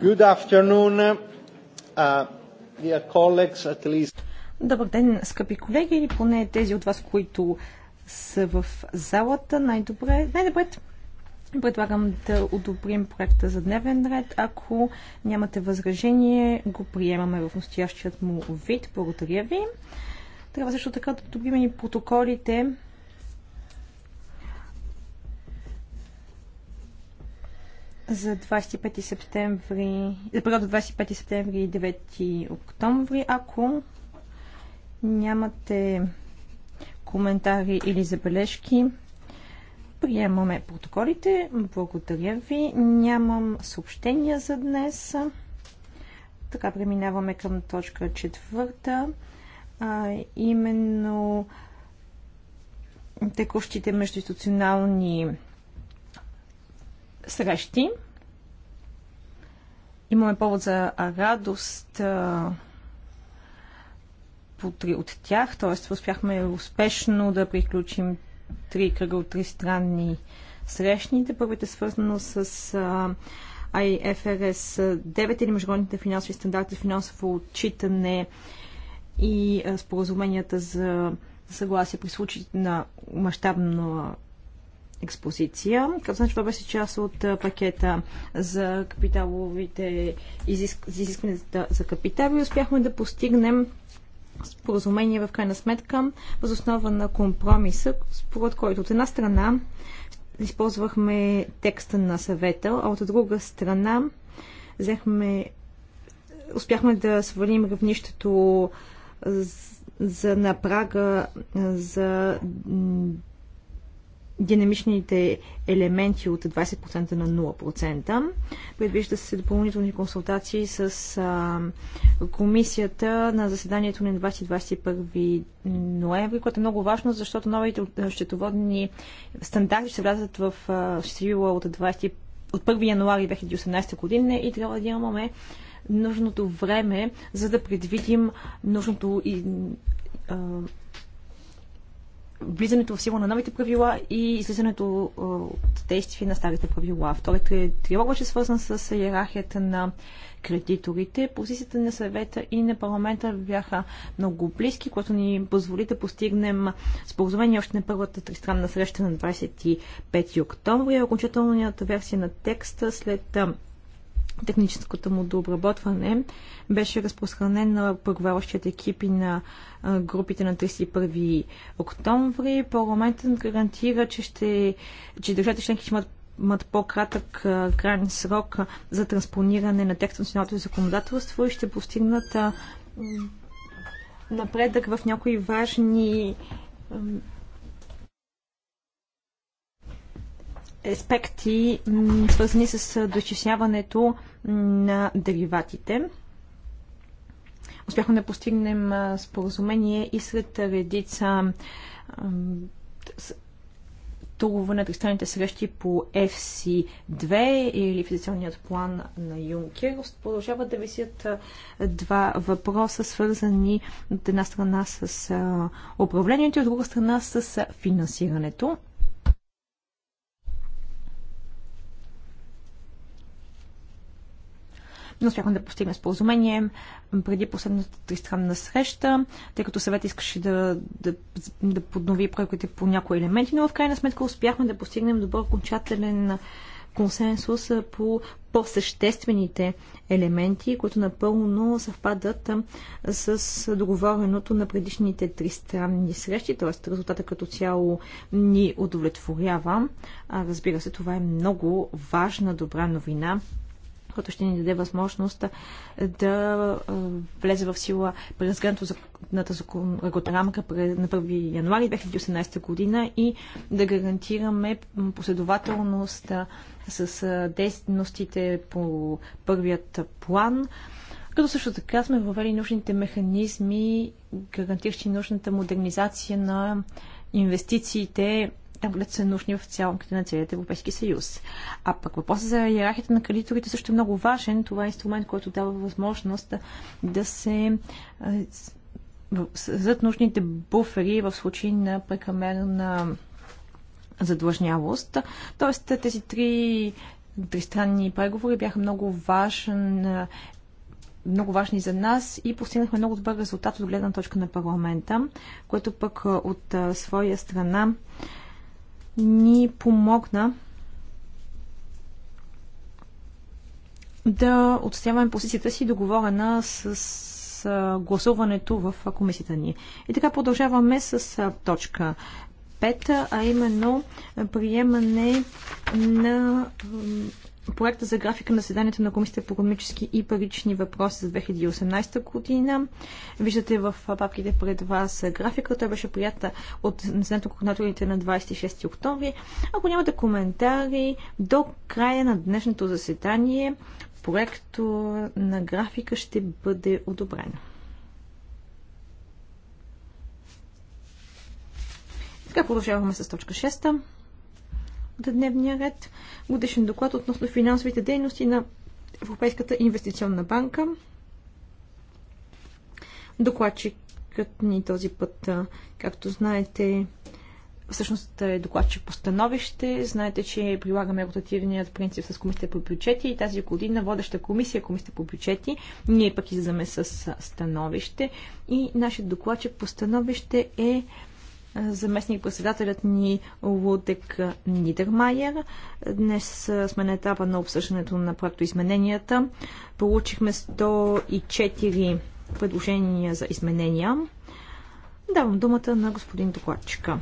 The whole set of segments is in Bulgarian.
Good afternoon, uh, dear colleagues, at least. Добър ден, скъпи колеги, или поне тези от вас, които са в залата. Най-добре, най-добре предлагам да одобрим проекта за дневен ред. Ако нямате възражение, го приемаме в настоящият му вид. Благодаря ви. Трябва също така да одобрим и протоколите за 25 септември, за период 25 септември и 9 октомври, ако нямате коментари или забележки, приемаме протоколите. Благодаря ви. Нямам съобщения за днес. Така преминаваме към точка четвърта, а, именно текущите междуинституционални срещи. Имаме повод за радост по три от тях, т.е. успяхме успешно да приключим три кръга от три странни срещните. Първите е свързано с а, IFRS 9 или международните финансови стандарти, финансово отчитане и а, споразуменията за съгласие при случаите на мащабна експозиция. Като значи това беше част от пакета за капиталовите изиск... изисквания за капитал и успяхме да постигнем споразумение в крайна сметка, възоснова на компромиса, според който от една страна използвахме текста на съвета, а от друга страна взехме, успяхме да свалим равнището за напрага за динамичните елементи от 20% на 0%. Предвижда се допълнителни консултации с а, комисията на заседанието на 20-21 ноември, което е много важно, защото новите счетоводни стандарти ще влязат в сила от, 20, от 1 януари 2018 година и трябва да имаме нужното време, за да предвидим нужното и, а, влизането в сила на новите правила и излизането от действие на старите правила. Вторият трилог беше свързан с иерархията на кредиторите. Позицията на съвета и на парламента бяха много близки, което ни позволи да постигнем споразумение още на първата тристранна среща на 25 октомври. Окончателната версия на текста след техническото му дообработване беше разпространен на преговарящите екипи на групите на 31 октомври. Парламентът гарантира, че, ще, че държавите членки ще имат имат по-кратък крайен срок за транспониране на текст националното законодателство и ще постигнат напредък в някои важни аспекти, свързани с дочисняването на дериватите. Успяхме да постигнем споразумение и сред редица турове на тристранните срещи по FC2 или физиционният план на Юнкер. Продължават да висят два въпроса, свързани от една страна с управлението и от друга страна с финансирането. не успяхме да постигнем споразумение преди последната тристранна среща, тъй като съвет искаше да, да, да поднови проектите по някои елементи, но в крайна сметка успяхме да постигнем добър окончателен консенсус по по-съществените елементи, които напълно съвпадат с договореното на предишните три странни срещи, т.е. резултата като цяло ни удовлетворява. Разбира се, това е много важна добра новина който ще ни даде възможност да влезе в сила преразгънатата законната рамка на 1 януари 2018 година и да гарантираме последователност с дейностите по първият план. Като също така сме въвели нужните механизми, гарантиращи нужната модернизация на инвестициите там, където са нужни в цялото на целият Европейски съюз. А пък въпросът за иерархията на кредиторите също е много важен. Това е инструмент, който дава възможност да се е, създадат нужните буфери в случай на прекамерна задлъжнявост. Тоест тези три тристранни преговори бяха много важен е, много важни за нас и постигнахме много добър резултат от гледна точка на парламента, което пък е, от своя страна ни помогна да отстояваме позицията си договорена с, с гласуването в комисията ни. И така продължаваме с точка 5, а именно приемане на проекта за графика на заседанието на Комисията по економически и парични въпроси за 2018 година. Виждате в папките пред вас графика. Той беше прията от наседанието координаторите на 26 октомври. Ако нямате коментари, до края на днешното заседание проекто на графика ще бъде одобрен. Така продължаваме с точка 6 дневния ред. Годишен доклад относно финансовите дейности на Европейската инвестиционна банка. Докладчикът ни този път, както знаете, всъщност е докладчик по становище. Знаете, че прилагаме ротативният принцип с комисията по бюджети и тази година водеща комисия е комисията по бюджети. Ние пък излизаме с становище и нашият докладчик по становище е заместник-председателят ни Лудек Нидермайер. Днес сме на етапа на обсъждането на проектоизмененията. Получихме 104 предложения за изменения. Давам думата на господин докладчика.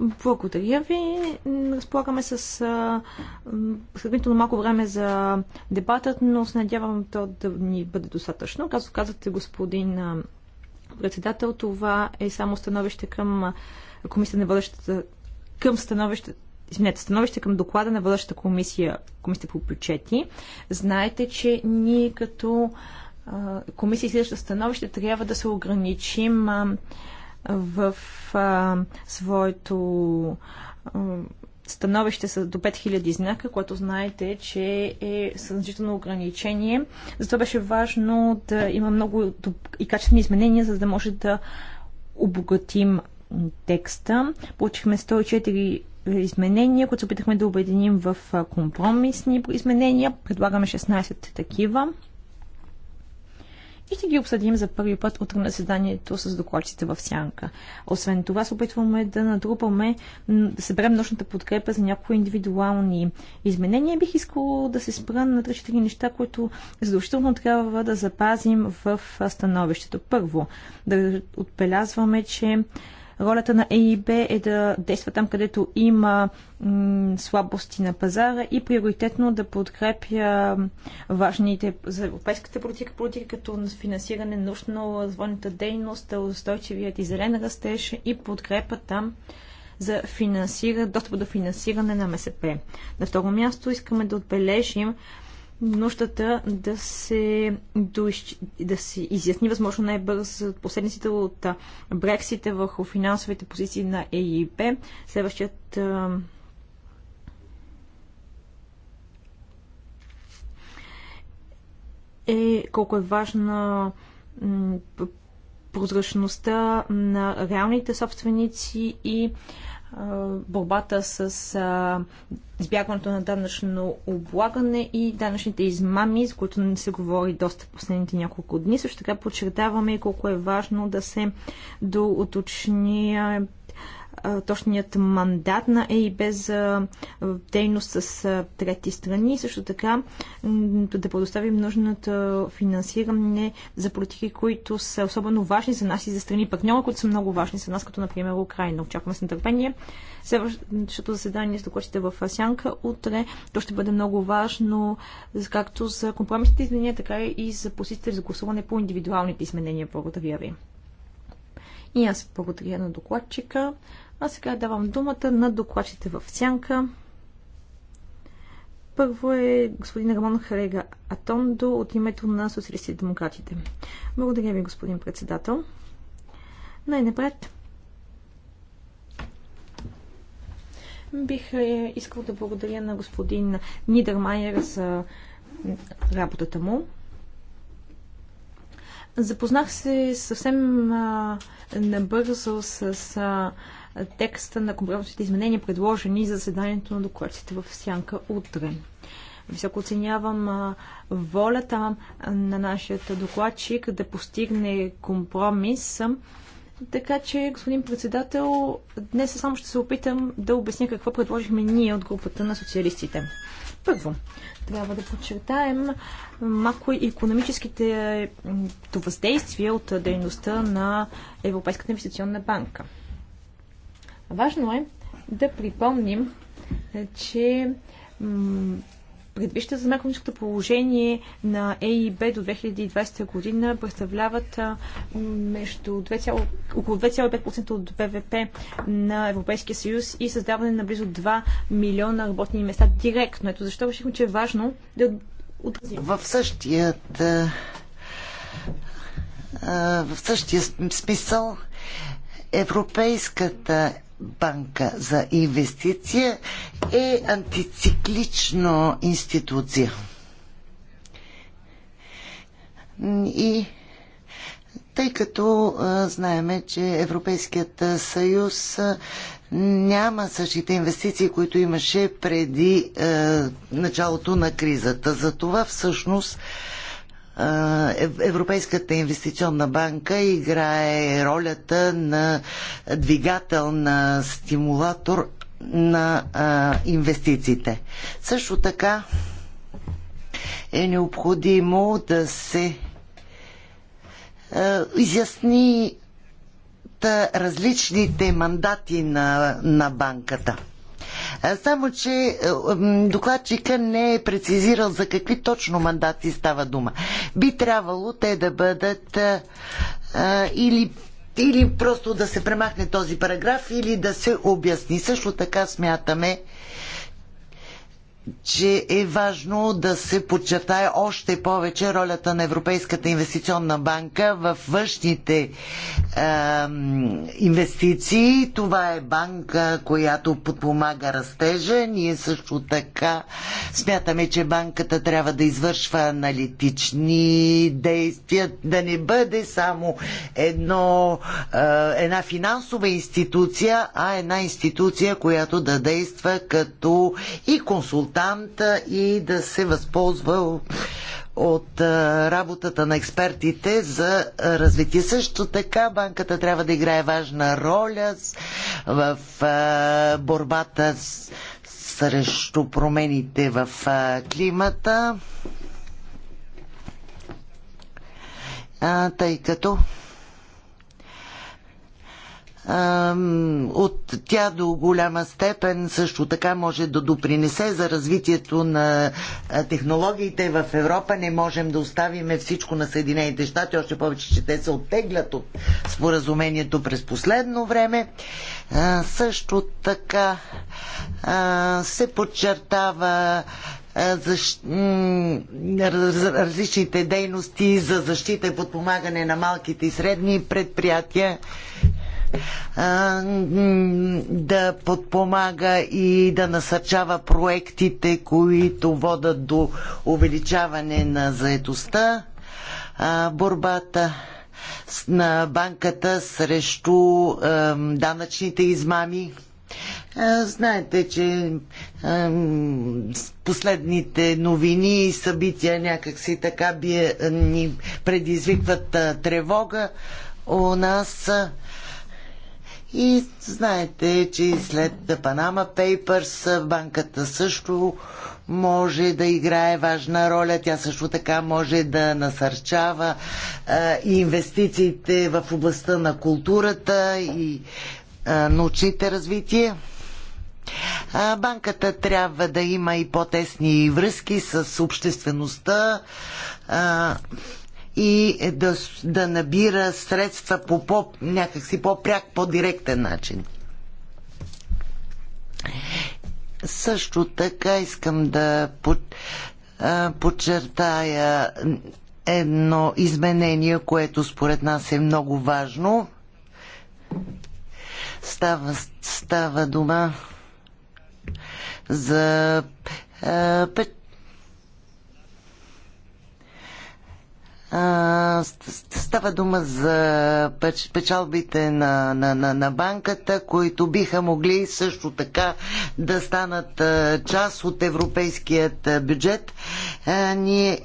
Благодаря ви. Разполагаме с сравнително малко време за дебатът, но се надявам то да ни бъде достатъчно. Както казахте, господин председател. Това е само становище към комисията на бъдещата към становище, извинете, становище към доклада на бъдещата комисия, комисията по бюджети. Знаете, че ние като а, комисия следваща становище трябва да се ограничим а, в а, своето становище са до 5000 знака, което знаете, че е значително ограничение. Затова беше важно да има много и качествени изменения, за да може да обогатим текста. Получихме 104 изменения, които се опитахме да обединим в компромисни изменения. Предлагаме 16 такива и ще ги обсъдим за първи път утре на заседанието с докладчите в Сянка. Освен това, се опитваме да надрупаме, да съберем нощната подкрепа за някои индивидуални изменения. Бих искал да се спра на 3-4 неща, които задължително трябва да запазим в становището. Първо, да отбелязваме, че Ролята на ЕИБ е да действа там, където има слабости на пазара и приоритетно да подкрепя важните за европейската политика, политика като финансиране на научно-развойната дейност, устойчивият и зелен растеж и подкрепа там за финансира, достъп до финансиране на МСП. На второ място искаме да отбележим, нуждата да се, да се изясни възможно най-бърз последниците от Брексите върху финансовите позиции на ЕИП. Следващият е колко е важна прозрачността на реалните собственици и борбата с избягването на данъчно облагане и данъчните измами, за които не се говори доста последните няколко дни. Също така подчертаваме колко е важно да се доуточни точният мандат на ЕИБ за дейност с трети страни и също така да предоставим нужното финансиране за политики, които са особено важни за нас и за страни партньора, които са много важни за нас, като например Украина. Очакваме с нетърпение. Следващото заседание с докладчите в Сянка утре. То ще бъде много важно както за компромисните изменения, така и за посетите за гласуване по индивидуалните изменения. Благодаря ви. И аз благодаря на докладчика. А сега давам думата на докладчите в сянка. Първо е господин Рамон Харега Атондо от името на социалистите и демократите. Благодаря ви, господин председател. Най-напред бих е, искал да благодаря на господин Нидермайер за работата му. Запознах се съвсем набързо с текста на компромисните изменения, предложени за заседанието на докладците в Сянка утре. Високо оценявам волята на нашия докладчик да постигне компромис. Така че, господин председател, днес само ще се опитам да обясня какво предложихме ние от групата на социалистите. Първо, трябва да подчертаем макроекономическите въздействия от дейността на Европейската инвестиционна банка. Важно е да припомним, е, че предвижда за макроническото положение на ЕИБ до 2020 година представляват между 2, около 2,5% от БВП на Европейския съюз и създаване на близо 2 милиона работни места директно. Ето защо решихме, че е важно да отразим. В същият в същия смисъл Европейската банка за инвестиция е антициклично институция. И тъй като а, знаеме, че Европейският съюз а, няма същите инвестиции, които имаше преди а, началото на кризата. За това всъщност Европейската инвестиционна банка играе ролята на двигател, на стимулатор на инвестициите. Също така е необходимо да се изясни различните мандати на, на банката. Само, че е, докладчика не е прецизирал за какви точно мандати става дума. Би трябвало те да бъдат е, е, или или просто да се премахне този параграф, или да се обясни. Също така смятаме, че е важно да се подчертае още повече ролята на Европейската инвестиционна банка в външните е, инвестиции. Това е банка, която подпомага растежа. Ние също така смятаме, че банката трябва да извършва аналитични действия, да не бъде само едно, е, една финансова институция, а една институция, която да действа като и консултант консултанта и да се възползва от работата на експертите за развитие. Също така банката трябва да играе важна роля в борбата срещу промените в климата, тъй като от тя до голяма степен също така може да допринесе за развитието на технологиите в Европа. Не можем да оставим всичко на Съединените щати, още повече, че те се оттеглят от споразумението през последно време. Също така се подчертава различните дейности за защита и подпомагане на малките и средни предприятия да подпомага и да насърчава проектите, които водат до увеличаване на заедостта, борбата на банката срещу данъчните измами. Знаете, че последните новини и събития някакси така ни предизвикват тревога у нас. И знаете, че след Панама Пейпърс, банката също може да играе важна роля. Тя също така може да насърчава а, инвестициите в областта на културата и а, научните развитие. А, банката трябва да има и по-тесни връзки с обществеността. А, и е да, да набира средства по, по някакси по-пряк, по-директен начин. Също така искам да под, а, подчертая едно изменение, което според нас е много важно. Става, става дума за а, пет Става дума за печалбите на, на, на, на банката, които биха могли също така да станат част от европейският бюджет. Ние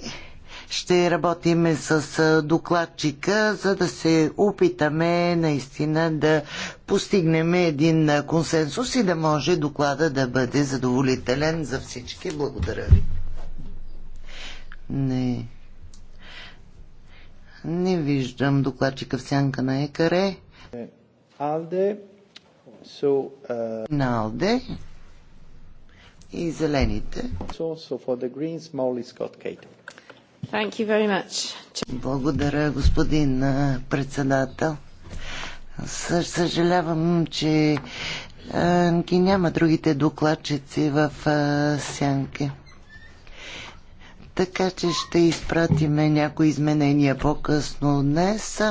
ще работим с докладчика, за да се опитаме наистина да постигнем един консенсус и да може доклада да бъде задоволителен за всички. Благодаря ви. Не. Не виждам докладчика в сянка на Екаре. Алде. So, uh... На Алде. И зелените. So, so greens, Thank you very much. Благодаря, господин председател. Съжалявам, че ги няма другите докладчици в сянки така че ще изпратиме някои изменения по-късно днес.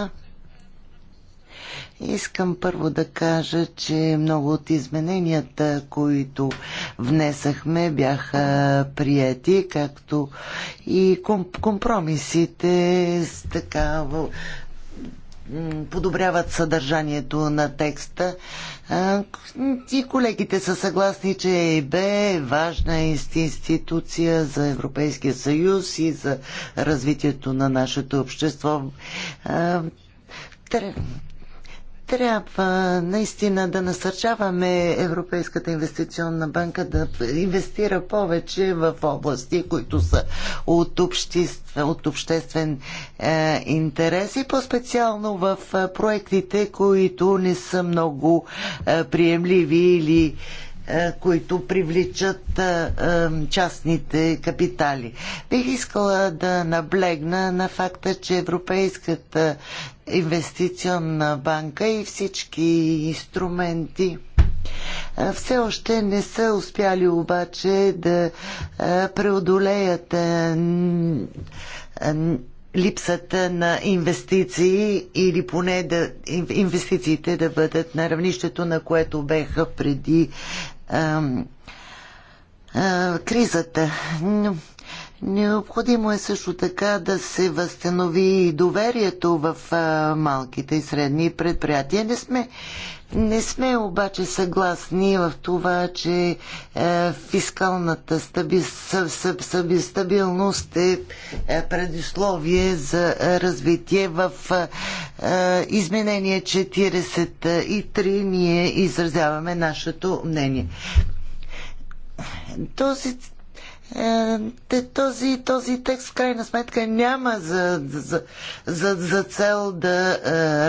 Искам първо да кажа, че много от измененията, които внесахме, бяха прияти, както и компромисите с така подобряват съдържанието на текста. И колегите са съгласни, че ЕИБ е важна институция за Европейския съюз и за развитието на нашето общество трябва наистина да насърчаваме Европейската инвестиционна банка да инвестира повече в области, които са от, обществ, от обществен е, интерес и по-специално в е, проектите, които не са много е, приемливи или е, които привличат е, частните капитали. Бих искала да наблегна на факта, че Европейската инвестиционна банка и всички инструменти. Все още не са успяли обаче да преодолеят липсата на инвестиции или поне да, инвестициите да бъдат на равнището, на което беха преди кризата. Необходимо е също така да се възстанови и доверието в малките и средни предприятия. Не сме, не сме обаче съгласни в това, че фискалната стаби, съб, съб, съб, стабилност е, е, предисловие за развитие в е, изменение 43. Ние изразяваме нашето мнение. Този е, този, този текст в крайна сметка няма за, за, за, за цел да е,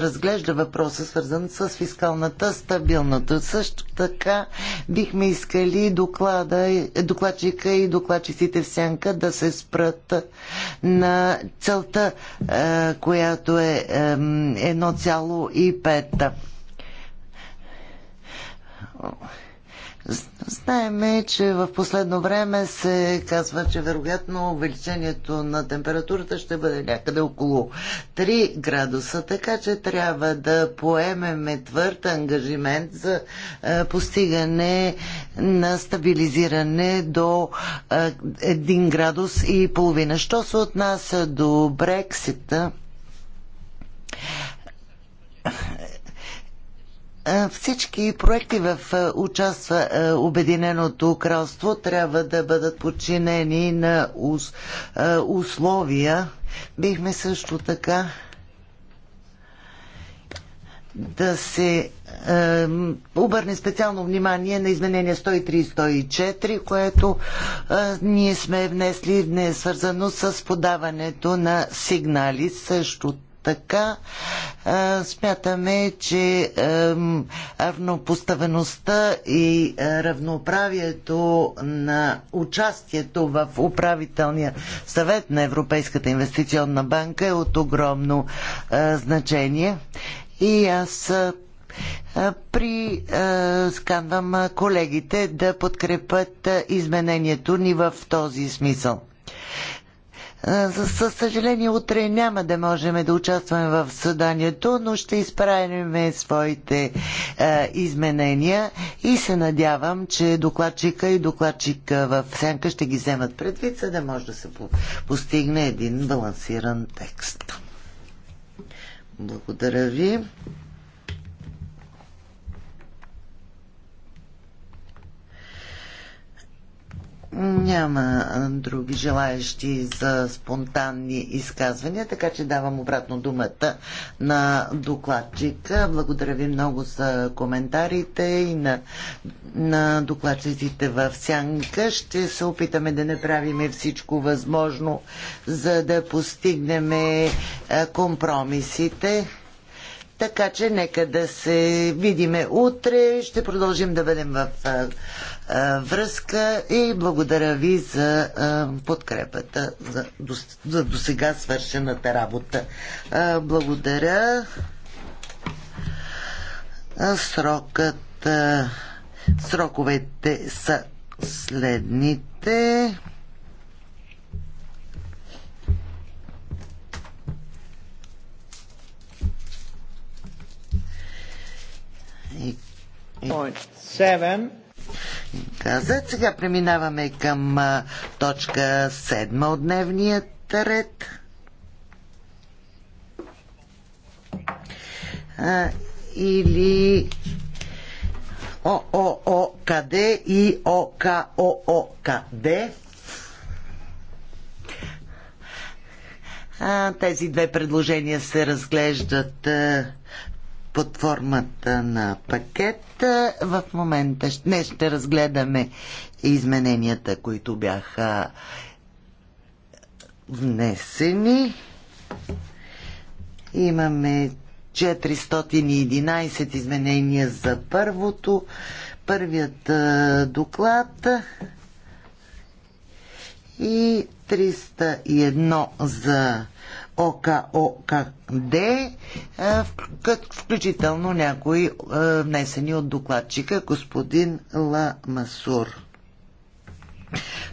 разглежда въпроса, свързан с фискалната стабилност. Също така бихме искали доклада, докладчика и докладчиците в сянка да се спрат на целта, е, която е, е 1,5. Знаеме, че в последно време се казва, че вероятно увеличението на температурата ще бъде някъде около 3 градуса, така че трябва да поемеме твърд ангажимент за е, постигане на стабилизиране до 1 е, градус и половина. Що се отнася до Брексита, е, всички проекти в е, участва е, Обединеното кралство трябва да бъдат подчинени на условия. Бихме също така да се е, обърне специално внимание на изменение 103-104, което е, ние сме внесли, не е свързано с подаването на сигнали. Също така смятаме, че равнопоставеността и равноправието на участието в управителния съвет на Европейската инвестиционна банка е от огромно значение. И аз а, при сканвам колегите да подкрепят изменението ни в този смисъл. За съжаление, утре няма да можем да участваме в съданието, но ще изправим своите е, изменения и се надявам, че докладчика и докладчика в Сенка ще ги вземат предвид, за да може да се постигне един балансиран текст. Благодаря ви. Няма други желаящи за спонтанни изказвания, така че давам обратно думата на докладчика. Благодаря ви много за коментарите и на, на докладчиците в Сянка. Ще се опитаме да направим всичко възможно, за да постигнем е, компромисите. Така че нека да се видиме утре. Ще продължим да бъдем в е, връзка и благодаря ви за подкрепата за, за досега свършената работа. Благодаря. Срокът сроковете са следните. Point seven каза. Сега преминаваме към точка 7 от дневния ред. А, или ОООКД и ОКООКД. А, тези две предложения се разглеждат а, под формата на пакет. В момента днес ще разгледаме измененията, които бяха внесени. Имаме 411 изменения за първото, първият доклад и 301 за ОКОКД, включително някои внесени от докладчика господин Ламасур.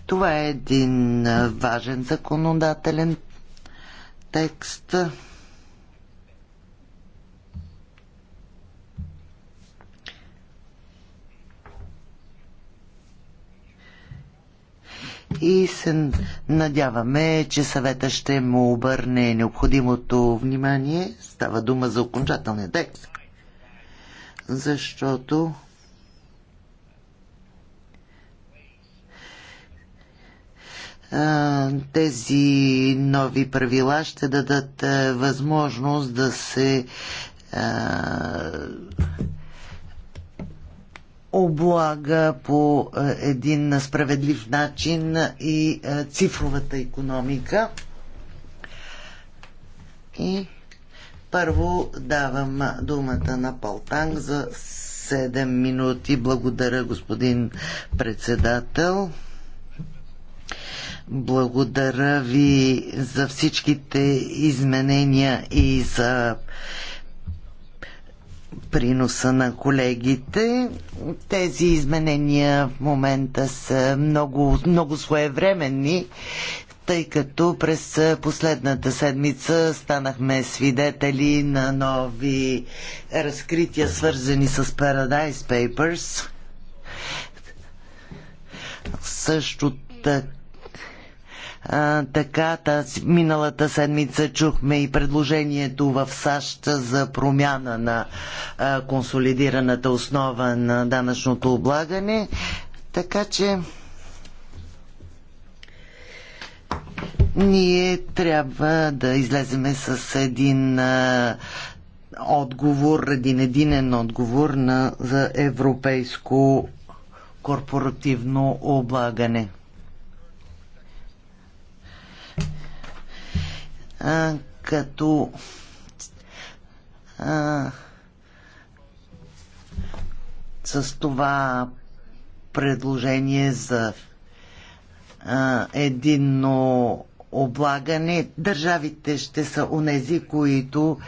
Това е един важен законодателен текст. и се надяваме, че съвета ще му обърне необходимото внимание. Става дума за окончателния текст. Защото тези нови правила ще дадат възможност да се облага по е, един справедлив начин и е, цифровата економика. И първо давам думата на Палтанг за 7 минути. Благодаря, господин председател. Благодаря ви за всичките изменения и за приноса на колегите. Тези изменения в момента са много, много своевременни, тъй като през последната седмица станахме свидетели на нови разкрития, свързани с Paradise Papers. Също така а, така, тази, миналата седмица чухме и предложението в САЩ за промяна на консолидираната основа на данъчното облагане. Така че ние трябва да излеземе с един отговор, един единен отговор на, за европейско корпоративно облагане. А, като а, с това предложение за а, единно облагане. Държавите ще са онези, които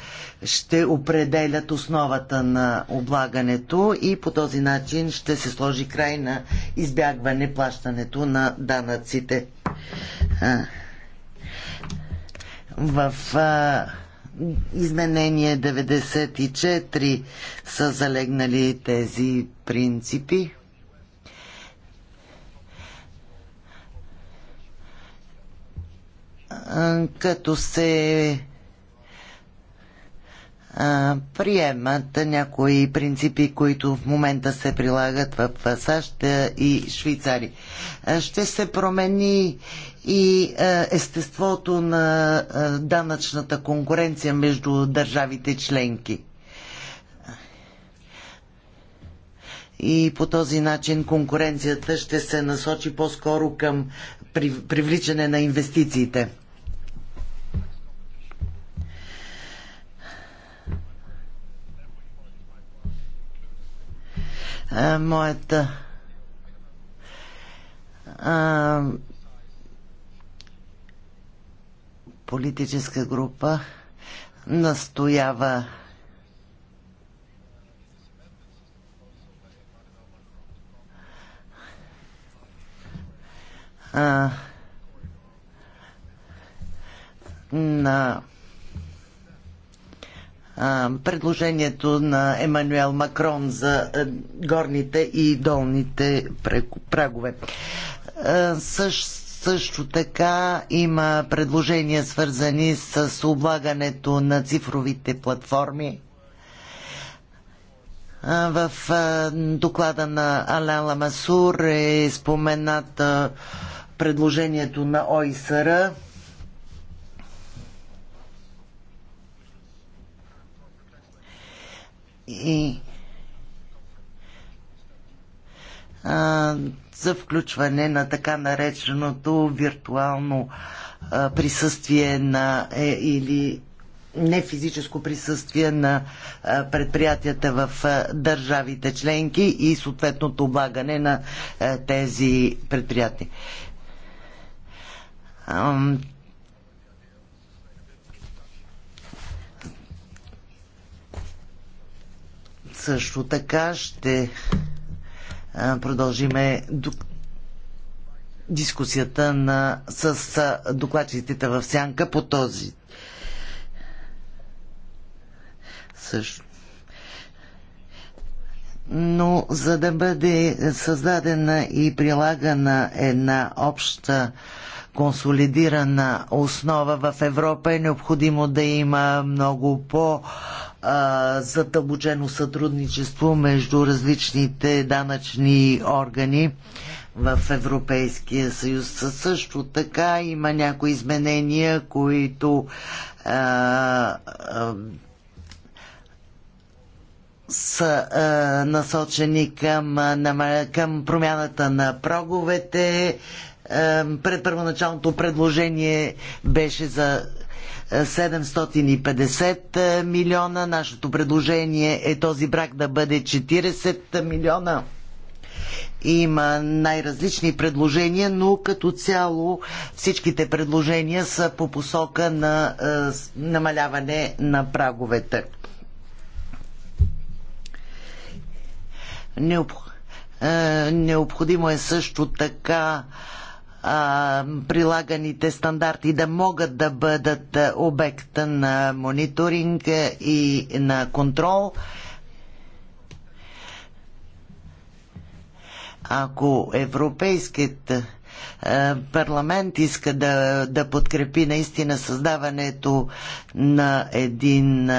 ще определят основата на облагането и по този начин ще се сложи край на избягване плащането на данъците. А, в а, изменение 94 са залегнали тези принципи. Като се приемат някои принципи, които в момента се прилагат в САЩ и Швейцария. Ще се промени и е, естеството на е, данъчната конкуренция между държавите членки. И по този начин конкуренцията ще се насочи по-скоро към привличане на инвестициите. Е, моята а, политическа група настоява а, на а, предложението на Емануел Макрон за а, горните и долните прагове. А, също също така има предложения свързани с облагането на цифровите платформи. В доклада на Аляла Масур е спомената предложението на ОИСР. И а, за включване на така нареченото виртуално присъствие на е, или не физическо присъствие на предприятията в държавите членки и съответното облагане на тези предприятия. Също така ще продължиме дискусията на, с докладчиците в сянка по този. Също. Но за да бъде създадена и прилагана една обща консолидирана основа в Европа е необходимо да има много по- задълбочено сътрудничество между различните данъчни органи в Европейския съюз. Също така има някои изменения, които а, а, са а, насочени към, на, към промяната на проговете. Пред първоначалното предложение беше за 750 е, милиона. Нашето предложение е този брак да бъде 40 милиона. Има най-различни предложения, но като цяло всичките предложения са по посока на е, намаляване на праговете. Необ... Е, необходимо е също така е, прилаганите стандарти да могат да бъдат обект на мониторинг и на контрол. Ако Европейският парламент иска да, да подкрепи наистина създаването на един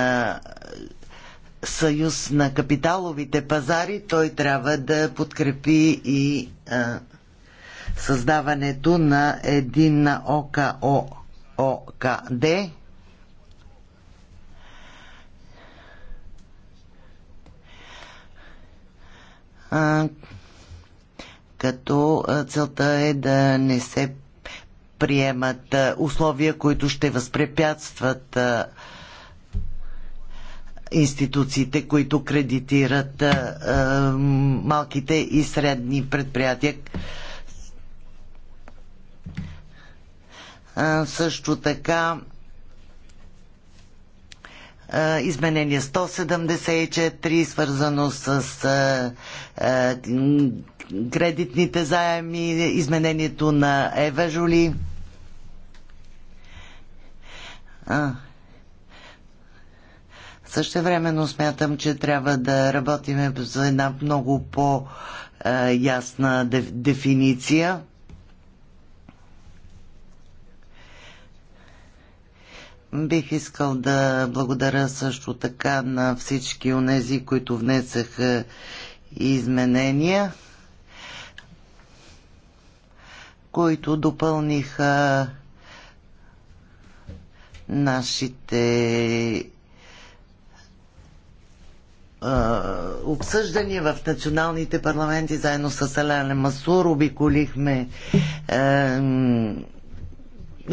съюз на капиталовите пазари, той трябва да подкрепи и а, създаването на един ОКО, ОКД, като целта е да не се приемат условия, които ще възпрепятстват институциите, които кредитират малките и средни предприятия, също така изменение 174, свързано с кредитните заеми, изменението на Евежоли. Също времено смятам, че трябва да работиме за една много по-ясна дефиниция Бих искал да благодаря също така на всички онези, които внесаха изменения, които допълниха нашите обсъждания в националните парламенти заедно с Аляне Масур обиколихме е,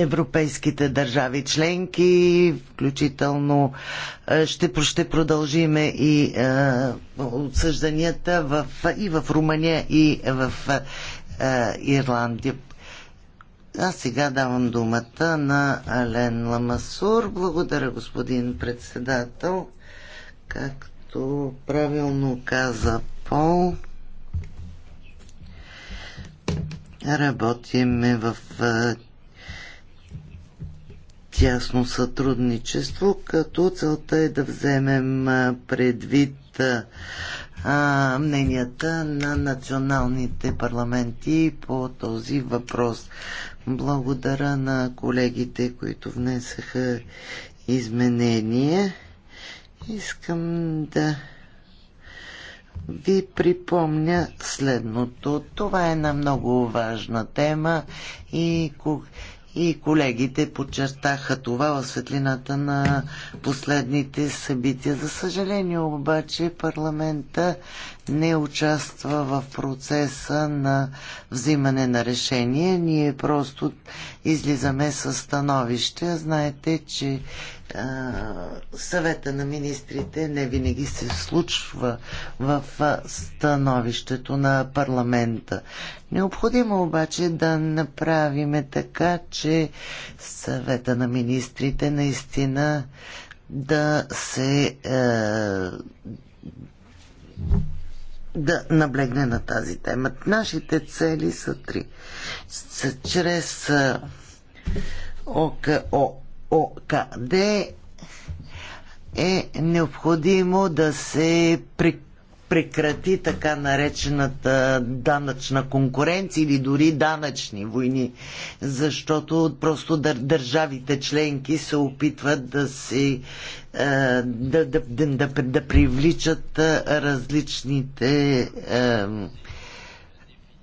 европейските държави членки, включително е, ще, ще продължиме и е, отсъжданията в, и в Румъния, и в е, Ирландия. А сега давам думата на Ален Ламасур. Благодаря, господин председател. Както правилно каза Пол, работиме в е, тясно сътрудничество, като целта е да вземем предвид мненията на националните парламенти по този въпрос. Благодаря на колегите, които внесаха изменения. Искам да ви припомня следното. Това е една много важна тема и и колегите подчертаха това в светлината на последните събития. За съжаление обаче парламента не участва в процеса на взимане на решение. Ние просто излизаме с становище. Знаете, че съвета на министрите не винаги се случва в становището на парламента. Необходимо обаче да направиме така, че съвета на министрите наистина да се е, да наблегне на тази тема. Нашите цели са три. чрез е, ОКО ОКД е необходимо да се прекрати така наречената данъчна конкуренция или дори данъчни войни, защото просто държавите членки се опитват да си е, да, да, да, да привличат е, различните е,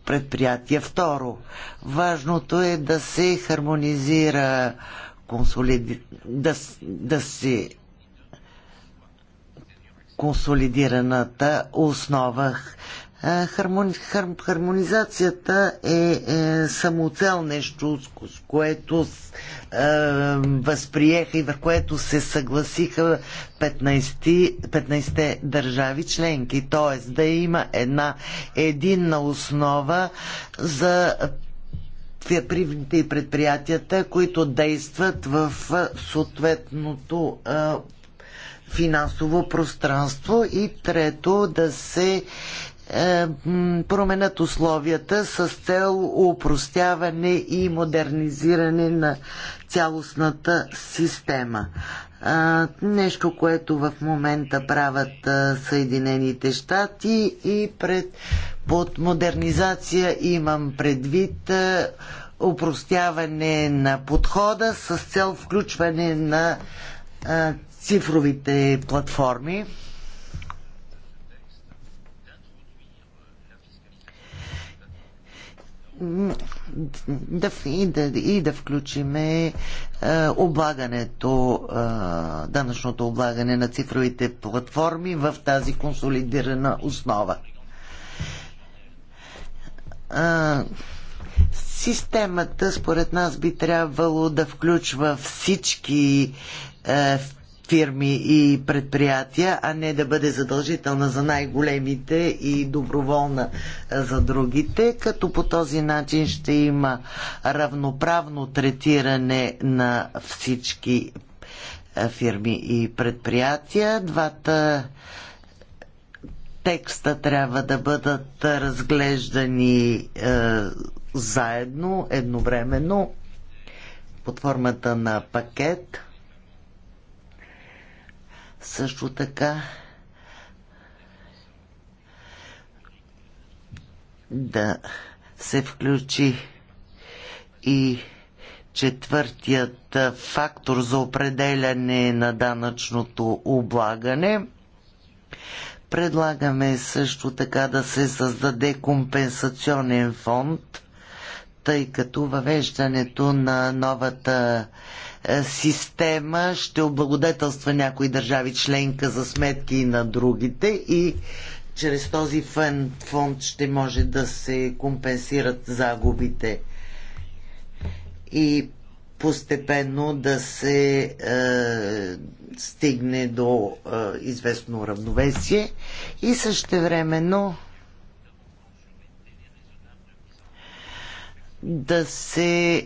предприятия. Второ, важното е да се хармонизира консолиди... да, да се консолидираната основа. Хармони... Хар... Хармонизацията е, е самоцел нещо, с което е, възприеха и върху което се съгласиха 15, 15 държави членки. Тоест да има една единна основа за и предприятията, които действат в съответното финансово пространство и трето да се е, променят условията с цел упростяване и модернизиране на цялостната система нещо, което в момента правят Съединените щати и пред, под модернизация имам предвид упростяване на подхода с цел включване на цифровите платформи. Mm да, и, да, и да включиме е, облагането, е, данъчното облагане на цифровите платформи в тази консолидирана основа. Е, системата, според нас, би трябвало да включва всички е, фирми и предприятия, а не да бъде задължителна за най-големите и доброволна за другите, като по този начин ще има равноправно третиране на всички фирми и предприятия. Двата текста трябва да бъдат разглеждани е, заедно, едновременно, под формата на пакет – също така да се включи и четвъртият фактор за определяне на данъчното облагане. Предлагаме също така да се създаде компенсационен фонд, тъй като въвеждането на новата е, система ще облагодетелства някои държави членка за сметки на другите и чрез този фонд ще може да се компенсират загубите и постепенно да се е, стигне до е, известно равновесие и същевременно да се е,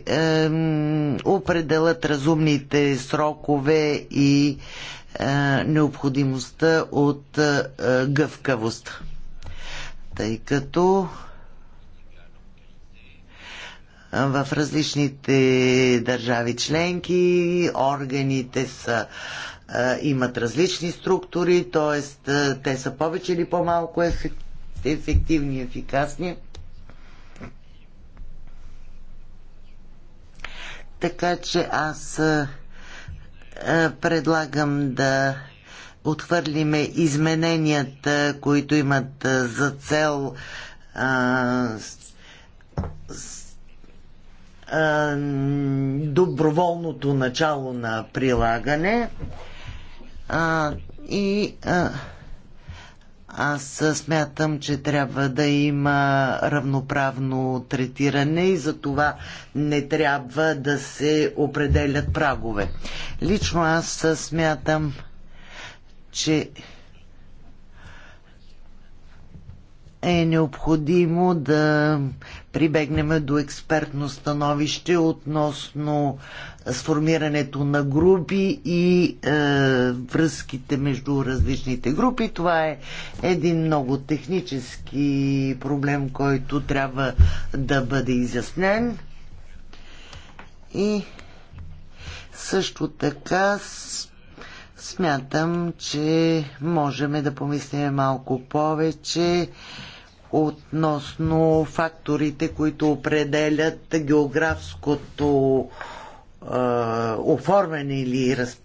определят разумните срокове и е, необходимостта от е, е гъвкавост. Тъй като е, в различните държави членки органите са е, имат различни структури, т.е. те са повече или по-малко ефективни, ефикасни. Така че аз предлагам да отхвърлиме измененията, които имат за цел а, с, а, доброволното начало на прилагане а, и а, аз смятам, че трябва да има равноправно третиране и за това не трябва да се определят прагове. Лично аз смятам, че е необходимо да прибегнем до експертно становище относно е, сформирането на групи и е, връзките между различните групи. Това е един много технически проблем, който трябва да бъде изяснен. И също така смятам, че можем да помислим малко повече относно факторите, които определят географското е, оформяне или раз,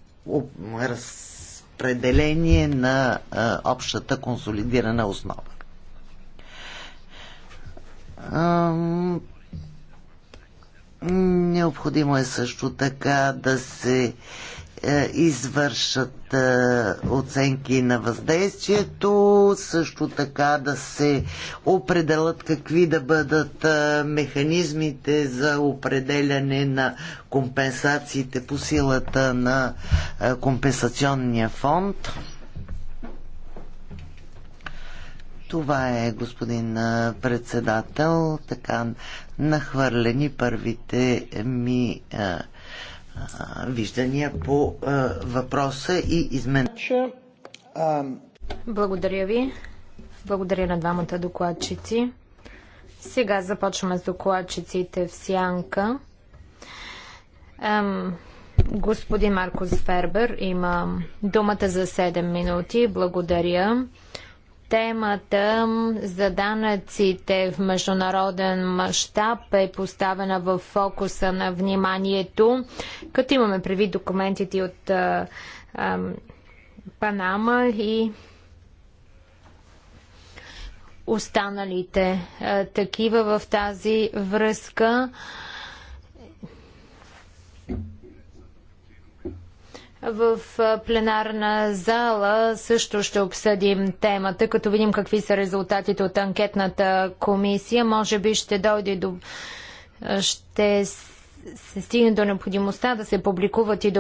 разпределение на е, общата консолидирана основа. Е, необходимо е също така да се е, извършат е, оценки на въздействието, също така да се определят какви да бъдат е, механизмите за определяне на компенсациите по силата на компенсационния фонд. Това е, господин председател, така нахвърлени първите ми а, виждания по въпроса и измен. Благодаря ви. Благодаря на двамата докладчици. Сега започваме с докладчиците в сянка. господин Маркос Фербер има думата за 7 минути. Благодаря. Темата за данъците в международен мащаб е поставена в фокуса на вниманието, като имаме предвид документите от а, а, Панама и останалите а, такива в тази връзка. А, В пленарна зала също ще обсъдим темата, като видим какви са резултатите от анкетната комисия. Може би ще дойде до... ще се стигне до необходимостта да се публикуват и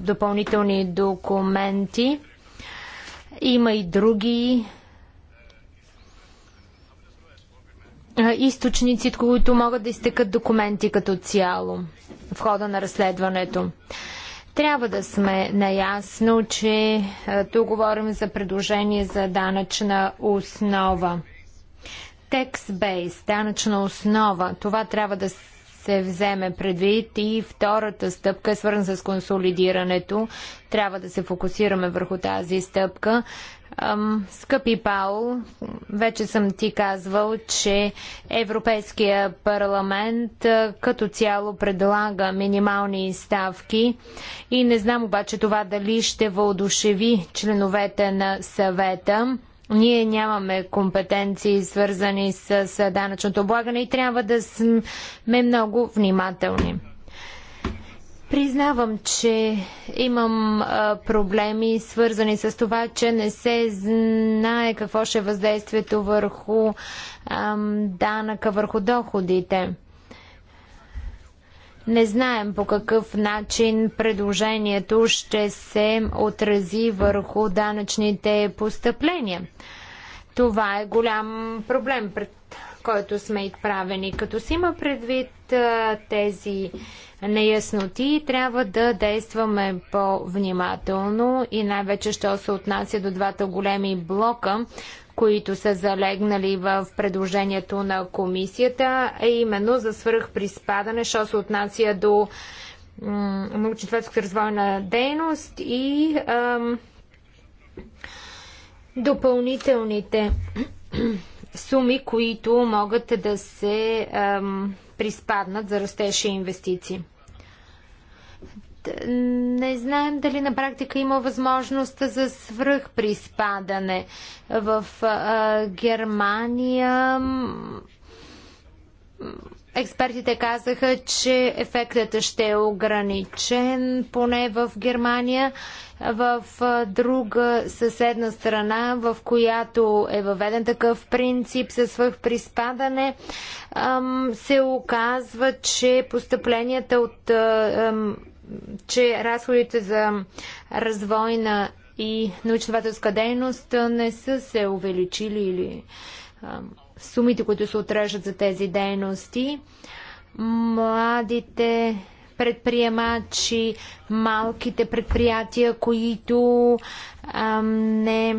допълнителни документи. Има и други източници, които могат да изтекат документи като цяло в хода на разследването. Трябва да сме наясно, че е, тук говорим за предложение за данъчна основа. Текст-бейс, данъчна основа, това трябва да се вземе предвид и втората стъпка е свързана с консолидирането. Трябва да се фокусираме върху тази стъпка. Скъпи Паул, вече съм ти казвал, че Европейския парламент като цяло предлага минимални ставки и не знам обаче това дали ще въодушеви членовете на съвета. Ние нямаме компетенции, свързани с данъчното облагане и трябва да сме много внимателни. Признавам, че имам а, проблеми, свързани с това, че не се знае какво ще е въздействието върху а, данъка, върху доходите. Не знаем по какъв начин предложението ще се отрази върху данъчните постъпления. Това е голям проблем, пред който сме изправени. Като си има предвид тези неясноти, трябва да действаме по-внимателно и най-вече, що се отнася до двата големи блока, които са залегнали в предложението на комисията, е именно за свръхприспадане, що се отнася до научно-изследователска развойна дейност и ам, допълнителните суми, които могат да се ам, приспаднат за растеж инвестиции не знаем дали на практика има възможност за свръхприспадане. В а, Германия експертите казаха, че ефектът ще е ограничен, поне в Германия. В друга съседна страна, в която е въведен такъв принцип със свръхприспадане, се оказва, че постъпленията от че разходите за развойна и научнователска дейност не са се увеличили или сумите, които се отрежат за тези дейности. Младите предприемачи, малките предприятия, които не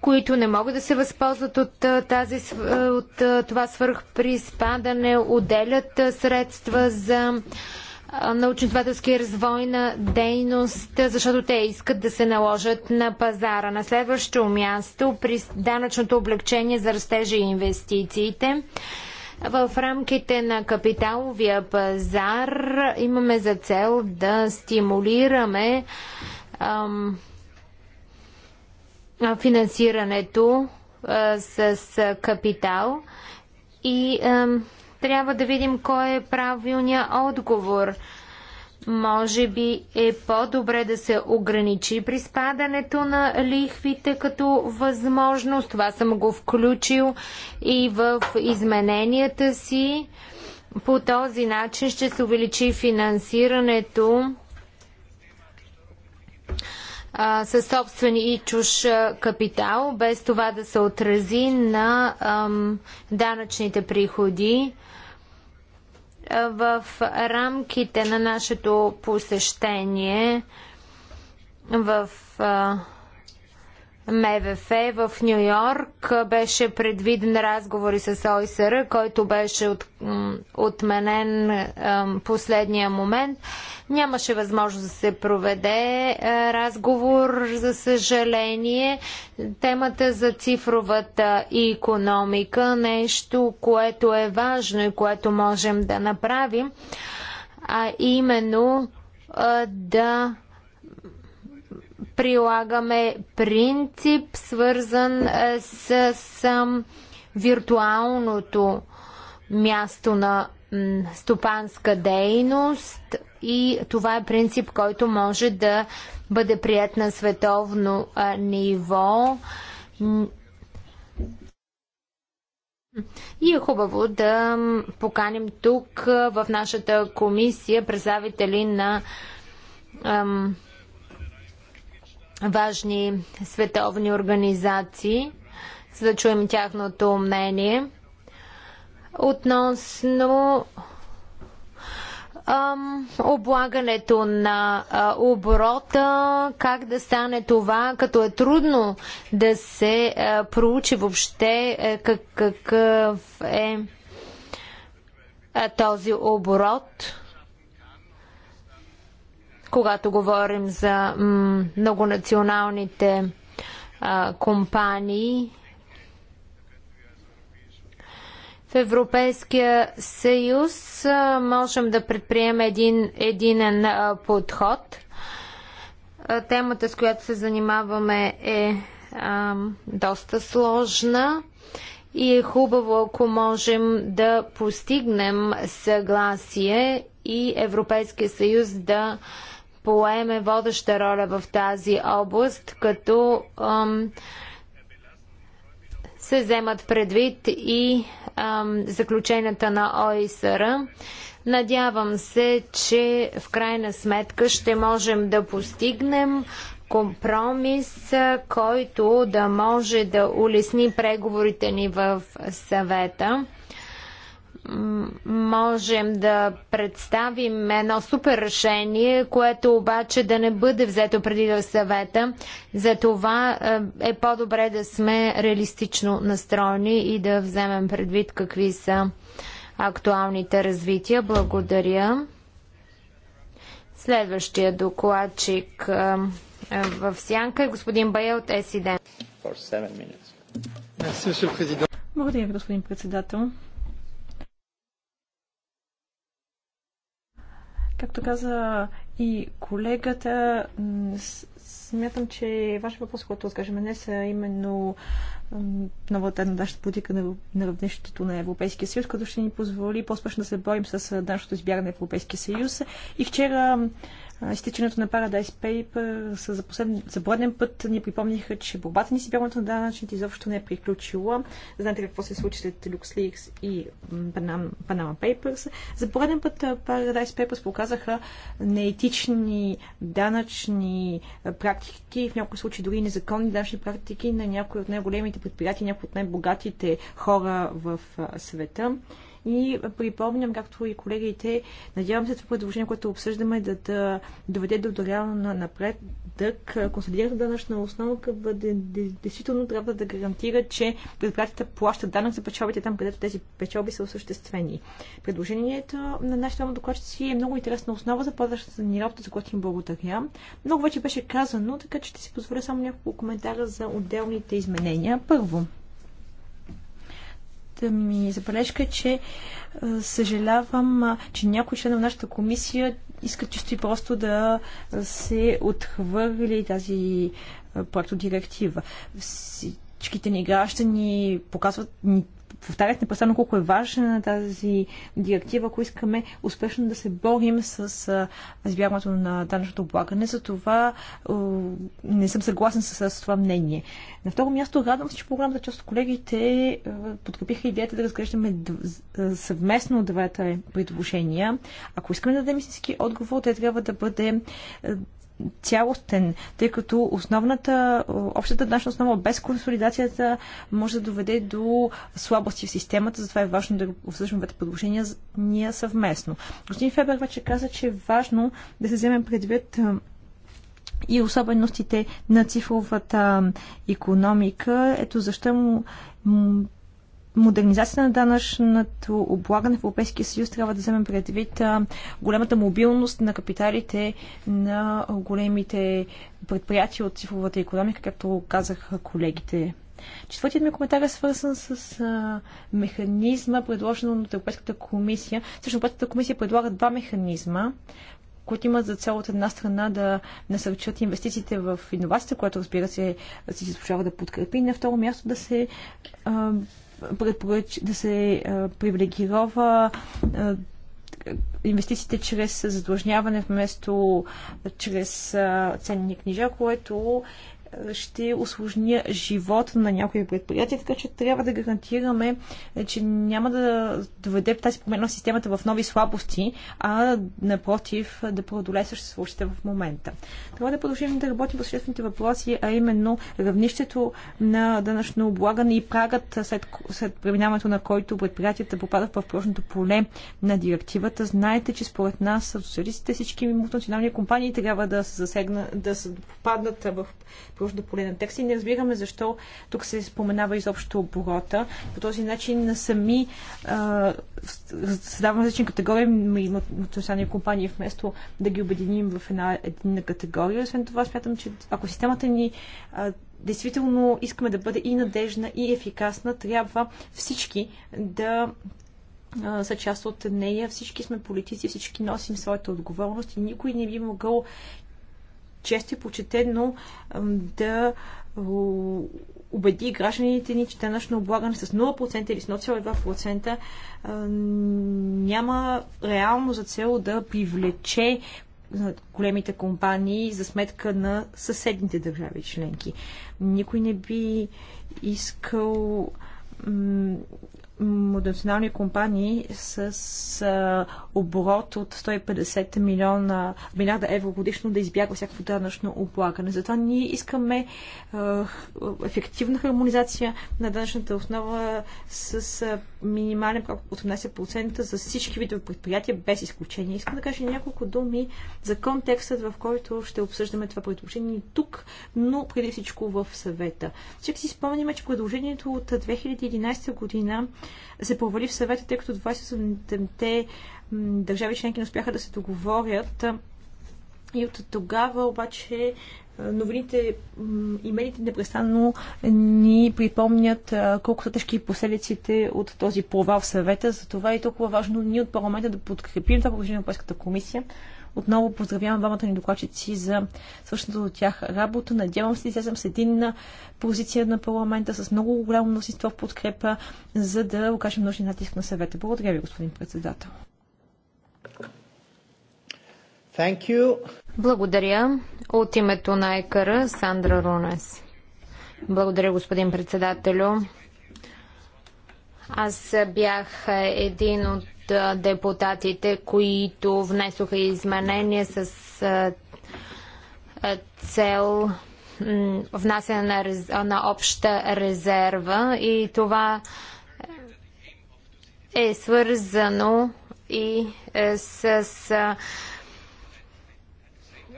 които не могат да се възползват от, тази, от това свърхприспадане, отделят средства за научно-изследователски развой на дейност, защото те искат да се наложат на пазара. На следващо място при данъчното облегчение за растежа и инвестициите. В рамките на капиталовия пазар имаме за цел да стимулираме ам, финансирането с капитал и трябва да видим кой е правилният отговор. Може би е по-добре да се ограничи при спадането на лихвите като възможност. Това съм го включил и в измененията си. По този начин ще се увеличи финансирането със собствен и чуш капитал, без това да се отрази на ам, данъчните приходи. В рамките на нашето посещение в а, МВФ в Нью Йорк беше предвиден разговори с ОИСР, който беше от, отменен последния момент. Нямаше възможност да се проведе е, разговор, за съжаление. Темата за цифровата и економика, нещо, което е важно и което можем да направим, а именно е, да прилагаме принцип, свързан е, с, с виртуалното място на стопанска дейност и това е принцип, който може да бъде прият на световно е, ниво. И е хубаво да поканим тук е, в нашата комисия представители на ам, важни световни организации, за да чуем тяхното мнение. Относно ам, облагането на а, оборота, как да стане това, като е трудно да се а, проучи въобще а, е, как, какъв е а, този оборот когато говорим за многонационалните а, компании. В Европейския съюз а, можем да предприемем един единен а, подход. А, темата, с която се занимаваме, е а, доста сложна и е хубаво, ако можем да постигнем съгласие и Европейския съюз да а, поеме водеща роля в тази област, като ам, се вземат предвид и ам, заключенията на ОИСР. Надявам се, че в крайна сметка ще можем да постигнем компромис, който да може да улесни преговорите ни в съвета можем да представим едно супер решение, което обаче да не бъде взето преди да е съвета. За това е, е по-добре да сме реалистично настроени и да вземем предвид какви са актуалните развития. Благодаря. Следващия докладчик е, в сянка е господин Бая от СИД. Благодаря ви, господин председател. Както каза и колегата, смятам, че вашия въпрос, който разкажем днес, е именно новата данъчна политика на, на равнището на Европейския съюз, като ще ни позволи по-спешно да се борим с данъчното избягане на Европейския съюз. И вчера изтичането на Paradise Paper са за, последен, за пореден път ни припомниха, че борбата ни с бягането на данъчните изобщо не е приключила. Знаете какво се случи след LuxLeaks и Panama, Panama Papers. За пореден път Paradise Papers показаха неетични данъчни практики, в някои случаи дори незаконни данъчни практики на някои от най-големите предприятия, някои от най-богатите хора в света. И припомням, както и колегите, надявам се това предложение, което обсъждаме, да, да доведе до напред. напредък. Консолидирана данъчна основка бъде, действително трябва да гарантира, че предприятията плащат данък за печалбите там, където тези печалби са осъществени. Предложението на нашата докладчици е много интересна основа за по ни работа, за която им благодаря. Много вече беше казано, така че ще си позволя само няколко коментара за отделните изменения. Първо, да ми забележка че съжалявам, че някой член на нашата комисия иска чисто и просто да се отхвърли тази проектодиректива. Всичките ни граждани показват, ни повтарят непрестанно колко е важна тази директива, ако искаме успешно да се борим с избягването на данъчното облагане. За това не съм съгласен с, с това мнение. На второ място радвам се, че по-голямата част от колегите подкрепиха идеята да разглеждаме съвместно двете предложения. Ако искаме да дадем истински отговор, те трябва да бъде цялостен, тъй като основната, общата данъчна основа без консолидацията може да доведе до слабости в системата, затова е важно да обсъждаме двете предложения ние съвместно. Господин Фебер вече каза, че е важно да се вземем предвид и особеностите на цифровата економика. Ето защо му модернизацията на данъчното облагане в Европейския съюз трябва да вземем предвид големата мобилност на капиталите на големите предприятия от цифровата економика, както казах колегите Четвъртият ми коментар е свързан с а, механизма, предложен от Европейската комисия. Също Европейската комисия предлага два механизма, които имат за цел от една страна да насърчат инвестициите в инновацията, което разбира се си заслужава да подкрепи, и на второ място да се а, предпоръч, да се привилегирова инвестициите чрез задлъжняване вместо чрез ценни книжа, което ще осложня живота на някои предприятия, така че трябва да гарантираме, е, че няма да доведе тази промена в системата в нови слабости, а напротив да продолее съществуващите в момента. Трябва да продължим да работим по съществените въпроси, а именно равнището на данъчно облагане и прагът след, след преминаването на който предприятията попадат в прочното поле на директивата. Знаете, че според нас социалистите всички мултинационални компании трябва да, се засегна, да се попаднат в приложното поле на текст и не разбираме защо тук се споменава изобщо оборота. По този начин сами създаваме различни категории национални компании, вместо да ги обединим в една единна категория. Освен това, смятам, че ако системата ни а, действително искаме да бъде и надежна, и ефикасна, трябва всички да са част от нея. Всички сме политици, всички носим своята отговорност и никой не би могъл чест и почетено да убеди гражданите ни, че данъчно облагане с 0% или с 0,2% няма реално за цел да привлече големите компании за сметка на съседните държави членки. Никой не би искал мултинационални компании с а, оборот от 150 милиона, милиарда евро годишно да избягва всякакво данъчно облагане. Затова ние искаме а, ефективна хармонизация на данъчната основа с а, минимален прок от 18% за всички видове предприятия, без изключение. Искам да кажа няколко думи за контекстът, в който ще обсъждаме това предложение тук, но преди всичко в съвета. Всички си спомняме, че предложението от 2011 година се провали в съвета, тъй като 27-те държави членки не успяха да се договорят и от тогава обаче е, новините и медиите непрестанно ни припомнят е, колко са тежки последиците от този провал в съвета. Затова е толкова важно ние от парламента да подкрепим това положение на Европейската комисия. Отново поздравявам двамата ни докладчици за свършената от тях работа. Надявам се, излезам с единна е, позиция на парламента, с много голямо мнозинство в подкрепа, за да окажем нужния натиск на съвета. Благодаря ви, господин председател. Thank you. Благодаря. От името на ЕКР Сандра Рунес. Благодаря, господин председателю. Аз бях един от депутатите, които внесоха изменения с цел внасяне на, на обща резерва и това е свързано и е, с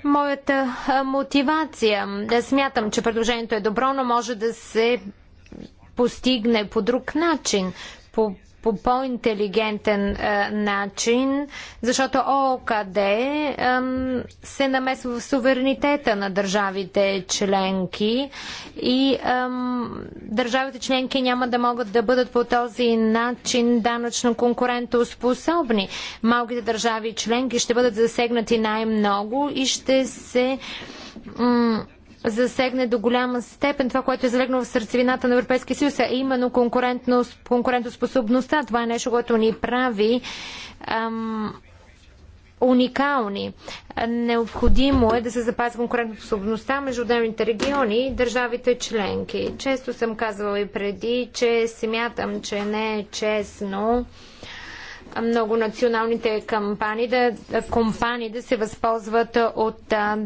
моята мотивация. Да смятам, че предложението е добро, но може да се постигне по друг начин, по по по-интелигентен е, начин, защото ООКД се намесва в суверенитета на държавите членки и държавите членки няма да могат да бъдат по този начин данъчно конкурентоспособни. Малките държави членки ще бъдат засегнати най-много и ще се засегне до голяма степен това, което е залегнало в сърцевината на Европейския съюз, а именно конкурентоспособността. Това е нещо, което ни прави ам, уникални. Необходимо е да се запази конкурентоспособността между отделните региони и държавите членки. Често съм казвала и преди, че смятам, че не е честно многонационалните кампании, да, компании да се възползват от а,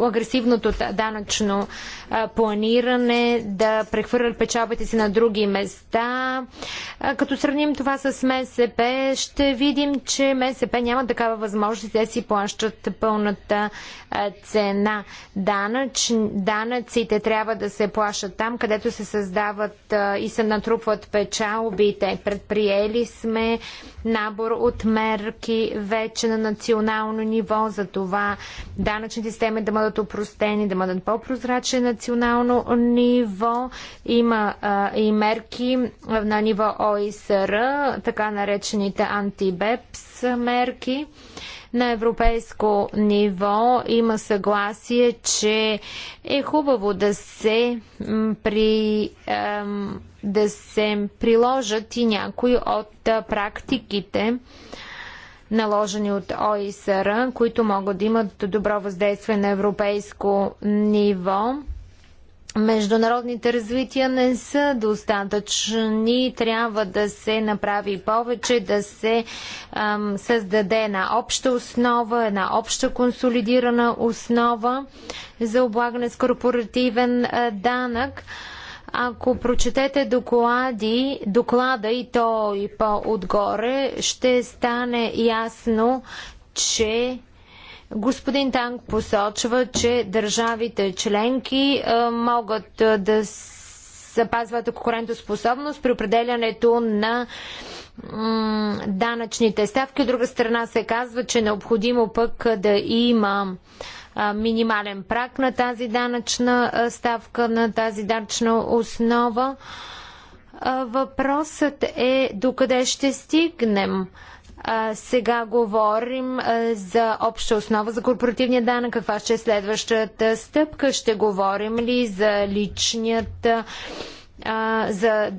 агресивното данъчно а, планиране, да прехвърлят печалбите си на други места. А, като сравним това с МСП, ще видим, че МСП няма такава възможност да си плащат пълната а, цена. Данъч, данъците трябва да се плащат там, където се създават а, и се натрупват печалбите. Предприели сме набор от мерки вече на национално ниво за това данъчните системи да бъдат опростени, да бъдат по-прозрачни национално ниво. Има а, и мерки на ниво ОИСР, така наречените антибепс мерки на европейско ниво има съгласие, че е хубаво да се при ем, да се приложат и някои от практиките, наложени от ОИСР, които могат да имат добро въздействие на европейско ниво. Международните развития не са достатъчни. Трябва да се направи повече, да се ам, създаде една обща основа, една обща консолидирана основа за облагане с корпоративен а, данък. Ако прочетете доклади, доклада и то и по-отгоре, ще стане ясно, че господин Танк посочва, че държавите членки а, е, могат а, е, да запазват конкурентоспособност при определянето на данъчните ставки. От друга страна се казва, че е необходимо пък да има минимален прак на тази данъчна ставка, на тази данъчна основа. Въпросът е докъде ще стигнем. Сега говорим за обща основа за корпоративния данък. Каква ще е следващата стъпка? Ще говорим ли за личният за,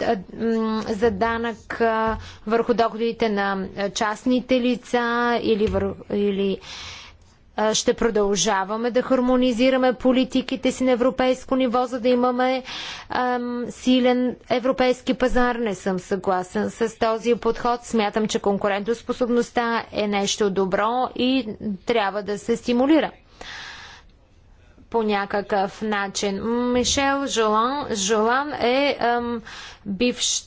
за данък върху доходите на частните лица или, или ще продължаваме да хармонизираме политиките си на европейско ниво, за да имаме ем, силен европейски пазар. Не съм съгласен с този подход. Смятам, че конкурентоспособността е нещо добро и трябва да се стимулира по някакъв начин. Мишел Жолан, Жолан е ем, бивш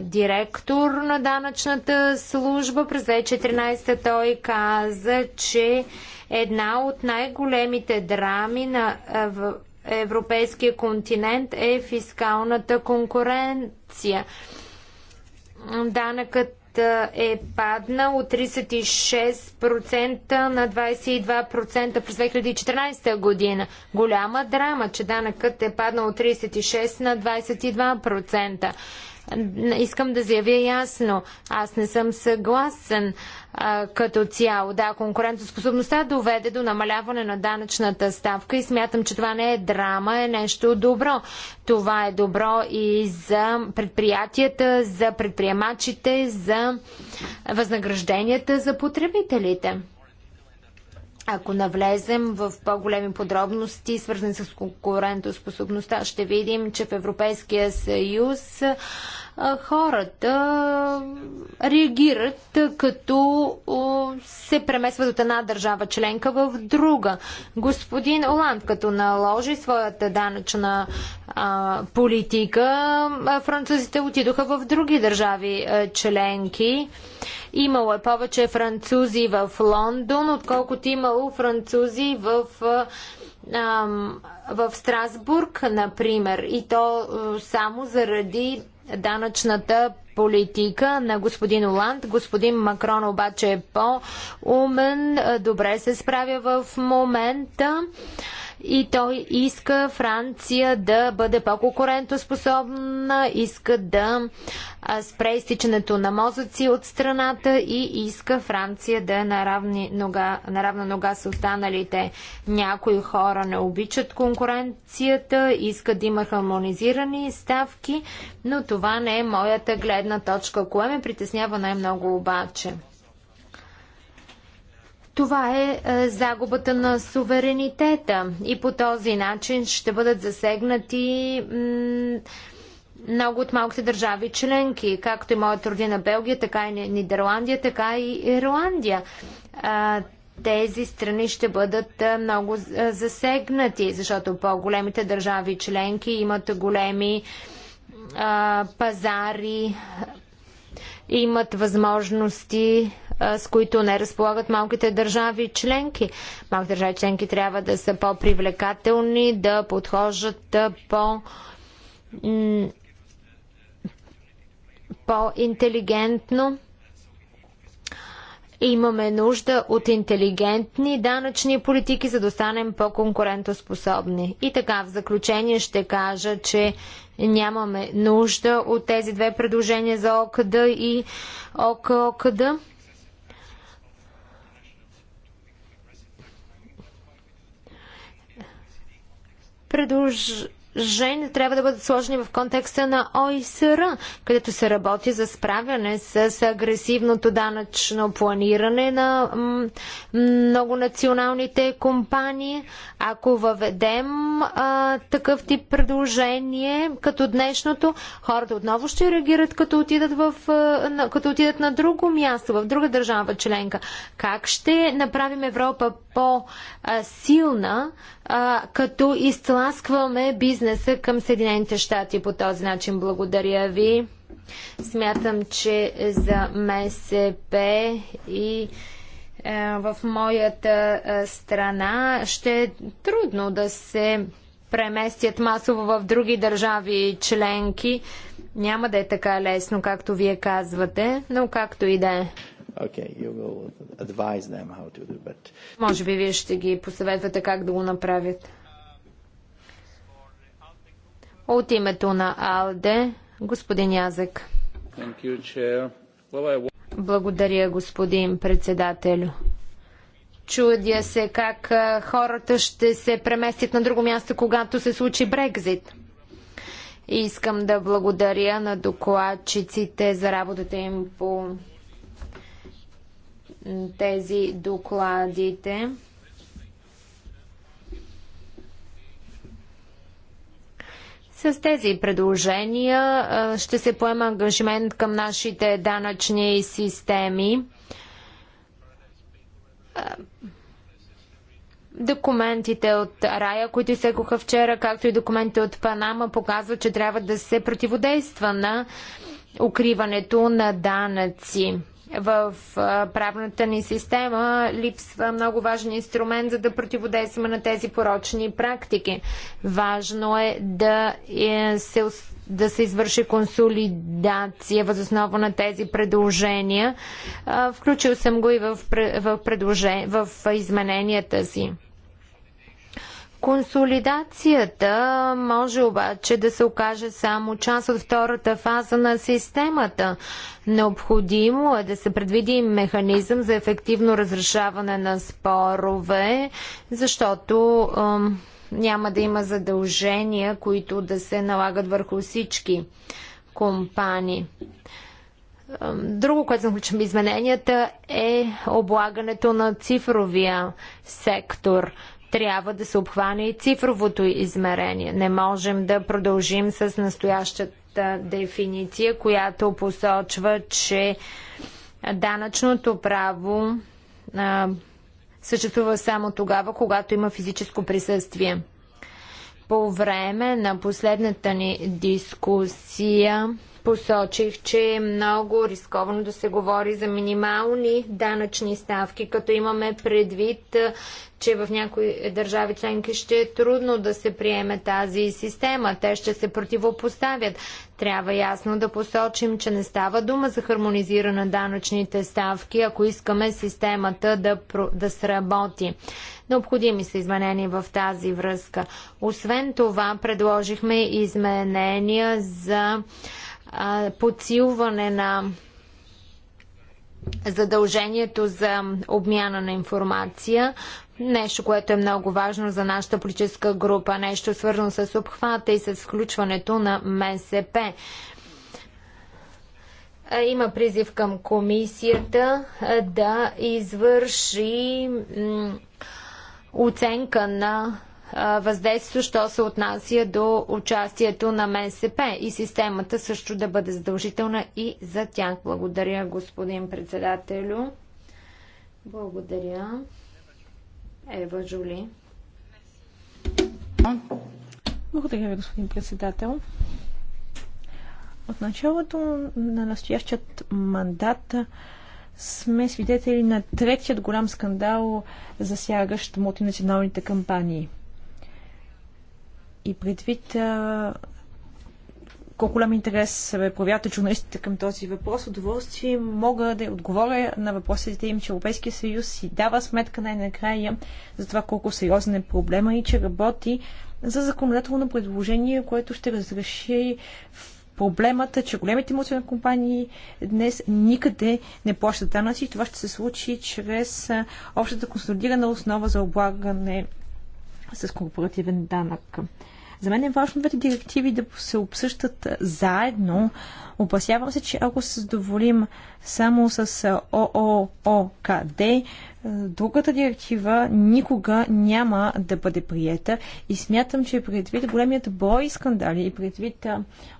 директор на данъчната служба. През 2014 той каза, че Една от най-големите драми на е, европейския континент е фискалната конкуренция. Данъкът е, е паднал от 36% на 22% през 2014 година. Голяма драма, че данъкът е паднал от 36% на 22%. Искам да заявя ясно. Аз не съм съгласен а, като цяло. Да, конкурентоспособността доведе до намаляване на данъчната ставка и смятам, че това не е драма, е нещо добро. Това е добро и за предприятията, за предприемачите, за възнагражденията, за потребителите. Ако навлезем в по-големи подробности, свързани с конкурентоспособността, ще видим, че в Европейския съюз хората реагират като се премесват от една държава членка в друга. Господин Оланд, като наложи своята данъчна политика, французите отидоха в други държави членки. Имало е повече французи в Лондон, отколкото имало французи в в Страсбург, например, и то само заради данъчната политика на господин Оланд. Господин Макрон обаче е по-умен, добре се справя в момента и той иска Франция да бъде по-конкурентоспособна, иска да спре изтичането на мозъци от страната и иска Франция да е на, равни нога, равна нога с останалите. Някои хора не обичат конкуренцията, искат да има хармонизирани ставки, но това не е моята гледна точка. Кое ме притеснява най-много обаче? Това е, е загубата на суверенитета и по този начин ще бъдат засегнати много от малките държави членки, както и моята родина Белгия, така и Нидерландия, така и Ирландия. Тези страни ще бъдат е, много е, засегнати, защото по-големите държави членки имат големи пазари, имат възможности с които не разполагат малките държави членки. Малките държави членки трябва да са по-привлекателни, да подхождат по- по-интелигентно. Имаме нужда от интелигентни данъчни политики, за да станем по-конкурентоспособни. И така, в заключение ще кажа, че нямаме нужда от тези две предложения за ОКД и ОКОКД. Предлож жени трябва да бъдат сложени в контекста на ОИСР, където се работи за справяне с, агресивното данъчно планиране на многонационалните компании. Ако въведем а, такъв тип предложение, като днешното, хората отново ще реагират, като отидат, в, а, като отидат на друго място, в друга държава членка. Как ще направим Европа по-силна, като изтласкваме бизнес бизнеса към Съединените щати по този начин. Благодаря ви. Смятам, че за МСП и е, в моята е, страна ще е трудно да се преместят масово в други държави членки. Няма да е така лесно, както вие казвате, но както и да е. Okay, you will advise them how to do, but... Може би вие ще ги посъветвате как да го направят. От името на АЛДЕ, господин Язък. Благодаря, господин председателю. Чудя се как хората ще се преместят на друго място, когато се случи Брекзит. Искам да благодаря на докладчиците за работата им по тези докладите. С тези предложения ще се поема ангажимент към нашите данъчни системи. Документите от Рая, които изсекоха вчера, както и документите от Панама, показват, че трябва да се противодейства на укриването на данъци в правната ни система липсва много важен инструмент, за да противодействаме на тези порочни практики. Важно е да е, се, да се извърши консолидация възоснова на тези предложения. Включил съм го и в, в, в измененията си. Консолидацията може обаче да се окаже само част от втората фаза на системата. Необходимо е да се предвиди механизъм за ефективно разрешаване на спорове, защото е, няма да има задължения, които да се налагат върху всички компании. Друго, което съм измененията е облагането на цифровия сектор трябва да се обхване и цифровото измерение. Не можем да продължим с настоящата дефиниция, която посочва, че данъчното право а, съществува само тогава, когато има физическо присъствие. По време на последната ни дискусия посочих, че е много рисковано да се говори за минимални данъчни ставки, като имаме предвид, че в някои държави членки ще е трудно да се приеме тази система. Те ще се противопоставят. Трябва ясно да посочим, че не става дума за хармонизиране на данъчните ставки, ако искаме системата да, да сработи. Необходими са изменения в тази връзка. Освен това, предложихме изменения за а, подсилване на задължението за обмяна на информация. Нещо, което е много важно за нашата политическа група, нещо свързано с обхвата и с включването на МСП. Има призив към комисията да извърши оценка на въздействието, що се отнася до участието на МСП и системата също да бъде задължителна и за тях. Благодаря, господин председателю. Благодаря. Ева Жули. Благодаря ви, господин председател. От началото на настоящият мандат сме свидетели на третият голям скандал, засягащ мултинационалните кампании – и предвид колко голям интерес бе проявяват журналистите към този въпрос, удоволствие мога да отговоря на въпросите им, че Европейския съюз си дава сметка най-накрая за това колко сериозен е проблема и че работи за законодателно предложение, което ще разреши проблемът че големите мултинационални компании днес никъде не плащат данъци и това ще се случи чрез общата консолидирана основа за облагане с корпоративен данък. За мен е важно двете директиви да се обсъщат заедно. Опасявам се, че ако се задоволим само с ОООКД, другата директива никога няма да бъде приета и смятам, че предвид големият брой скандали и предвид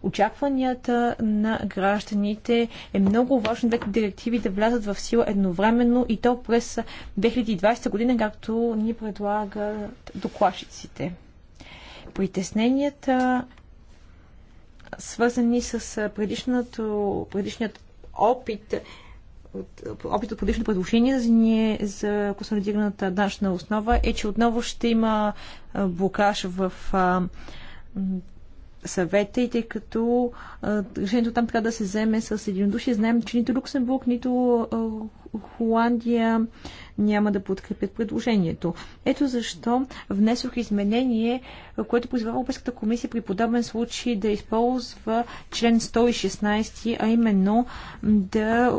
очакванията на гражданите е много важно двете директиви да влязат в сила едновременно и то през 2020 година, както ни предлагат докладчиците притесненията, свързани с предишният опит от, опит от предишното предложение за, ние, за консолидираната данъчна основа е, че отново ще има блокаж в а, съвета и тъй като а, решението там трябва да се вземе с единодушие. Знаем, че нито Люксембург, нито а, Холандия няма да подкрепят предложението. Ето защо внесох изменение, което призвава Европейската комисия при подобен случай да използва член 116, а именно да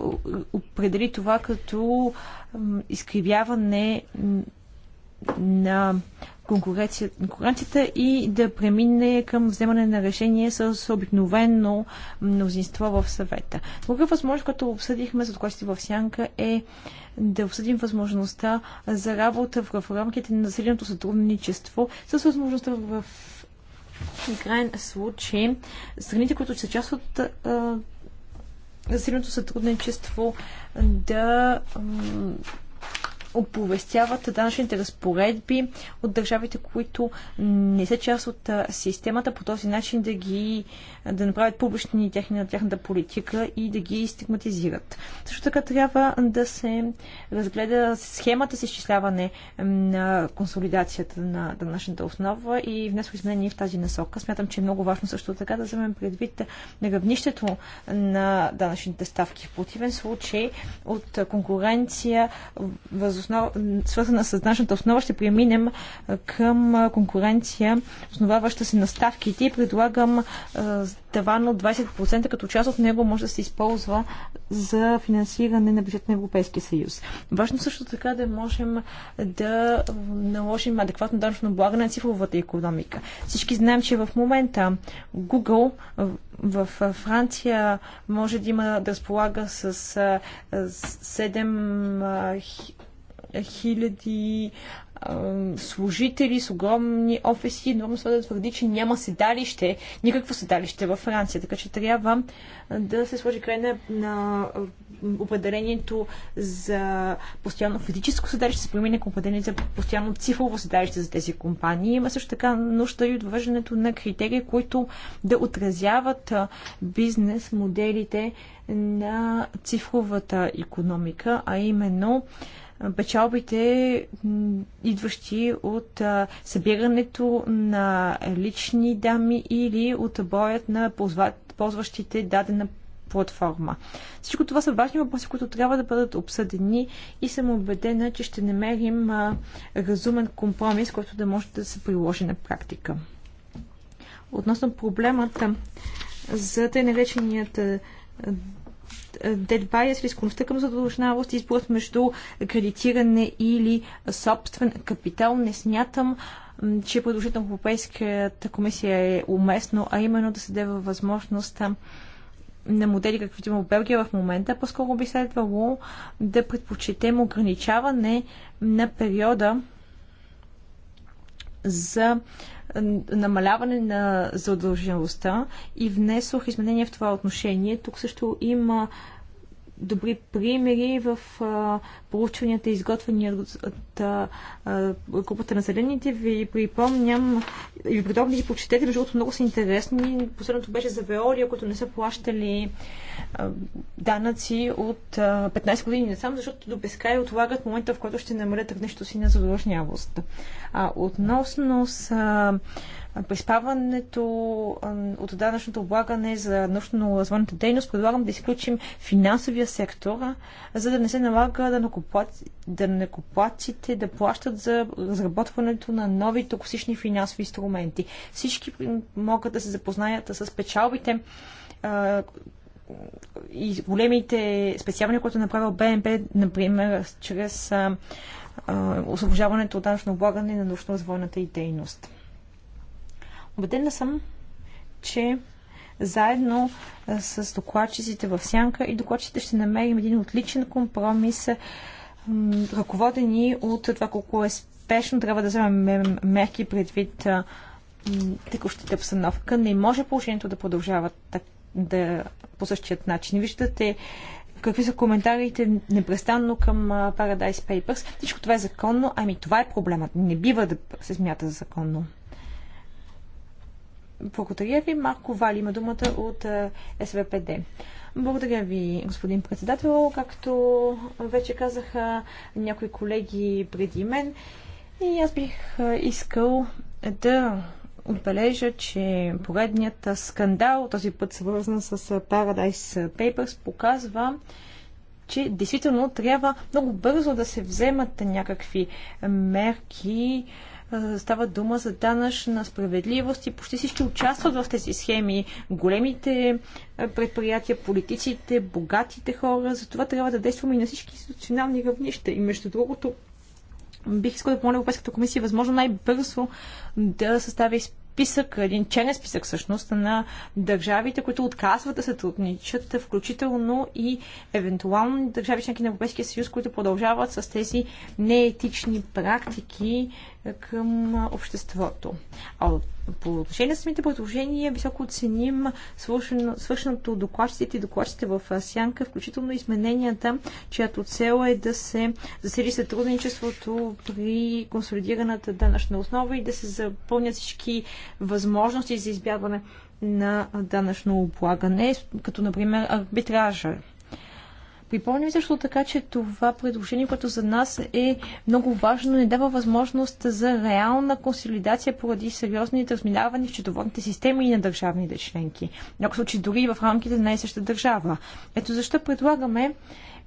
определи това като изкривяване на конкуренцията и да премине към вземане на решение с обикновено мнозинство в съвета. Друга възможност, която обсъдихме за докладчите в Сянка е да обсъдим възможността за работа в рамките на населеното сътрудничество с възможността в крайен случай страните, които са част от засиленото сътрудничество да оповестяват данъчните разпоредби от държавите, които не са част от системата, по този начин да ги да направят публични тяхна, тяхната политика и да ги стигматизират. Също така трябва да се разгледа схемата с изчисляване на консолидацията на данъчната основа и внесох изменение в тази насока. Смятам, че е много важно също така да вземем предвид на равнището на данъчните ставки. В противен случай от конкуренция въз основ... свързана с данъчната основа, ще преминем към конкуренция, основаваща се на ставките и предлагам таван от 20%, като част от него може да се използва за финансиране на бюджет на Европейския съюз. Важно също така да можем да наложим адекватно данъчно облагане на цифровата економика. Всички знаем, че в момента Google в Франция може да има да разполага с 7 хиляди служители с огромни офиси, но това да твърди, че няма седалище, никакво седалище във Франция. Така че трябва да се сложи край на, на определението за постоянно физическо седалище, се променя определение за постоянно цифрово седалище за тези компании. Има също така нужда и от въвеждането на критерии, които да отразяват бизнес моделите на цифровата економика, а именно печалбите, идващи от събирането на лични данни или от боят на ползващите дадена платформа. Всичко това са важни въпроси, които трябва да бъдат обсъдени и съм убедена, че ще намерим разумен компромис, който да може да се приложи на практика. Относно проблемата за тъй нареченият dead е, bias, е, е склонността към задължналост, изборът между кредитиране или собствен капитал. Не смятам, че предложението на Европейската комисия е уместно, а именно да се дева възможност на модели, каквито има в Белгия в момента, по-скоро би следвало да предпочетем ограничаване на периода за намаляване на задължеността и внесох изменения в това отношение. Тук също има добри примери в а, проучванията, изготвени от, от а, групата на зелените. Ви припомням, и ви предлагам да ги прочетете, между другото много са интересни. Последното беше за Веолия, които не са плащали а, данъци от а, 15 години не само, защото до безкрай отлагат момента, в който ще намалят нещо си на задължнявост. А относно с а, приспаването от данъчното облагане за научно-развойната дейност, предлагам да изключим финансовия сектор, за да не се налага да накоплаците да, плащат за разработването на нови токсични финансови инструменти. Всички могат да се запознаят с печалбите и големите специални, които е направил БНБ, например, чрез освобождаването от данъчно облагане на научно-развойната и дейност. Обедена съм, че заедно с докладчиците в Сянка и докладчиците ще намерим един отличен компромис, ръководени от това колко е спешно трябва да вземем мерки предвид текущата обстановка. Не може положението да продължава так, да, по същият начин. Виждате какви са коментарите непрестанно към Paradise Papers. Всичко това е законно, ами това е проблемът. Не бива да се смята за законно. Благодаря ви. Марко Вали има думата от е, СВПД. Благодаря ви, господин председател. Както вече казаха някои колеги преди мен, и аз бих е, искал да отбележа, че поредният скандал, този път свързан с е, Paradise Papers, показва, че действително трябва много бързо да се вземат някакви мерки, Става дума за на справедливост и почти всички участват в тези схеми. Големите предприятия, политиците, богатите хора. Затова трябва да действаме и на всички институционални равнища. И между другото, бих искал да помоля Европейската комисия възможно най-бързо да състави списък, един черен списък всъщност на държавите, които отказват да сътрудничат, включително и евентуално държави членки на Европейския съюз, които продължават с тези неетични практики към обществото. А по отношение на самите предложения, високо оценим свършеното докладчиците и докладчиците в Сянка, включително измененията, чиято цел е да се засели сътрудничеството при консолидираната данъчна основа и да се запълнят всички възможности за избягване на данъчно облагане, като например арбитража. Припомням също така, че това предложение, което за нас е много важно, не дава възможност за реална консолидация поради сериозните разминавания в четоводните системи и на държавните членки. Някои случаи дори и в рамките на най-съща държава. Ето защо предлагаме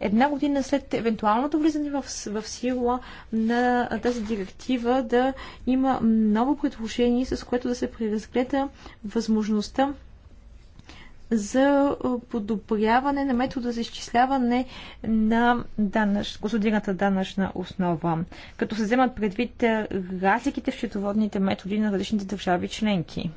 една година след евентуалното влизане в, в сила на тази директива да има ново предложение, с което да се преразгледа възможността за подобряване на метода за изчисляване на данъч, консолидираната данъчна основа, като се вземат предвид разликите в счетоводните методи на различните държави членки.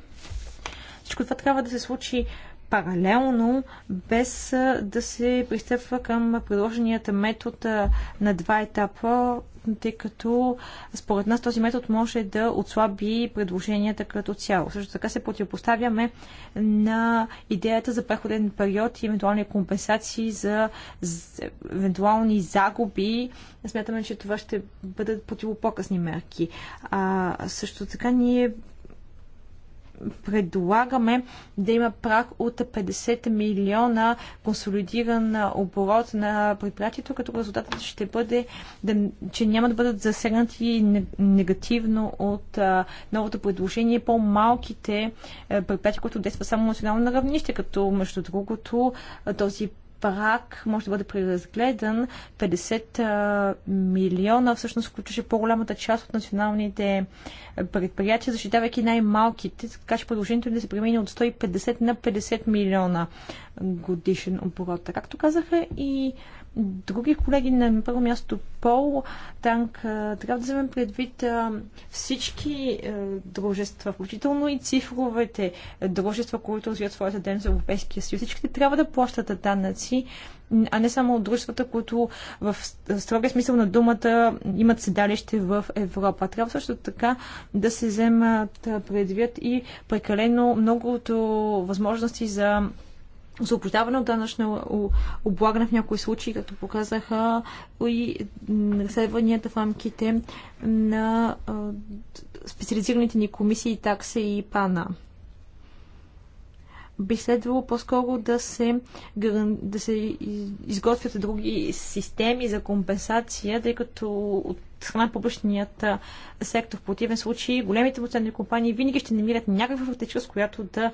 Всичко това трябва да се случи паралелно, без да се пристъпва към предложеният метод на два етапа, тъй като според нас този метод може да отслаби предложенията като цяло. Също така се противопоставяме на идеята за преходен период и евентуални компенсации за евентуални загуби. Смятаме, че това ще бъдат противопоказни мерки. А, също така ние предлагаме да има прак от 50 милиона консолидиран оборот на предприятието, като резултатът ще бъде, да, че няма да бъдат засегнати негативно от а, новото предложение по-малките предприятия, които действат само национално на равнище, като между другото този прак може да бъде преразгледан. 50 милиона всъщност включваше по-голямата част от националните предприятия, защитавайки най-малките, така че предложението е да се премине от 150 на 50 милиона годишен оборот. Както казаха и други колеги на първо място Пол Танк. Трябва да вземем предвид всички дружества, включително и цифровете дружества, които развиват своята ден в Европейския съюз. Всичките трябва да плащат данъци, а не само от дружествата, които в строгия смисъл на думата имат седалище в Европа. Трябва също така да се вземат предвид и прекалено многото възможности за освобождаване от данъчно облагане в някои случаи, като показаха и разследванията в рамките на специализираните ни комисии такса и ПАНА би следвало по-скоро да се, да се изготвят други системи за компенсация, тъй като от страна публичният сектор в противен случай големите муценни компании винаги ще намират някаква вратичка, с която да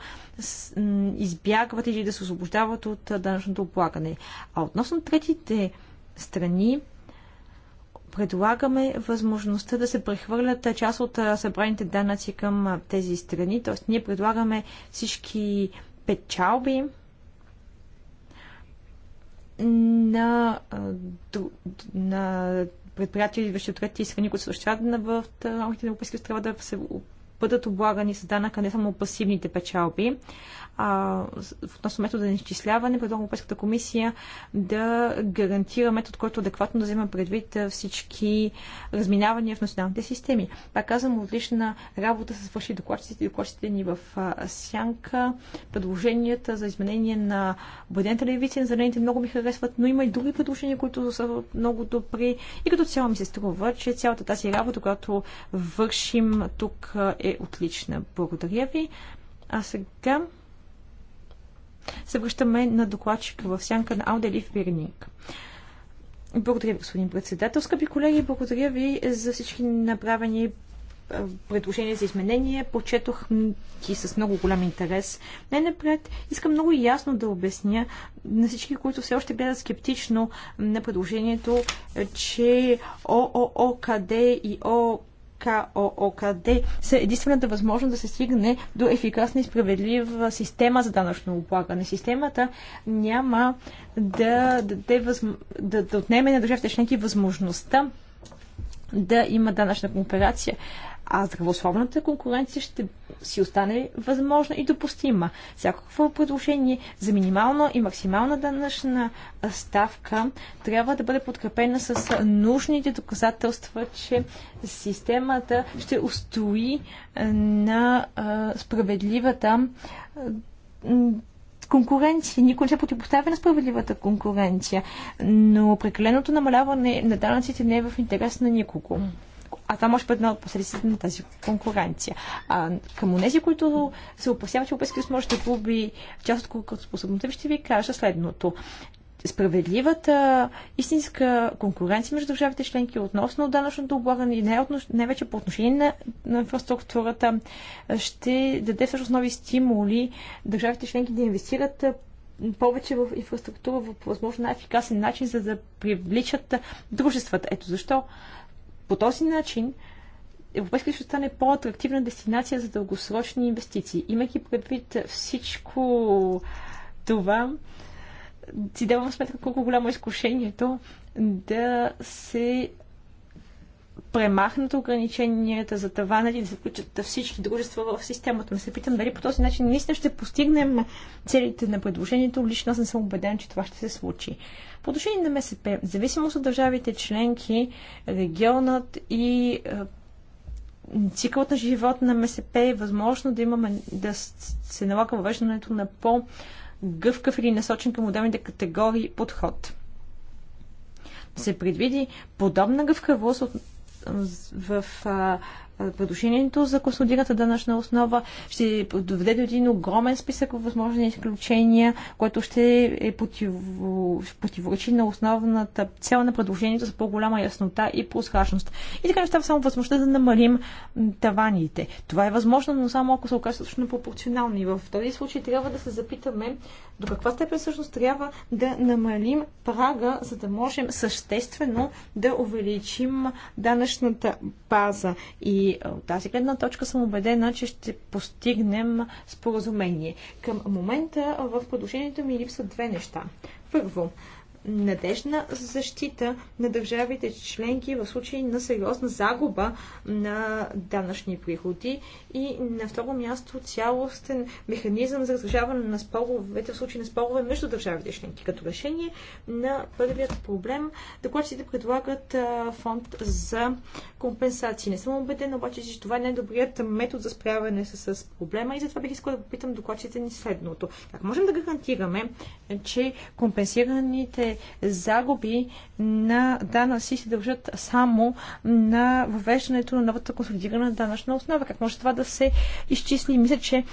избягват или да се освобождават от данъчното облагане. А относно третите страни, предлагаме възможността да се прехвърлят част от събраните данъци към тези страни. Тоест, ние предлагаме всички печалби на, на предприятия, идващи от трети страни, които съществуват в рамките на Европейския съюз, трябва да се бъдат облагани с данъка не само пасивните печалби, относно метода на изчисляване, предлагам Европейската комисия да гарантира метод, който адекватно да взема предвид всички разминавания в националните системи. Пак казвам, отлична работа се свърши докладчиците и докладчиците ни в сянка. Предложенията за изменение на Бъдената телевизия на зелените много ми харесват, но има и други предложения, които са много добри. И като цяло ми се струва, че цялата тази работа, която вършим тук е отлична. Благодаря ви. А сега се връщаме на докладчик в сянка на в Бирник. Благодаря ви, господин председател. Скъпи колеги, благодаря ви за всички направени предложения за изменение. Почетох ги с много голям интерес. Не напред, искам много ясно да обясня на всички, които все още гледат скептично на предложението, че ООО, къде и ООО КООКД са единствената възможност да се стигне до ефикасна и справедлива система за данъчно облагане. Системата няма да, даде възм... да, да отнеме на държавите членки възможността да има данъчна кооперация а здравословната конкуренция ще си остане възможна и допустима. Всякакво предложение за минимална и максимална данъчна ставка трябва да бъде подкрепена с нужните доказателства, че системата ще устои на справедливата конкуренция. Никой не се противопоставя на справедливата конкуренция, но прекаленото намаляване на данъците не е в интерес на никого а това може да бъде една от на тази конкуренция. А, към тези, които се опасяват, че Европейския съюз може да губи част от конкурентоспособността, ще ви кажа следното справедливата истинска конкуренция между държавите членки относно данъчното облагане и най-вече по отношение на, на инфраструктурата ще даде всъщност нови стимули държавите членки да инвестират повече в инфраструктура в възможно най-ефикасен начин, за да привличат дружествата. Ето защо по този начин Европейския съюз стане по-атрактивна дестинация за дългосрочни инвестиции. Имайки предвид всичко това, си давам сметка колко голямо е изкушението да се премахнат ограниченията за тавана или да се включат всички дружества в системата. Не се питам дали по този начин наистина ще постигнем целите на предложението. Лично аз не съм убеден, че това ще се случи. По отношение на МСП, зависимост от държавите членки, регионът и е, цикълът на живот на МСП е възможно да имаме да се налага въвеждането на по-гъвкав или насочен към отделните категории подход. Да се предвиди подобна гъвкавост в Предложението за консолидираната данъчна основа ще доведе до един огромен списък от възможни изключения, което ще е противоречи на основната цел на предложението за по-голяма яснота и прозрачност. И така става само възможността да намалим таваните. Това е възможно, но само ако се окаже точно пропорционално. И в този случай трябва да се запитаме до каква степен всъщност трябва да намалим прага, за да можем съществено да увеличим данъчната база. И от тази гледна точка съм убедена, че ще постигнем споразумение. Към момента в предложението ми липсват две неща. Първо, надежна защита на държавите членки в случай на сериозна загуба на данъчни приходи и на второ място цялостен механизъм за разрешаване на споровете в случай на спорове между държавите членки. Като решение на първият проблем, да предлагат фонд за компенсации. Не съм убеден обаче, че това е най-добрият метод за справяне с, с проблема и затова бих искала да попитам докладчите ни следното. Как можем да гарантираме, че компенсираните загуби на данъци се дължат само на въвеждането на новата консолидирана данъчна основа? Как може това да се изчисли? Мисля, че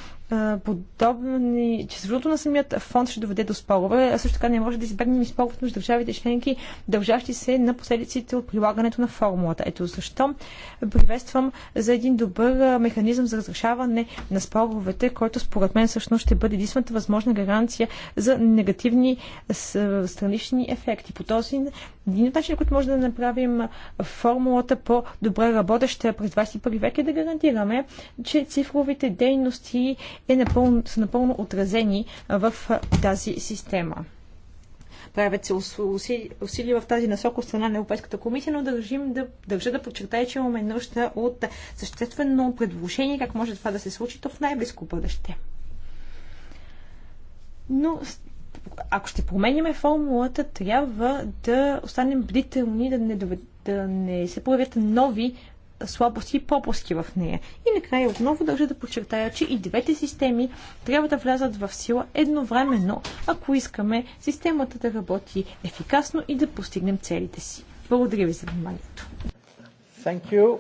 подобни, че звучното на самият фонд ще доведе до спорове, а също така не може да избегнем и спорове между държавите членки, дължащи се на последиците от прилагането на формулата. Ето защо защо приветствам за един добър механизъм за разрешаване на споровете, който според мен всъщност ще бъде единствената възможна гаранция за негативни странични ефекти. По този един от начин, който може да направим формулата по-добре работеща през 21 век е да гарантираме, че цифровите дейности е напълно, са напълно отразени в тази система. Правят се усилия в тази насока от страна на Европейската комисия, но държим да, държа да подчертая, че имаме нужда от съществено предложение как може това да се случи то в най-близко бъдеще. Но ако ще променяме формулата, трябва да останем бдителни, да не, да не се появят нови слабости и пропуски в нея. И накрая отново държа да подчертая, че и двете системи трябва да влязат в сила едновременно, ако искаме системата да работи ефикасно и да постигнем целите си. Благодаря ви за вниманието. Thank you.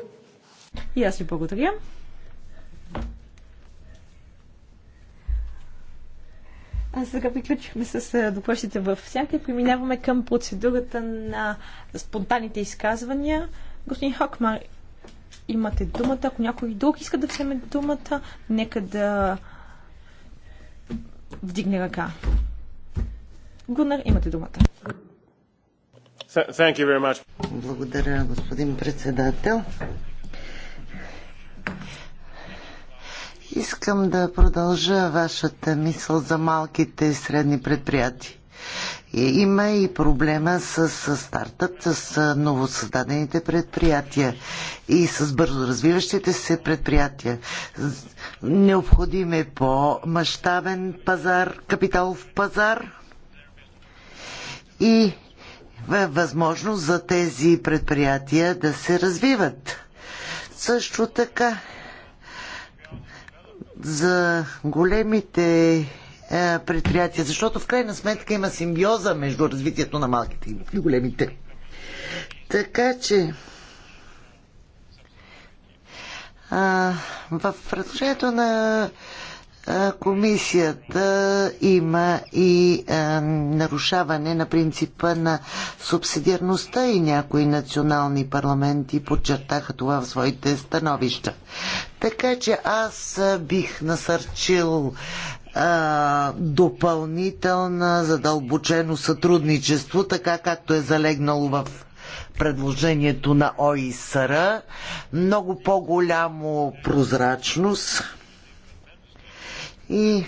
И аз ви благодаря. А сега приключихме с докладчите в сянка и преминаваме към процедурата на спонтанните изказвания. Господин Хокмар, имате думата. Ако някой друг иска да вземе думата, нека да вдигне ръка. Гунар, имате думата. Благодаря, господин председател. Искам да продължа вашата мисъл за малките и средни предприятия. Има и проблема с стартът, с новосъздадените предприятия и с бързо развиващите се предприятия. Необходим е по-мащабен пазар, капиталов пазар и възможност за тези предприятия да се развиват. Също така за големите е, предприятия, защото в крайна сметка има симбиоза между развитието на малките и големите. Така че а, в предложението на комисията има и а, нарушаване на принципа на субсидиарността и някои национални парламенти подчертаха това в своите становища. Така че аз бих насърчил а, допълнителна задълбочено сътрудничество, така както е залегнало в предложението на ОИСР, много по-голямо прозрачност и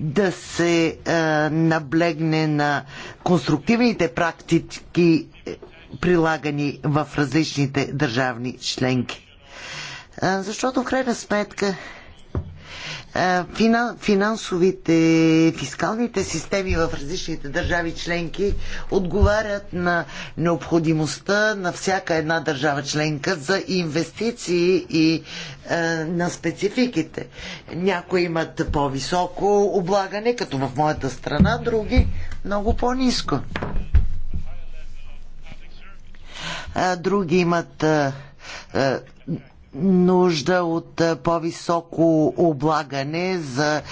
да се а, наблегне на конструктивните практики, е, прилагани в различните държавни членки. Защото в крайна сметка е, финансовите, фискалните системи в различните държави членки отговарят на необходимостта на всяка една държава членка за инвестиции и е, на спецификите. Някои имат по-високо облагане, като в моята страна, други много по-низко. Е, други имат нужда от е, по-високо облагане за е,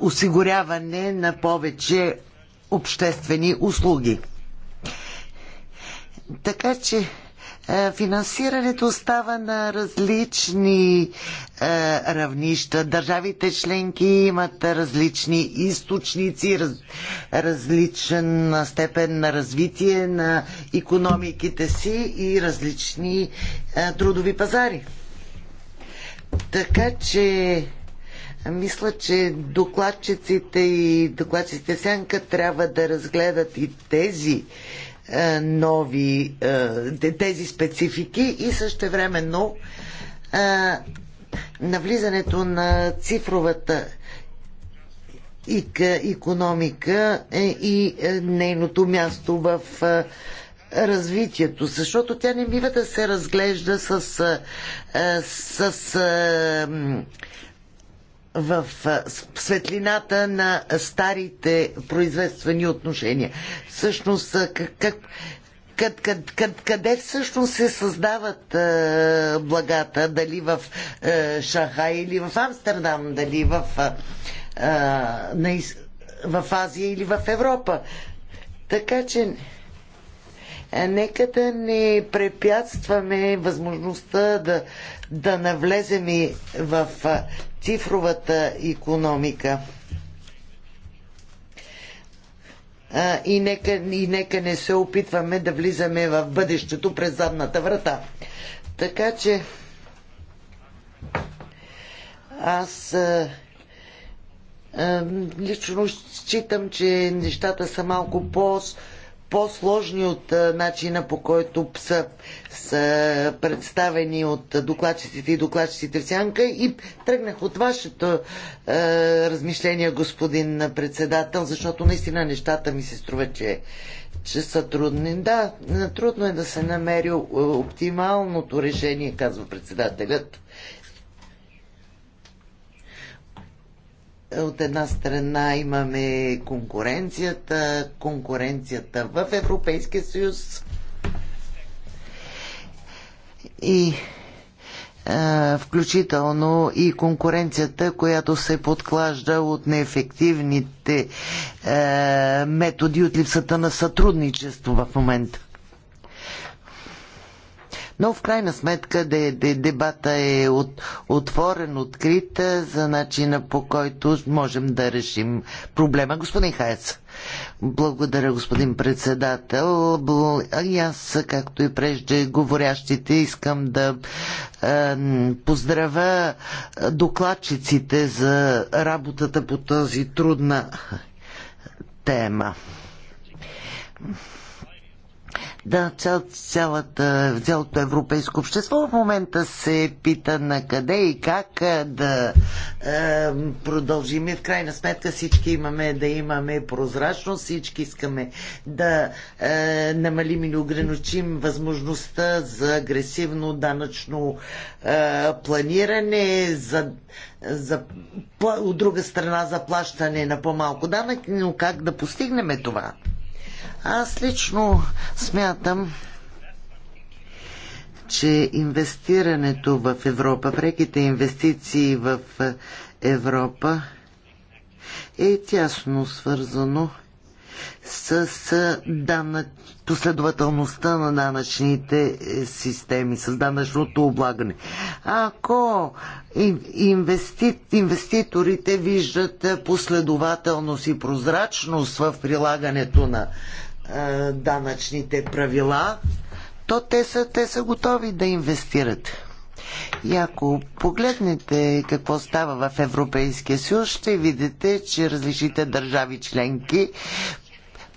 осигуряване на повече обществени услуги. Така че е, финансирането става на различни равнища. Държавите членки имат различни източници, раз, различен степен на развитие на економиките си и различни трудови пазари. Така че мисля, че докладчиците и докладчиците сянка трябва да разгледат и тези е, нови, е, тези специфики и също времено е, навлизането на цифровата икономика е, и е, нейното място в е, развитието, защото тя не бива да се разглежда с, с, с в светлината на старите производствени отношения. Всъщност, как, къд, къд, къд, къде всъщност се създават е, благата? Дали в е, Шахай или в Амстердам, дали в, е, на, в Азия или в Европа. Така че е, нека да не препятстваме възможността да, да навлезем и в цифровата економика. И нека, и нека не се опитваме да влизаме в бъдещето през задната врата. Така че аз лично считам, че нещата са малко по- по-сложни от начина по който са, са представени от докладчиците и докладчиците в сянка и тръгнах от вашето е, размишление, господин председател, защото наистина нещата ми се струва, че, че са трудни. Да, трудно е да се намери оптималното решение, казва председателят. от една страна имаме конкуренцията, конкуренцията в Европейския съюз и а, включително и конкуренцията, която се подклажда от неефективните а, методи от липсата на сътрудничество в момента. Но в крайна сметка дебата е от, отворен, открит за начина по който можем да решим проблема. Господин Хаец. Благодаря, господин председател. И аз, както и прежде говорящите, искам да е, поздравя докладчиците за работата по тази трудна тема да цял, цялата, цялото европейско общество в момента се пита на къде и как да е, продължим. И в крайна сметка всички имаме да имаме прозрачност, всички искаме да е, намалим или ограничим възможността за агресивно данъчно е, планиране, за за, от друга страна за плащане на по-малко данък, но как да постигнем това? Аз лично смятам, че инвестирането в Европа, преките инвестиции в Европа е тясно свързано с последователността на данъчните е, системи, с данъчното облагане. Ако инвести, инвеститорите виждат е, последователност и прозрачност в прилагането на е, данъчните правила, то те са, те са готови да инвестират. И ако погледнете какво става в Европейския съюз, ще видите, че различните държави членки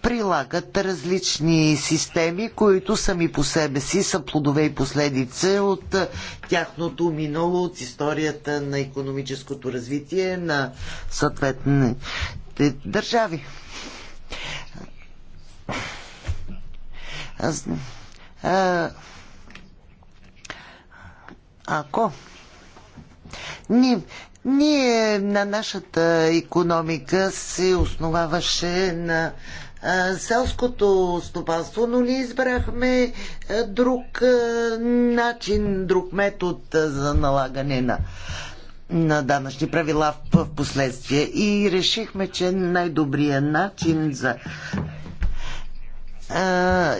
прилагат различни системи, които сами по себе си са плодове и последици от е, тяхното минало, от историята на економическото развитие на съответните държави. Аз, а, ако ние, ние на нашата економика се основаваше на селското стопанство, но ние избрахме друг начин, друг метод за налагане на, на данъчни правила в, в последствие. И решихме, че най-добрият начин за а,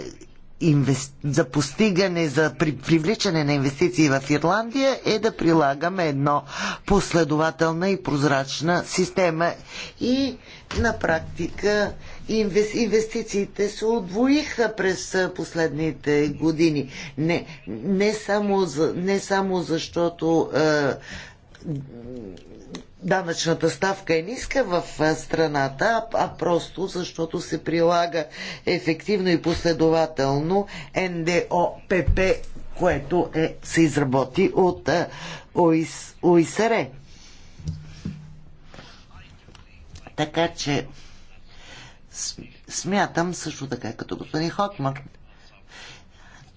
инвест... за постигане, за при... привличане на инвестиции в Ирландия е да прилагаме едно последователна и прозрачна система. И на практика инвес... инвестициите се отвоиха през последните години. Не, не, само, за... не само защото. А, данъчната ставка е ниска в страната, а просто защото се прилага ефективно и последователно НДОПП, което е, се изработи от ОИСР. Така че смятам също така, като господин Хотман,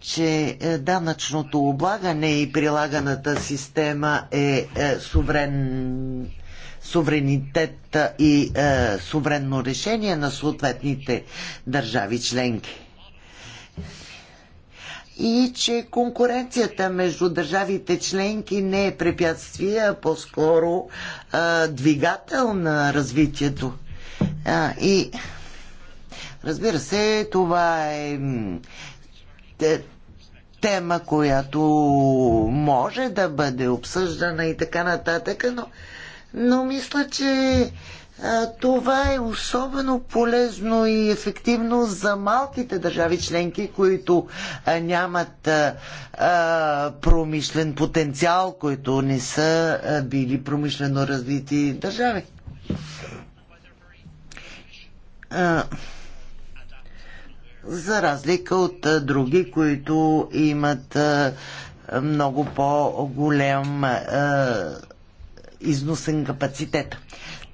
че е, данъчното облагане и прилаганата система е, е суверен, суверенитет и е, суверенно решение на съответните държави членки. И че конкуренцията между държавите членки не е препятствие, а по-скоро е, двигател на развитието. А, и разбира се, това е тема, която може да бъде обсъждана и така нататък, но, но мисля, че това е особено полезно и ефективно за малките държави членки, които нямат промишлен потенциал, които не са били промишлено развити държави за разлика от други, които имат много по-голям износен капацитет.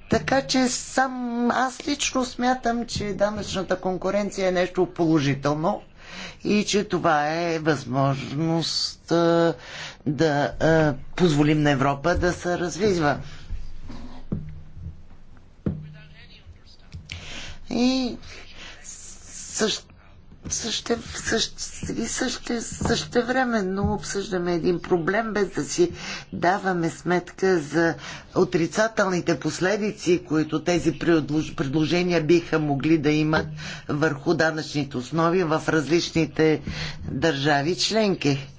Така че сам аз лично смятам, че данъчната конкуренция е нещо положително и че това е възможност да позволим на Европа да се развива. И също също, също, също, но обсъждаме един проблем, без да си даваме сметка за отрицателните последици, които тези предложения биха могли да имат върху данъчните основи в различните държави членки.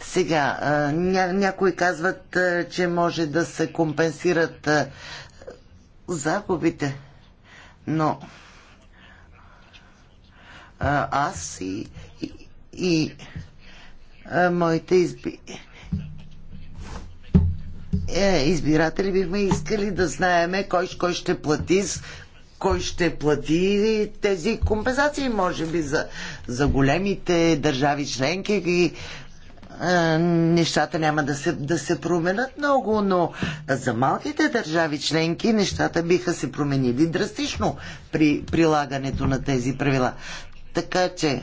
Сега, ня, някои казват, че може да се компенсират загубите но аз и, и, и а, моите изби... е, избиратели бихме искали да знаеме кой, кой ще плати кой ще плати тези компенсации, може би за, за големите държави членки и е, нещата няма да се, да се променят много, но за малките държави членки нещата биха се променили драстично при прилагането на тези правила. Така че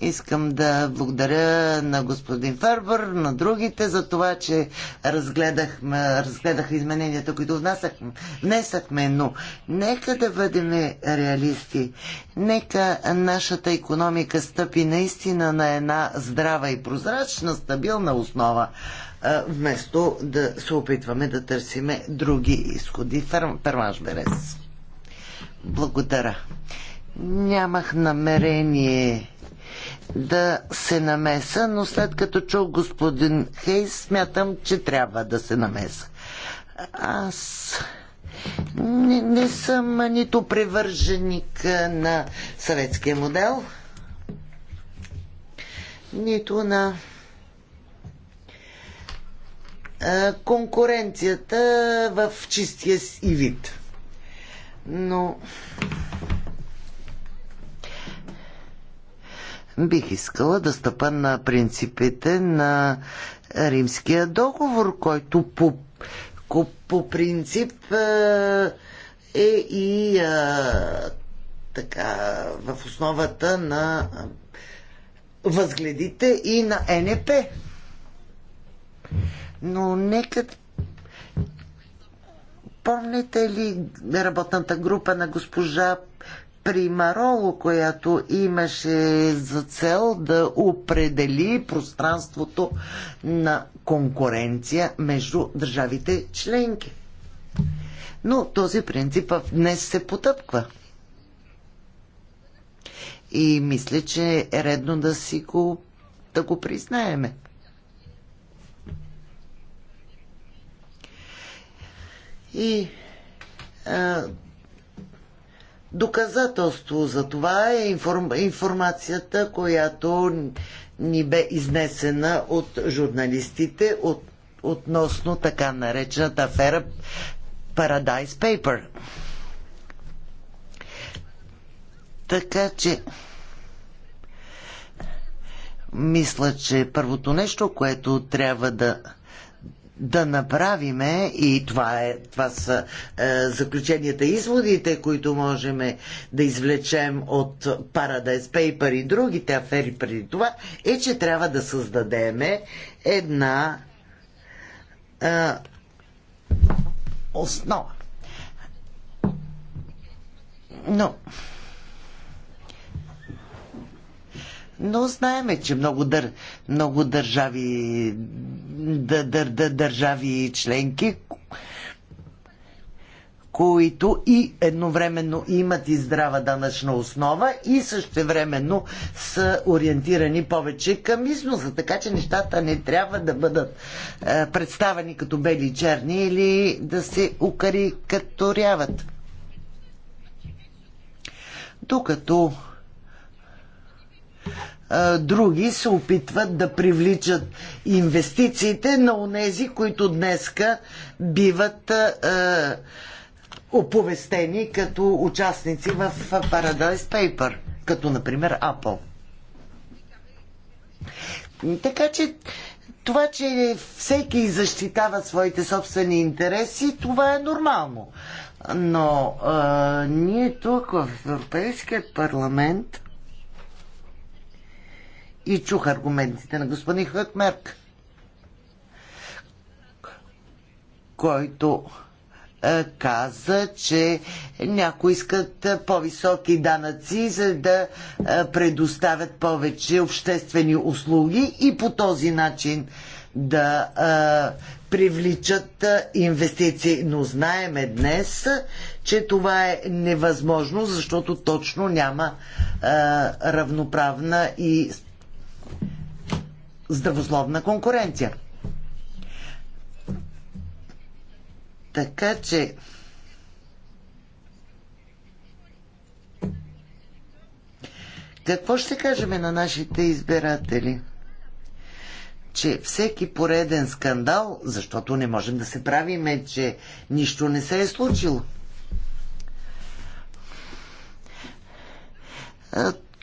Искам да благодаря на господин Фербър, на другите за това, че разгледахме, разгледах измененията, които внесахме, внесахме, но нека да бъдем реалисти. Нека нашата економика стъпи наистина на една здрава и прозрачна, стабилна основа, вместо да се опитваме да търсиме други изходи. Фермаш Берес. Благодаря. Нямах намерение да се намеса, но след като чух господин Хейс, смятам, че трябва да се намеса. Аз не, не съм нито привърженик на съветския модел, нито на конкуренцията в чистия и вид. Но бих искала да стъпа на принципите на Римския договор, който по, по принцип е, е и е, така в основата на възгледите и на НП. Но нека помните ли работната група на госпожа Мароло, която имаше за цел да определи пространството на конкуренция между държавите членки. Но този принцип днес се потъпква. И мисля, че е редно да си го, да го признаеме. И Доказателство за това е информацията, която ни бе изнесена от журналистите от, относно така наречената афера Paradise Paper. Така че мисля, че първото нещо, което трябва да да направиме, и това, е, това са е, заключенията и изводите, които можем да извлечем от Paradise Paper и другите афери преди това, е, че трябва да създадеме една е, основа. Но Но знаеме, че много, дър, много държави, дър, дър, дър, държави членки, които и едновременно имат и здрава данъчна основа и същевременно са ориентирани повече към износа. Така че нещата не трябва да бъдат е, представени като бели и черни или да се укарикаторяват. Докато други се опитват да привличат инвестициите на онези, които днеска биват оповестени като участници в Paradise Paper, като например Apple. Така че това, че всеки защитава своите собствени интереси, това е нормално. Но а, ние тук в Европейския парламент и чух аргументите на господин Хъкмерк, който е, каза, че някои искат е, по-високи данъци, за да е, предоставят повече обществени услуги и по този начин да привличат инвестиции. Но знаеме днес, че това е невъзможно, защото точно няма равноправна и здравословна конкуренция. Така че Какво ще кажем на нашите избиратели? Че всеки пореден скандал, защото не можем да се правиме, че нищо не се е случило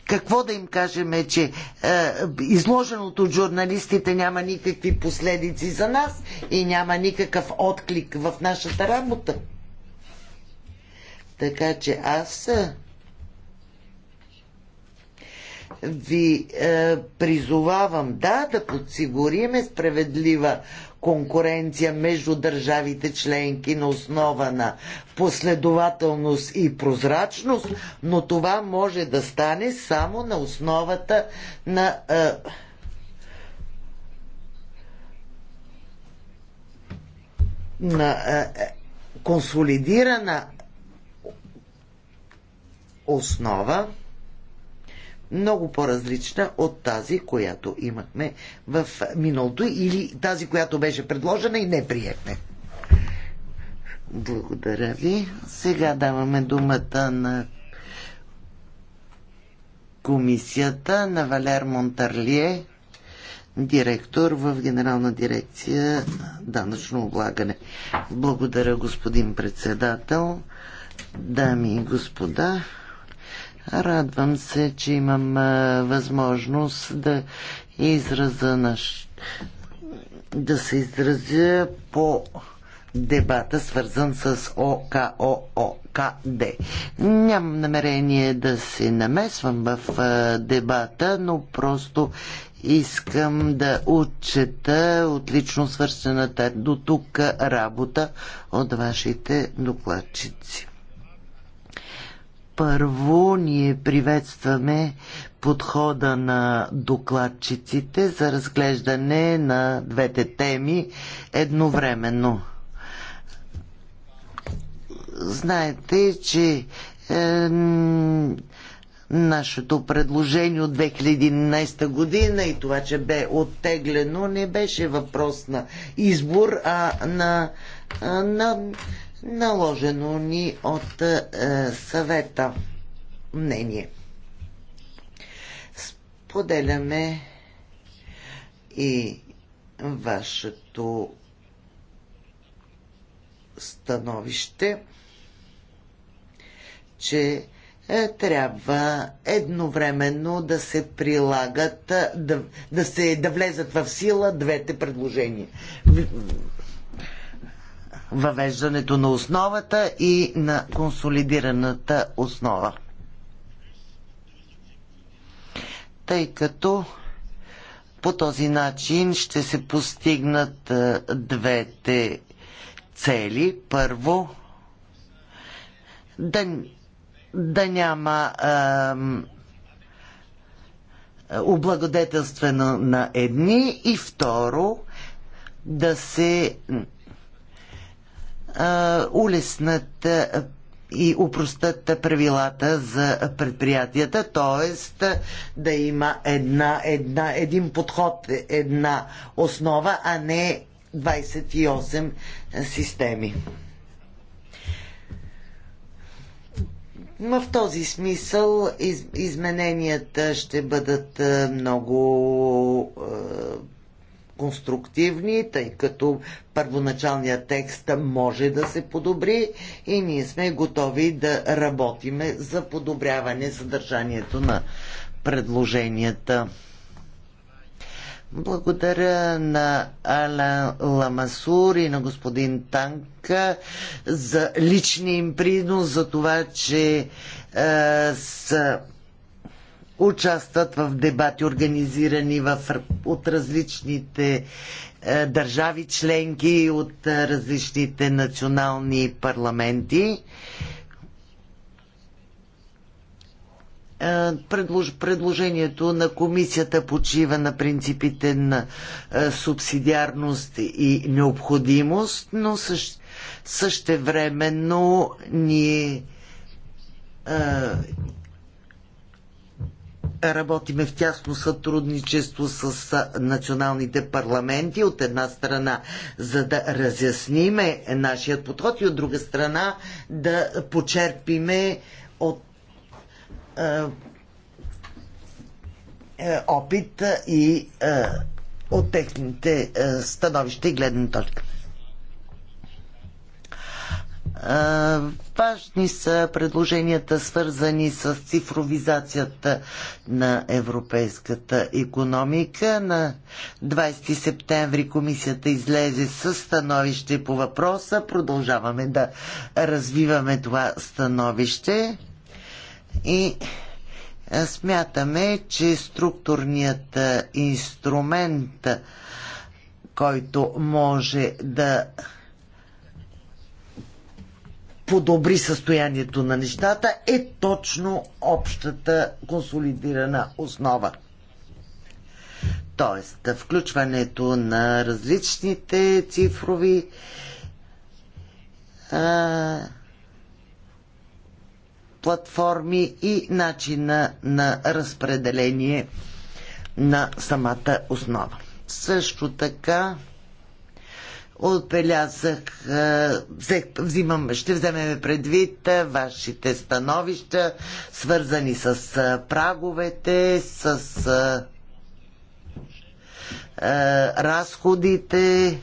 какво да им кажем, е, че е, изложеното от журналистите няма никакви последици за нас и няма никакъв отклик в нашата работа. Така че аз е, ви е, призовавам да, да подсигуриме справедлива конкуренция между държавите членки на основа на последователност и прозрачност, но това може да стане само на основата на е, на е, е, консолидирана основа много по-различна от тази, която имахме в миналото или тази, която беше предложена и не приехме. Благодаря ви. Сега даваме думата на комисията на Валер Монтарлие, директор в Генерална дирекция данъчно облагане. Благодаря, господин председател, дами и господа. Радвам се, че имам възможност да израза наш... да се изразя по дебата, свързан с ОКООКД. Нямам намерение да се намесвам в дебата, но просто искам да отчета отлично свършената до тук работа от вашите докладчици. Първо, ние приветстваме подхода на докладчиците за разглеждане на двете теми едновременно. Знаете, че е, нашето предложение от 2011 година и това, че бе оттеглено, не беше въпрос на избор, а на, на наложено ни от е, съвета мнение. Споделяме и вашето становище, че е, трябва едновременно да се прилагат, е, да, да, се, да влезат в сила двете предложения въвеждането на основата и на консолидираната основа. Тъй като по този начин ще се постигнат е, двете цели. Първо, да, да няма ам, облагодетелствено на едни и второ, да се улеснат и упростат правилата за предприятията, т.е. да има една, една, един подход, една основа, а не 28 системи. Но в този смисъл из, измененията ще бъдат много конструктивни, тъй като първоначалният текст може да се подобри и ние сме готови да работиме за подобряване съдържанието на предложенията. Благодаря на Ала Ламасур и на господин Танка за личния им принос, за това, че е, са участват в дебати, организирани в, от различните е, държави членки от е, различните национални парламенти. Е, предложението на комисията почива на принципите на е, субсидиарност и необходимост, но също, същевременно ние е, работиме в тясно сътрудничество с националните парламенти, от една страна, за да разясниме нашия подход и от друга страна да почерпиме от е, е, опит и е, от техните е, становища и гледна точка. Важни са предложенията, свързани с цифровизацията на европейската економика. На 20 септември комисията излезе с становище по въпроса. Продължаваме да развиваме това становище. И смятаме, че структурният инструмент, който може да подобри състоянието на нещата е точно общата консолидирана основа. Тоест, включването на различните цифрови а, платформи и начина на разпределение на самата основа. Също така, Отбелязах, взех, взимам, ще вземем предвид вашите становища, свързани с праговете, с разходите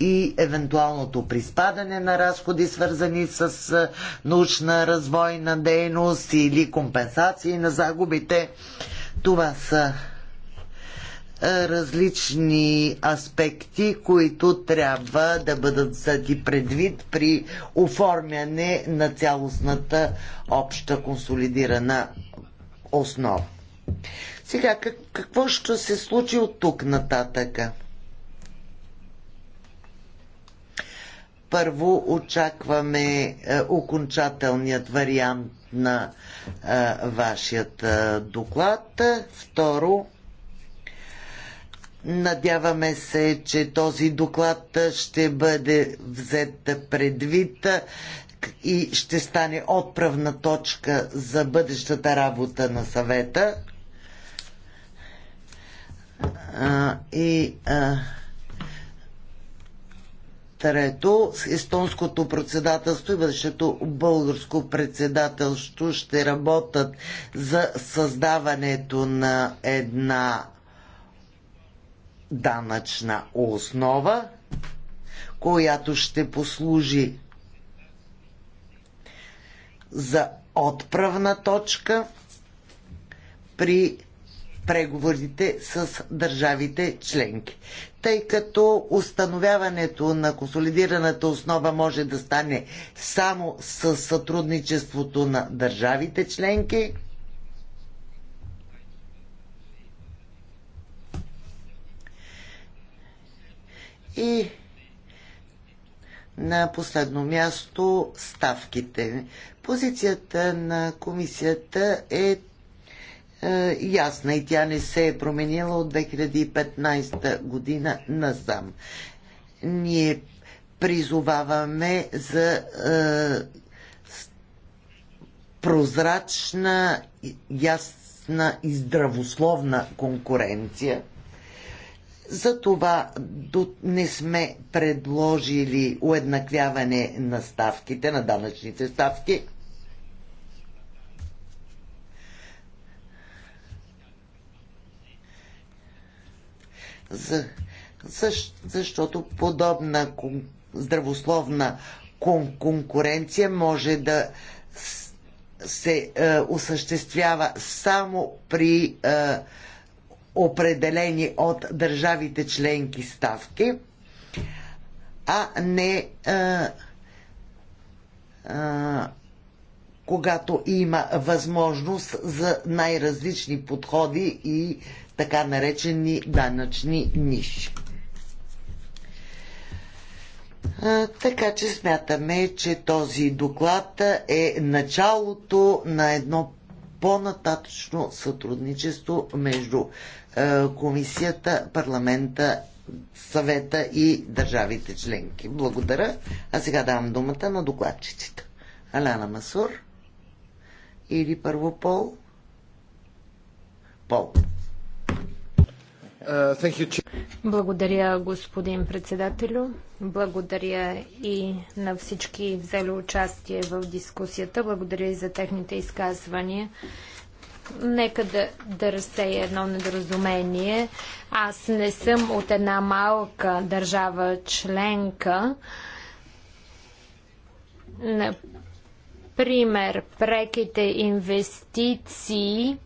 и евентуалното приспадане на разходи, свързани с научна развойна дейност или компенсации на загубите. Това са различни аспекти, които трябва да бъдат взети предвид при оформяне на цялостната обща консолидирана основа. Сега, какво ще се случи от тук нататъка? Първо очакваме е, окончателният вариант на е, вашият е, доклад. Второ, Надяваме се, че този доклад ще бъде взет предвид и ще стане отправна точка за бъдещата работа на съвета. и Трето, естонското председателство и бъдещето българско председателство ще работят за създаването на една данъчна основа, която ще послужи за отправна точка при преговорите с държавите членки. Тъй като установяването на консолидираната основа може да стане само с сътрудничеството на държавите членки, И на последно място ставките. Позицията на комисията е, е ясна и тя не се е променила от 2015 година насам. Ние призоваваме за е, прозрачна, ясна и здравословна конкуренция затова не сме предложили уеднаквяване на ставките, на данъчните ставки. За, защ, защото подобна кон, здравословна кон, конкуренция може да се е, осъществява само при е, определени от държавите членки ставки, а не а, е, а, е, когато има възможност за най-различни подходи и така наречени данъчни ниши. Е, така че смятаме, че този доклад е началото на едно по-нататъчно сътрудничество между е, комисията, парламента, съвета и държавите членки. Благодаря. А сега давам думата на докладчиците. Аляна Масур или първо Пол? Пол. Uh, Благодаря, господин председателю. Благодаря и на всички взели участие в дискусията. Благодаря и за техните изказвания. Нека да, да разсея едно недоразумение. Аз не съм от една малка държава членка. Например, преките инвестиции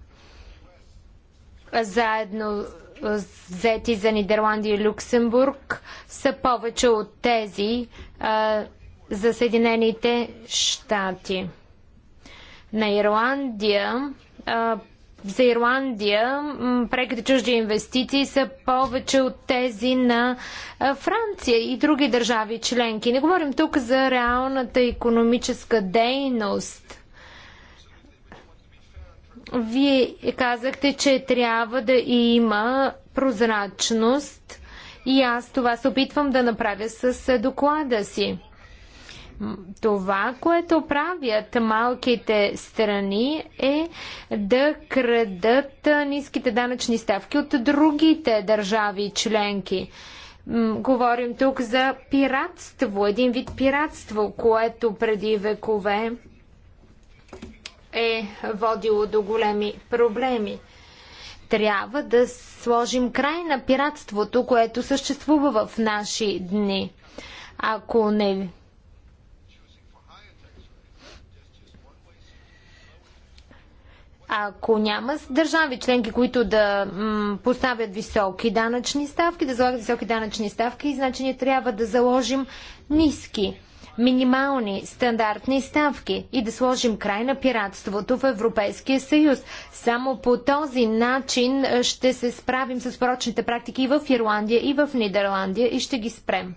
заедно взети за Нидерландия и Люксембург са повече от тези а, за Съединените щати. На Ирландия а, за Ирландия преките чужди инвестиции са повече от тези на Франция и други държави членки. Не говорим тук за реалната економическа дейност вие казахте, че трябва да има прозрачност и аз това се опитвам да направя с доклада си. Това, което правят малките страни е да крадат ниските данъчни ставки от другите държави членки. Говорим тук за пиратство, един вид пиратство, което преди векове е водило до големи проблеми. Трябва да сложим край на пиратството, което съществува в наши дни. Ако не ако няма държави членки, които да м, поставят високи данъчни ставки, да залагат високи данъчни ставки, значи ние трябва да заложим ниски минимални стандартни ставки и да сложим край на пиратството в Европейския съюз. Само по този начин ще се справим с порочните практики и в Ирландия, и в Нидерландия и ще ги спрем.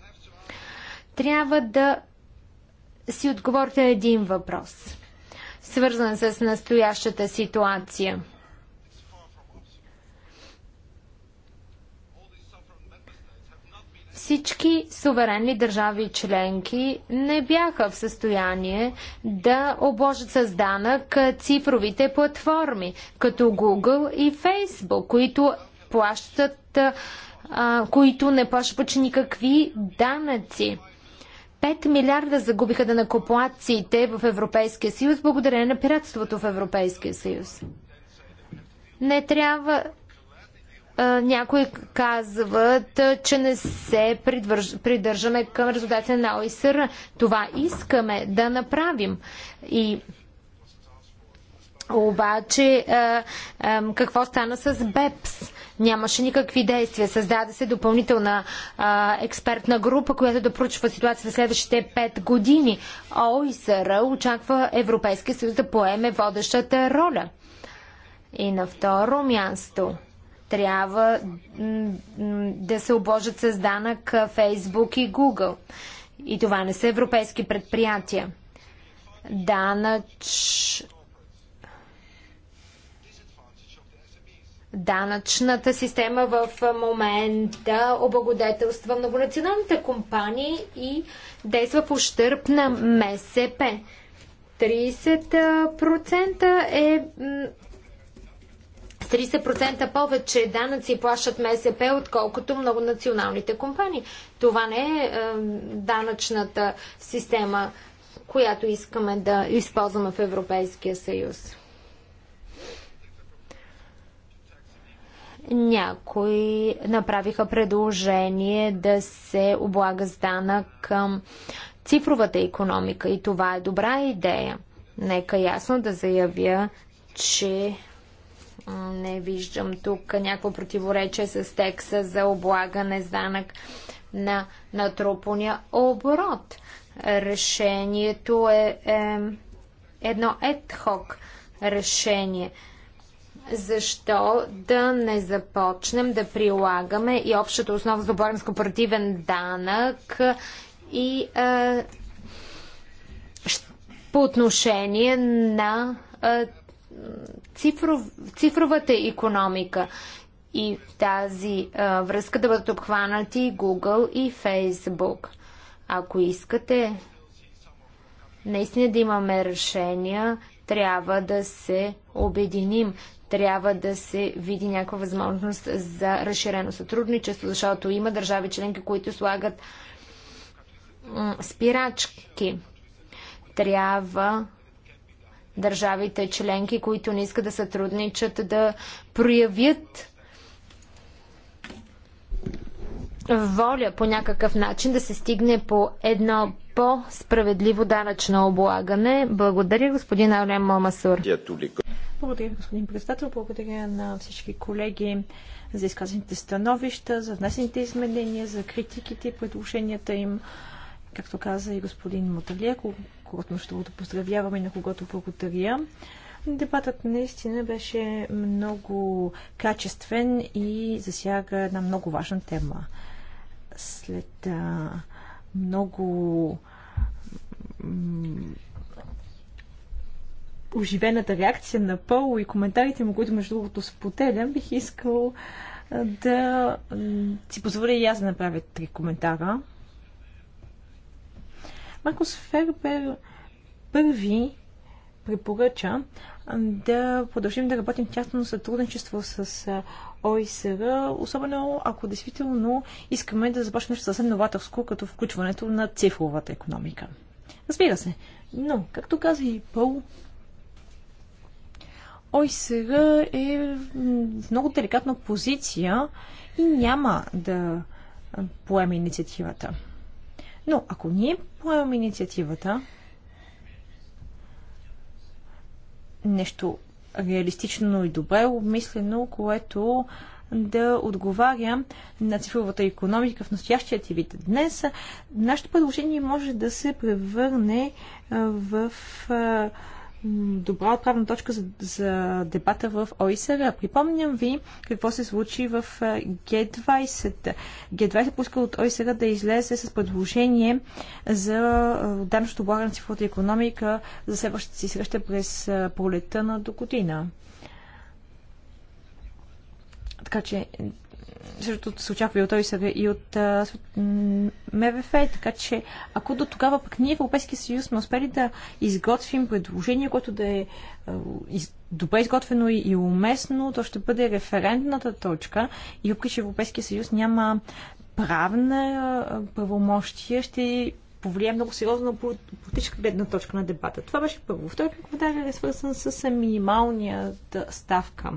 Трябва да си отговорите на един въпрос, свързан с настоящата ситуация – всички суверенни държави членки не бяха в състояние да обложат с данък цифровите платформи, като Google и Facebook, които плащат, а, които не плащат почти никакви данъци. 5 милиарда загубиха да накоплаците в Европейския съюз благодарение на пиратството в Европейския съюз. Не трябва някои казват, че не се придвърж... придържаме към резултатите на ОИСР. Това искаме да направим. И обаче, какво стана с БЕПС? Нямаше никакви действия. Създаде се допълнителна експертна група, която да проучва ситуацията за следващите 5 години. ОИСР очаква Европейския съюз да поеме водещата роля. И на второ място – трябва да се обложат с данък Facebook и Google. И това не са европейски предприятия. Данъч... Данъчната система в момента облагодетелства многонационалните компании и действа в ущърп на МСП. 30% е с 30% повече данъци плащат МСП, отколкото много националните компании. Това не е, е данъчната система, която искаме да използваме в Европейския съюз. Някои направиха предложение да се облага с данък към цифровата економика и това е добра идея. Нека ясно да заявя, че не виждам тук някакво противоречие с текста за облагане с данък на натрупания оборот. Решението е, е едно едхок решение. Защо да не започнем да прилагаме и общата основа за облагане с корпоративен данък и е, по отношение на е, цифров, цифровата економика и в тази а, връзка да бъдат обхванати Google и Facebook. Ако искате наистина да имаме решения, трябва да се обединим, трябва да се види някаква възможност за разширено сътрудничество, защото има държави членки, които слагат спирачки. Трябва държавите членки, които не искат да сътрудничат, да проявят воля по някакъв начин да се стигне по едно по-справедливо данъчно облагане. Благодаря, господин Арен Мамасур. Благодаря, господин председател. Благодаря на всички колеги за изказаните становища, за внесените изменения, за критиките и предложенията им. Както каза и господин Моталия, когато ще го поздравяваме и на когото благодаря. Дебатът наистина беше много качествен и засяга една много важна тема. След а, много оживената реакция на Пол и коментарите му, които между другото споделям, бих искал да си позволя и аз да направя три коментара. Маркус Фербер първи препоръча да продължим да работим тясно сътрудничество с ОИСР, особено ако действително искаме да започнем нещо съвсем новаторско, като включването на цифровата економика. Разбира се, но, както каза и Пол, ОИСР е в много деликатна позиция и няма да поеме инициативата. Но ако ние поемем инициативата, нещо реалистично и добре обмислено, което да отговаря на цифровата економика в настоящия ти вид. Днес нашето предложение може да се превърне в добра отправна точка за, за дебата в ОИСР. Припомням ви какво се случи в Г20. Г20 поиска от ОИСР да излезе с предложение за данъчното облагане на цифровата економика за следващата си среща през пролета на до година. Така че защото се очаква и от ОИСВ, и от МВФ, така че ако до тогава пък ние в Европейския съюз сме успели да изготвим предложение, което да е добре изготвено и, уместно, то ще бъде референтната точка и въпреки, че Европейския съюз няма правна правомощия, ще повлия много сериозно на политическа гледна точка на дебата. Това беше първо. Вторият коментар е свързан с минималния ставка.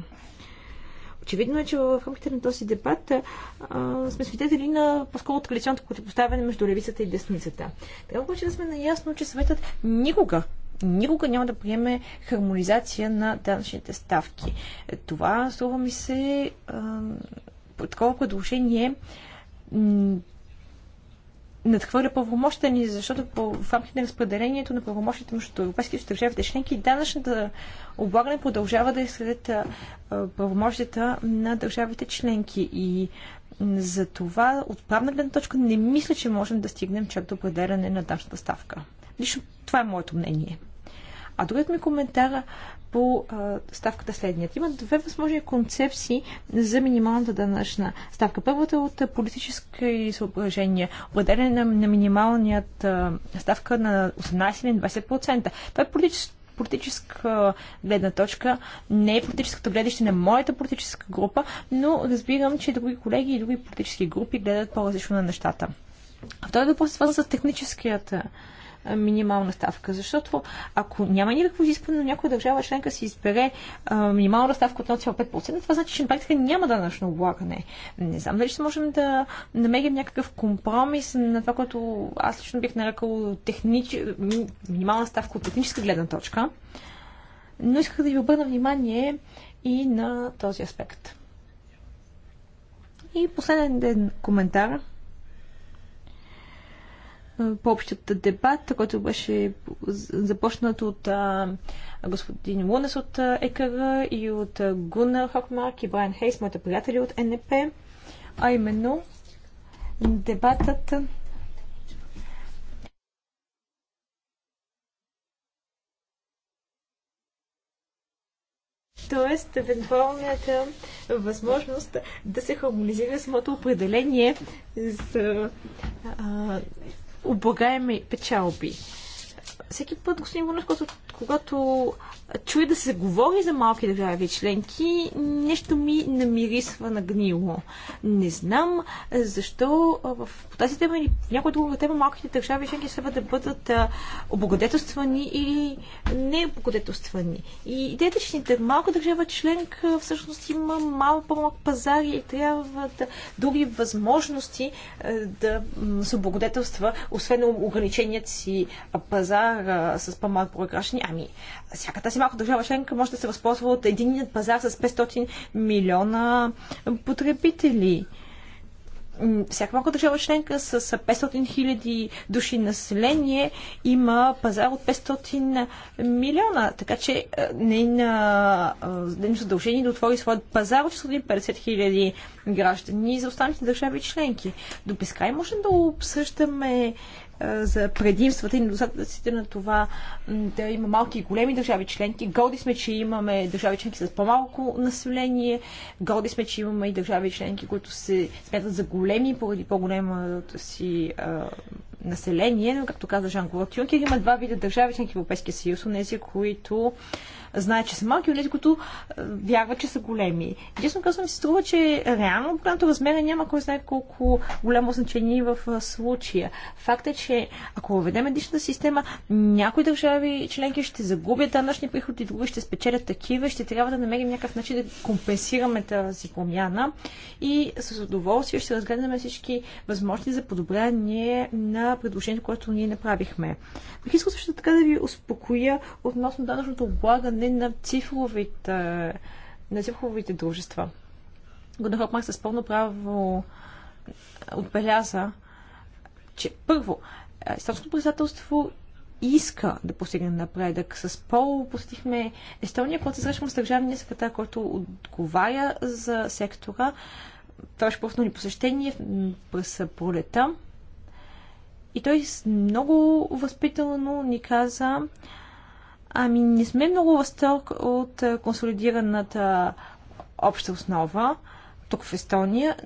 Очевидно е, че в рамките на този дебат а, сме свидетели на по-скоро традиционното противопоставяне между левицата и десницата. Трябва обаче да сме наясно, че съветът никога никога няма да приеме хармонизация на данъчните ставки. Е, това, струва ми се, а, такова предложение надхвърля правомощите ни, защото по, в рамките на разпределението на правомощите между европейските държавите членки данъчната облагане продължава да е сред правомощията на държавите членки. И за това от правна гледна точка не мисля, че можем да стигнем чак до определяне на данъчната ставка. Лично това е моето мнение. А другият ми коментар по а, ставката следният. Има две възможни концепции за минималната данъчна ставка. Първата е от политически съображения. Определене на, на минималният а, ставка на 18 или 20%. Това е политически политическа гледна точка, не е политическото гледаще на моята политическа група, но разбирам, че други колеги и други политически групи гледат по-различно на нещата. Вторият въпрос е свързан с техническият минимална ставка. Защото ако няма никакво изискване, но някоя държава членка си избере минимална ставка от 0,5%, това значи, че на практика няма данъчно облагане. Не знам дали ще можем да намерим някакъв компромис на това, което аз лично бих нарекал технич... минимална ставка от техническа гледна точка. Но исках да ви обърна внимание и на този аспект. И последен ден коментар – по общата дебат, който беше започнат от а, господин Лунес от ЕКР и от Гунар Хокмарк и Брайан Хейс, моите приятели от НП, а именно дебатът т.е. евентуалната възможност да се хармонизира самото определение за а, облагаеми печалби. Всеки път, господин Гунев, когато когато чуя да се говори за малки държави членки, нещо ми намирисва на гнило. Не знам защо в тази тема или в някоя друга тема малките държави членки следва да бъдат облагодетелствани или не облагодетелствани. И идеята, че малка държава членка всъщност има малко по-малък пазар и трябва да други възможности да се облагодетелства, освен ограниченият си пазар с по-малък прозрачни, Ами, Всяка тази малка държава членка може да се възползва от единият пазар с 500 милиона потребители всяка малка държава членка с 500 хиляди души население има пазар от 500 милиона. Така че е, на е, задължение е да отвори своят пазар от 650 хиляди граждани за останалите държави членки. До безкрай можем да обсъждаме за предимствата и недостатъците на това да има малки и големи държави членки. Годи сме, че имаме държави членки с по-малко население. годи сме, че имаме и държави членки, които се смятат за големи поради по-големото си а, население. Но, както каза Жан Клод Юнкер, има два вида държави членки в Европейския съюз. Онези, които знаят, че са малки, онези, които е, вярват, че са големи. Единствено казвам, ми се струва, че реално голямото размера няма кой знае колко голямо значение в е, случая. Факт е, че ако въведем едичната система, някои държави членки ще загубят данъчни приходи, други ще спечелят такива, ще трябва да намерим някакъв начин да компенсираме тази промяна и с удоволствие ще разгледаме всички възможности за подобрение на предложението, което ние направихме. Бих искал също така да ви успокоя относно данъчното облагане не на цифровите, на цифровите дружества. Годен Марк с пълно право отбеляза, че първо, Естонското председателство иска да постигне напредък. С Пол постихме Естония, който се срещам с държавния секретар, който отговаря за сектора. Той ще пусна ни посещение през пролета. И той много възпитано ни каза, Ами не сме много възторг от консолидираната обща основа тук в Естония,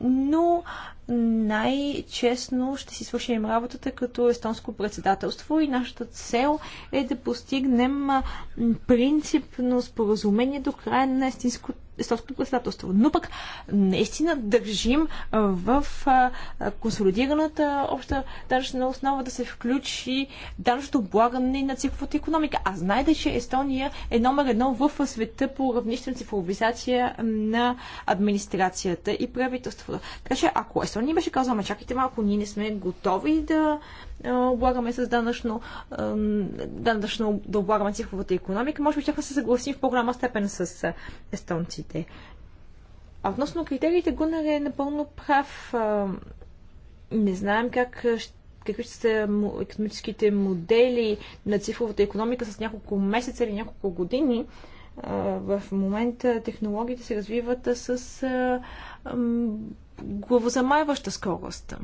но най-честно ще си свършим работата като естонско председателство и нашата цел е да постигнем принципно споразумение до края на естинското естонското председателство. Но пък наистина държим в консолидираната обща данъчна основа да се включи данъчното облагане на цифровата економика. А знаете, че Естония е номер едно в света по равнище на цифровизация на администрацията и правителството. Така че ако Естония беше казала, ма чакайте малко, ние не сме готови да облагаме с данъчно, данъчно да облагаме цифровата економика. Може би ще се съгласим в по-голяма степен с естонците. А относно критериите, Гунер е напълно прав. Не знаем как какви ще са економическите модели на цифровата економика с няколко месеца или няколко години. В момента технологиите се развиват с главозамайваща скорост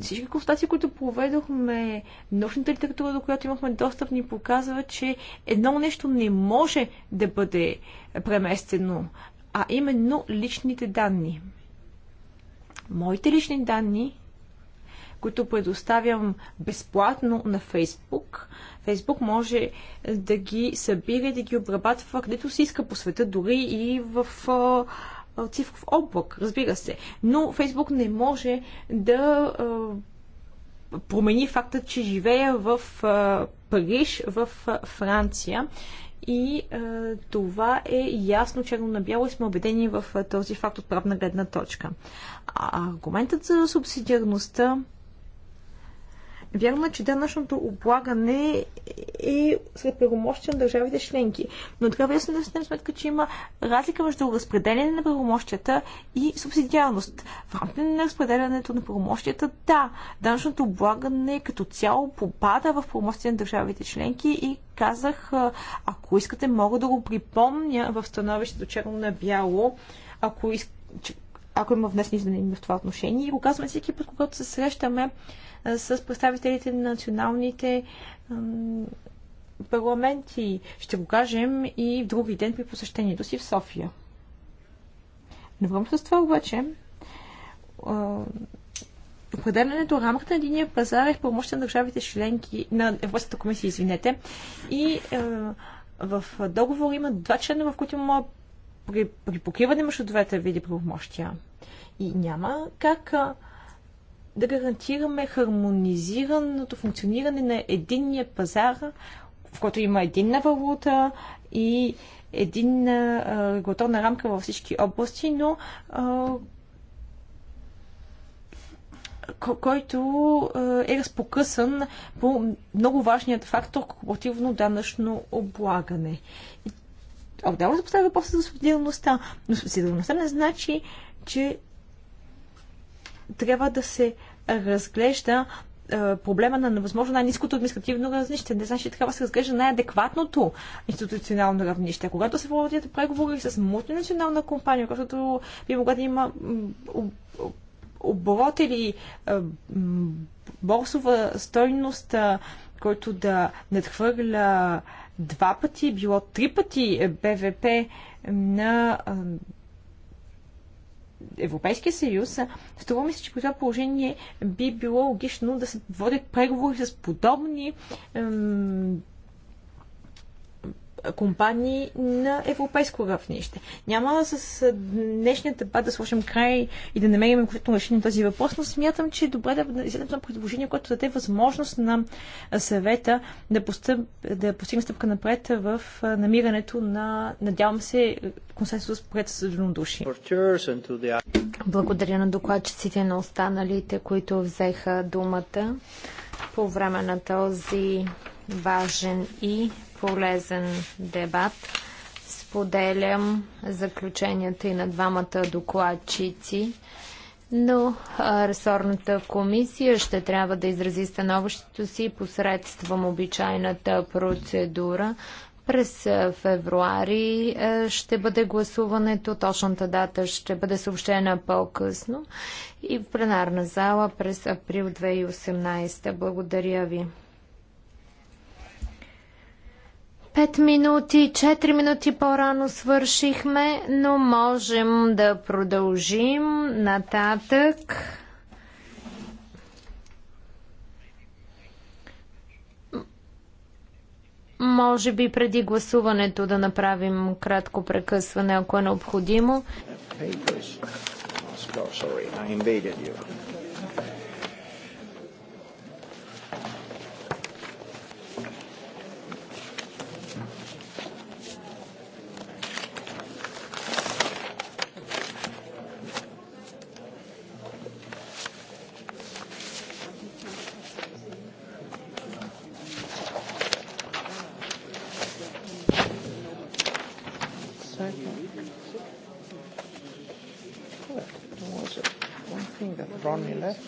всички констатации, които проведохме, научната литература, до която имахме достъп, ни показва, че едно нещо не може да бъде преместено, а именно личните данни. Моите лични данни, които предоставям безплатно на Фейсбук, Фейсбук може да ги събира и да ги обрабатва където си иска по света, дори и в цифров облак, разбира се. Но Фейсбук не може да промени факта, че живея в Париж, в Франция. И е, това е ясно, черно на бяло и сме убедени в този факт от правна гледна точка. А аргументът за субсидиарността Вярно е, че данъчното облагане е сред правомощите на държавите членки, но трябва ясно да се сметка, че има разлика между разпределение на правомощията и субсидиарност. В рамките на разпределянето на правомощията, да, данъчното облагане като цяло попада в правомощите на държавите членки и казах, ако искате, мога да го припомня в становището черно на бяло, ако ако има внесени изменения в това отношение. И го казваме всеки път, когато се срещаме с представителите на националните парламенти. Ще го кажем и в други ден при посещението си в София. Едновременно с това обаче, определенето рамката на единия пазар е в помощта на държавите членки, на Европейската комисия, извинете, и в договор има два члена, в които има при, при покриване между двете види правомощия. И няма как а, да гарантираме хармонизираното функциониране на единния пазар, в който има единна валута и единна регулаторна рамка във всички области, но който е разпокъсан по много важният фактор корпоративно данъчно облагане. Отдава се поставя въпроса за субсидиарността, но субсидиарността не значи, че трябва да се разглежда проблема на невъзможно най-низкото административно равнище. Не значи, че трябва да се разглежда най-адекватното институционално равнище. Когато се проводят преговори с мултинационална компания, която би могла да има оборот или борсова стойност, който да надхвърля два пъти, било три пъти е, БВП на Европейския съюз, струва ми се, че при това положение би било логично да се водят преговори с подобни ем, компании на европейско равнище. Няма с днешния дебат да сложим край и да намерим конкретно решение на този въпрос, но смятам, че е добре да изследвам на предложение, което даде възможност на съвета да, постъп, да постигне стъпка напред в намирането на, надявам се, консенсус пред души. Благодаря на докладчиците на останалите, които взеха думата по време на този важен и полезен дебат. Споделям заключенията и на двамата докладчици, но ресорната комисия ще трябва да изрази становището си посредством обичайната процедура. През февруари ще бъде гласуването, точната дата ще бъде съобщена по-късно и в пленарна зала през април 2018. Благодаря ви. Пет минути, 4 минути по-рано свършихме, но можем да продължим нататък. Може би преди гласуването да направим кратко прекъсване, ако е необходимо.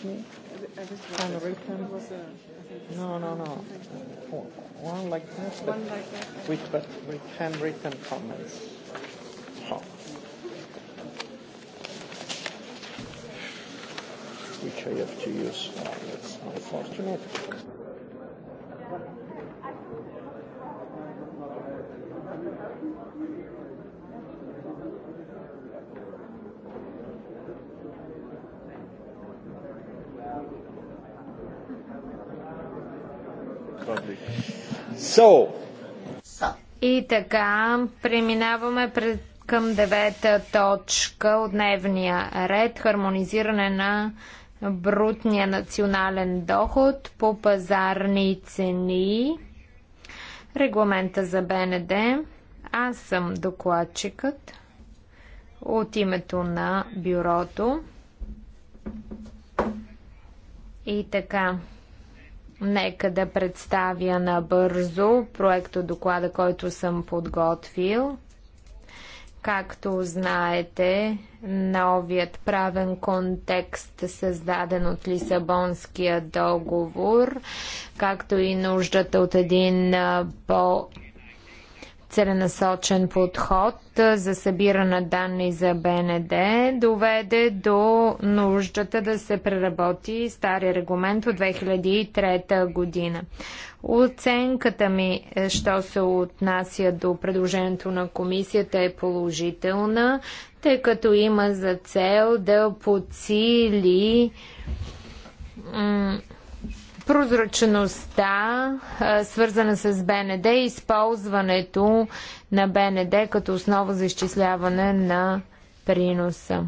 me? Kind of written? No, no, no. One like this, but with, but with handwritten comments. Oh. Which I have to use. Oh, that's unfortunate. So. И така, преминаваме пред, към девета точка от дневния ред хармонизиране на брутния национален доход по пазарни цени. Регламента за БНД. Аз съм докладчикът от името на бюрото. И така, Нека да представя набързо проекто доклада, който съм подготвил. Както знаете, новият правен контекст, създаден от Лисабонския договор, както и нуждата от един по- целенасочен подход за събиране на данни за БНД доведе до нуждата да се преработи стария регламент от 2003 година. Оценката ми, е, що се отнася до предложението на комисията е положителна, тъй като има за цел да подсили Прозрачността, свързана с БНД, и използването на БНД като основа за изчисляване на приноса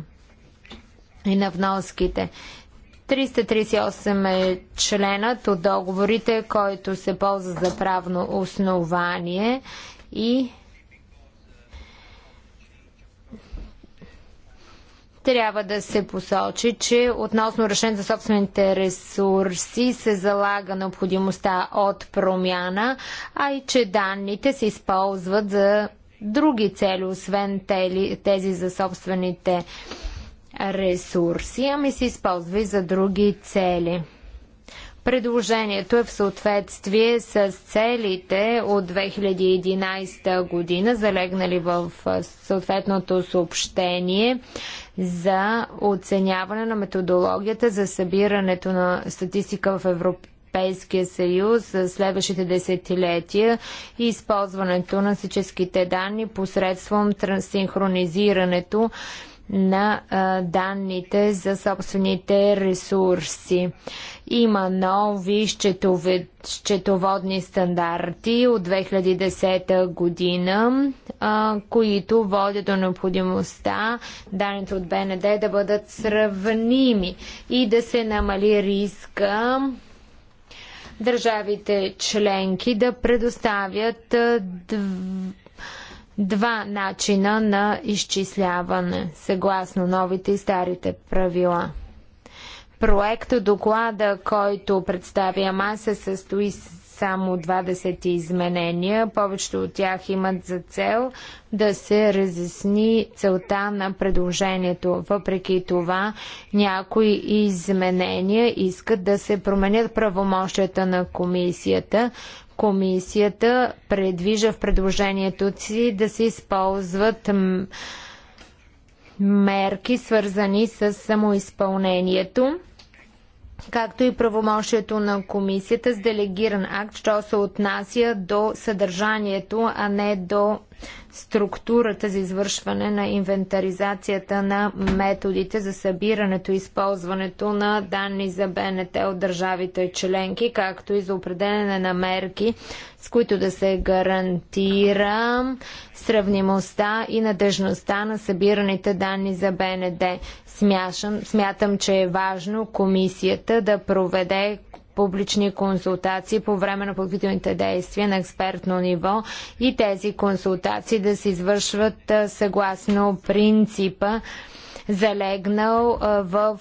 и на вноските. 338 е членът от договорите, който се ползва за правно основание и Трябва да се посочи, че относно решение за собствените ресурси се залага необходимостта от промяна, а и че данните се използват за други цели, освен тези за собствените ресурси, ами се използва и за други цели. Предложението е в съответствие с целите от 2011 година, залегнали в съответното съобщение за оценяване на методологията за събирането на статистика в Европейския съюз за следващите десетилетия и използването на всичките данни посредством синхронизирането на а, данните за собствените ресурси. Има нови счетоводни стандарти от 2010 година, а, които водят до необходимостта данните от БНД да бъдат сравними и да се намали риска държавите членки да предоставят два начина на изчисляване, съгласно новите и старите правила. Проекто доклада, който представя аз, състои само 20 изменения. Повечето от тях имат за цел да се разясни целта на предложението. Въпреки това, някои изменения искат да се променят правомощията на комисията. Комисията предвижда в предложението си да се използват мерки, свързани с самоизпълнението, както и правомощието на комисията с делегиран акт, що се отнася до съдържанието, а не до структурата за извършване на инвентаризацията на методите за събирането и използването на данни за БНТ от държавите членки, както и за определене на мерки, с които да се гарантира сравнимостта и надежността на събираните данни за БНД. смятам, че е важно комисията да проведе публични консултации по време на подготвителните действия на експертно ниво и тези консултации да се извършват съгласно принципа залегнал в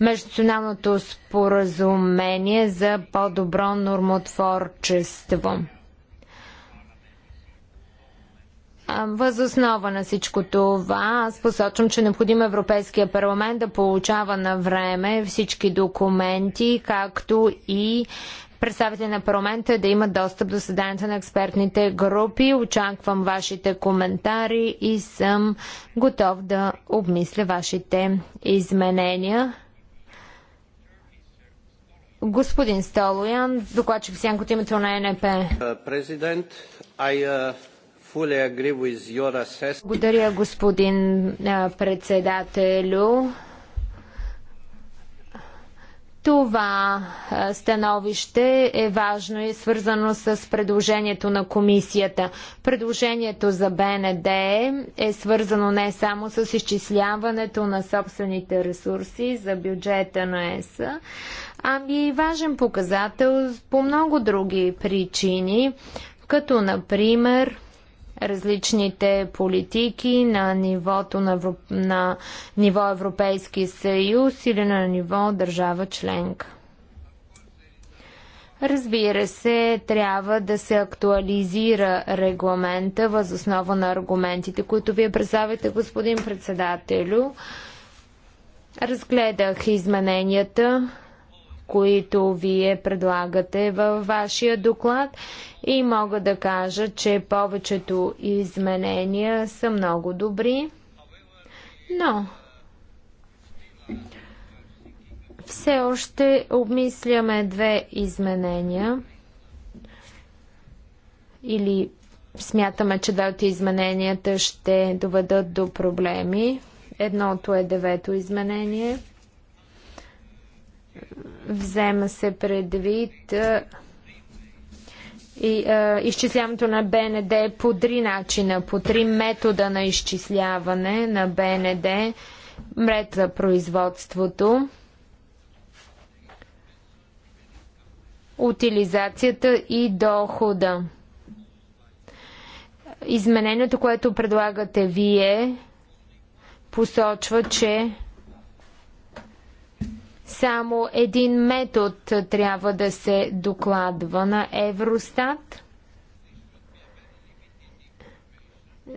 Междунационалното споразумение за по-добро нормотворчество. Възоснова на всичко това, аз посочвам, че е необходимо Европейския парламент да получава на време всички документи, както и представители на парламента да имат достъп до съданието на експертните групи. Очаквам вашите коментари и съм готов да обмисля вашите изменения. Господин Столоян, докладчик сянкото името на НП. Президент, uh... Благодаря, господин председателю. Това становище е важно и свързано с предложението на комисията. Предложението за БНД е свързано не само с изчисляването на собствените ресурси за бюджета на ЕС, ами важен показател по много други причини, като например различните политики на нивото на, Европ... на ниво Европейски съюз или на ниво държава членка. Разбира се, трябва да се актуализира регламента въз основа на аргументите, които вие представите, господин председателю. Разгледах измененията които вие предлагате във вашия доклад и мога да кажа, че повечето изменения са много добри, но все още обмисляме две изменения или смятаме, че двете измененията ще доведат до проблеми. Едното е девето изменение – взема се предвид и а, изчисляването на БНД по три начина, по три метода на изчисляване на БНД, мред за производството, утилизацията и дохода. Изменението, което предлагате вие, посочва, че само един метод трябва да се докладва на Евростат.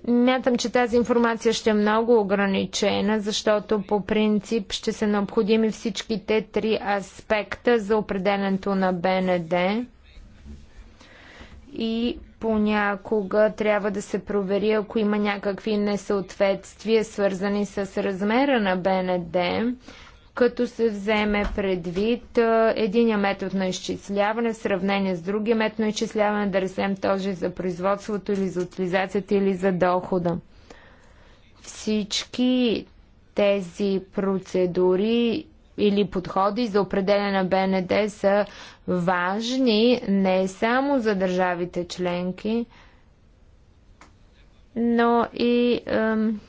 Мятам, че тази информация ще е много ограничена, защото по принцип ще са необходими всичките три аспекта за определенето на БНД. И понякога трябва да се провери, ако има някакви несъответствия, свързани с размера на БНД като се вземе предвид единия метод на изчисляване в сравнение с другия метод на изчисляване, да ресем този за производството или за утилизацията или за дохода. Всички тези процедури или подходи за определяне на БНД са важни не само за държавите членки, но и ем,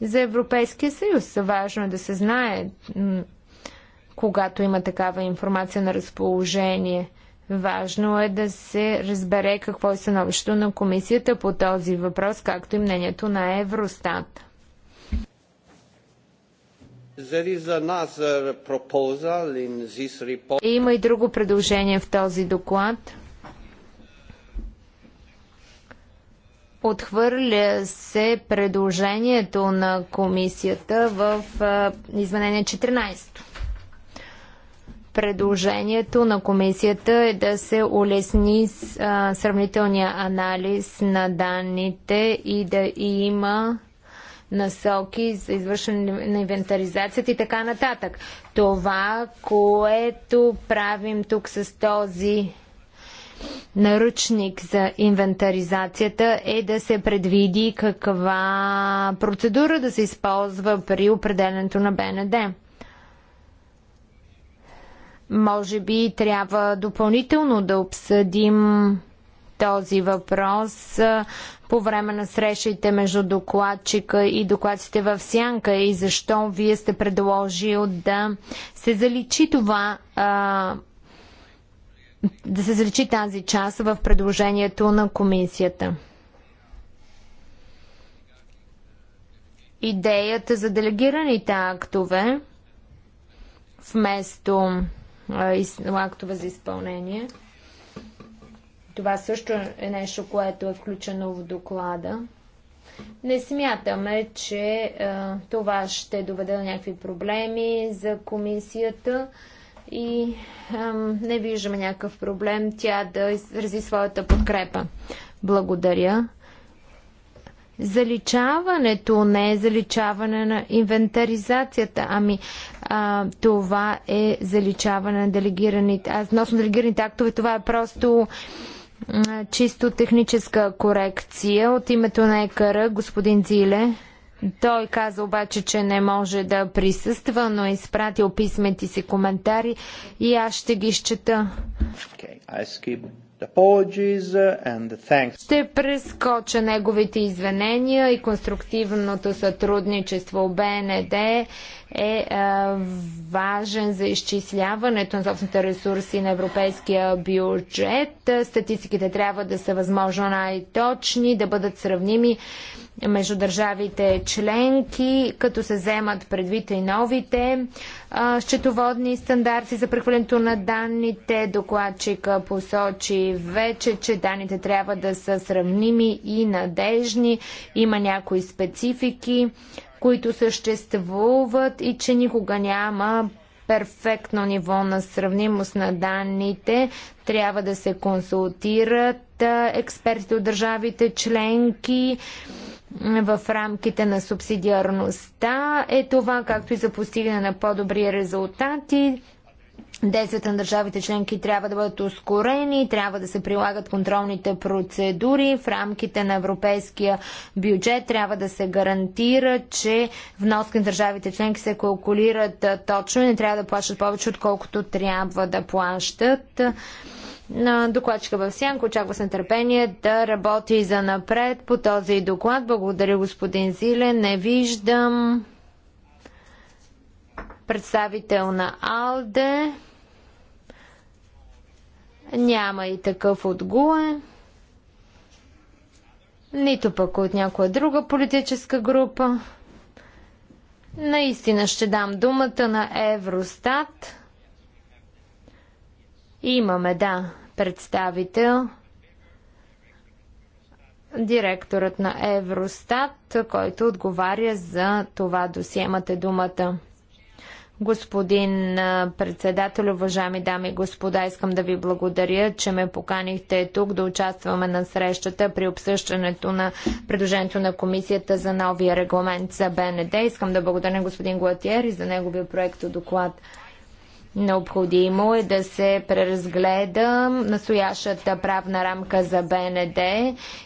за Европейския съюз. Важно е да се знае, когато има такава информация на разположение. Важно е да се разбере какво е становището на комисията по този въпрос, както и мнението на Евростат. Има и друго предложение в този доклад. Отхвърля се предложението на комисията в изменение 14. Предложението на комисията е да се улесни сравнителния анализ на данните и да има насоки за извършване на инвентаризацията и така нататък. Това, което правим тук с този наръчник за инвентаризацията е да се предвиди каква процедура да се използва при определенето на БНД. Може би трябва допълнително да обсъдим този въпрос по време на срещите между докладчика и докладците в сянка и защо вие сте предложил да се заличи това а, да се заличи тази част в предложението на комисията. Идеята за делегираните актове вместо а, актове за изпълнение. Това също е нещо, което е включено в доклада. Не смятаме, че а, това ще доведе до някакви проблеми за комисията. А, и ам, не виждаме някакъв проблем тя да изрази своята подкрепа. Благодаря. Заличаването не е заличаване на инвентаризацията, ами а, това е заличаване на делегираните. Аз носно делегираните актове, това е просто а, чисто техническа корекция. От името на ЕКР, господин Зиле. Той каза обаче, че не може да присъства, но е изпратил писмети си коментари и аз ще ги изчета. Okay, ще прескоча неговите извинения и конструктивното сътрудничество БНД е важен за изчисляването на собствените ресурси на европейския бюджет. Статистиките трябва да са възможно най-точни, да бъдат сравними между държавите членки, като се вземат предвид и новите а, счетоводни стандарти за прехвърлянето на данните. Докладчика посочи вече, че данните трябва да са сравними и надежни. Има някои специфики които съществуват и че никога няма перфектно ниво на сравнимост на данните. Трябва да се консултират експерти от държавите членки в рамките на субсидиарността е това, както и за постигане на по-добри резултати. Действията на държавите членки трябва да бъдат ускорени, трябва да се прилагат контролните процедури в рамките на европейския бюджет, трябва да се гарантира, че вноски на държавите членки се калкулират точно и не трябва да плащат повече, отколкото трябва да плащат. На докладчика в Сянко очаква с нетърпение да работи за напред по този доклад. Благодаря господин Зиле. Не виждам представител на АЛДЕ. Няма и такъв от ГУЕ, нито пък от някоя друга политическа група. Наистина ще дам думата на Евростат. Имаме, да, представител. Директорът на Евростат, който отговаря за това досиемате думата. Господин председател, уважаеми дами и господа, искам да ви благодаря, че ме поканихте тук да участваме на срещата при обсъщането на предложението на комисията за новия регламент за БНД. Искам да благодаря господин Глатиер и за неговия проект доклад. Необходимо е да се преразгледа настоящата правна рамка за БНД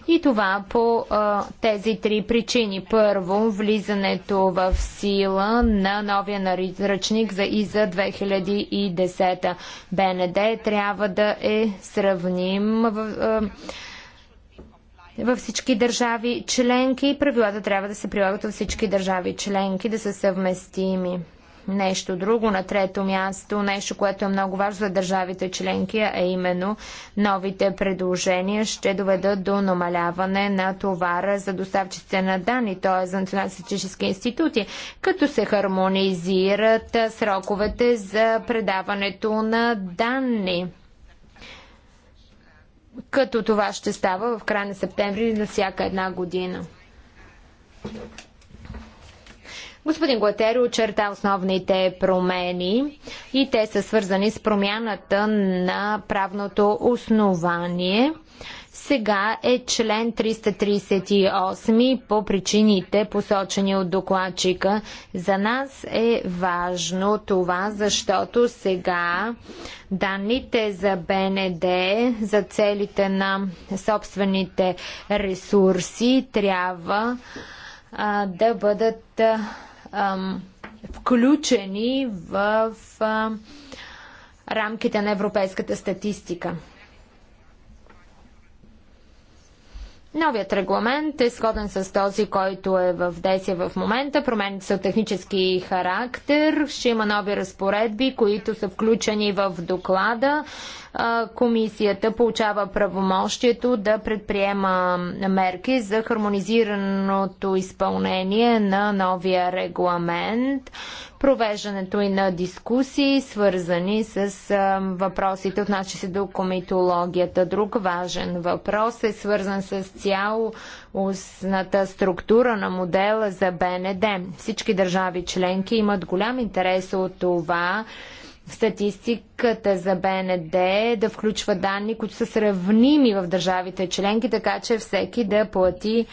и това по а, тези три причини. Първо, влизането в сила на новия наръчник за ИЗА 2010. БНД трябва да е сравним в. А, във всички държави членки и правилата трябва да се прилагат във всички държави членки, да са съвместими нещо друго. На трето място, нещо, което е много важно за държавите членки, е именно новите предложения ще доведат до намаляване на товара за доставчиците на данни, т.е. за национални статистически институти, като се хармонизират сроковете за предаването на данни като това ще става в края на септември на всяка една година. Господин Глатери очерта основните промени и те са свързани с промяната на правното основание. Сега е член 338 по причините посочени от докладчика. За нас е важно това, защото сега данните за БНД за целите на собствените ресурси трябва а, да бъдат а, включени в рамките на европейската статистика. Новият регламент е сходен с този, който е в действие в момента. Промените са от технически характер. Ще има нови разпоредби, които са включени в доклада. Комисията получава правомощието да предприема мерки за хармонизираното изпълнение на новия регламент провеждането и на дискусии, свързани с а, въпросите, отнася се до комитологията. Друг важен въпрос е свързан с цялостната структура на модела за БНД. Всички държави членки имат голям интерес от това, статистиката за БНД да включва данни, които са сравними в държавите членки, така че всеки да плати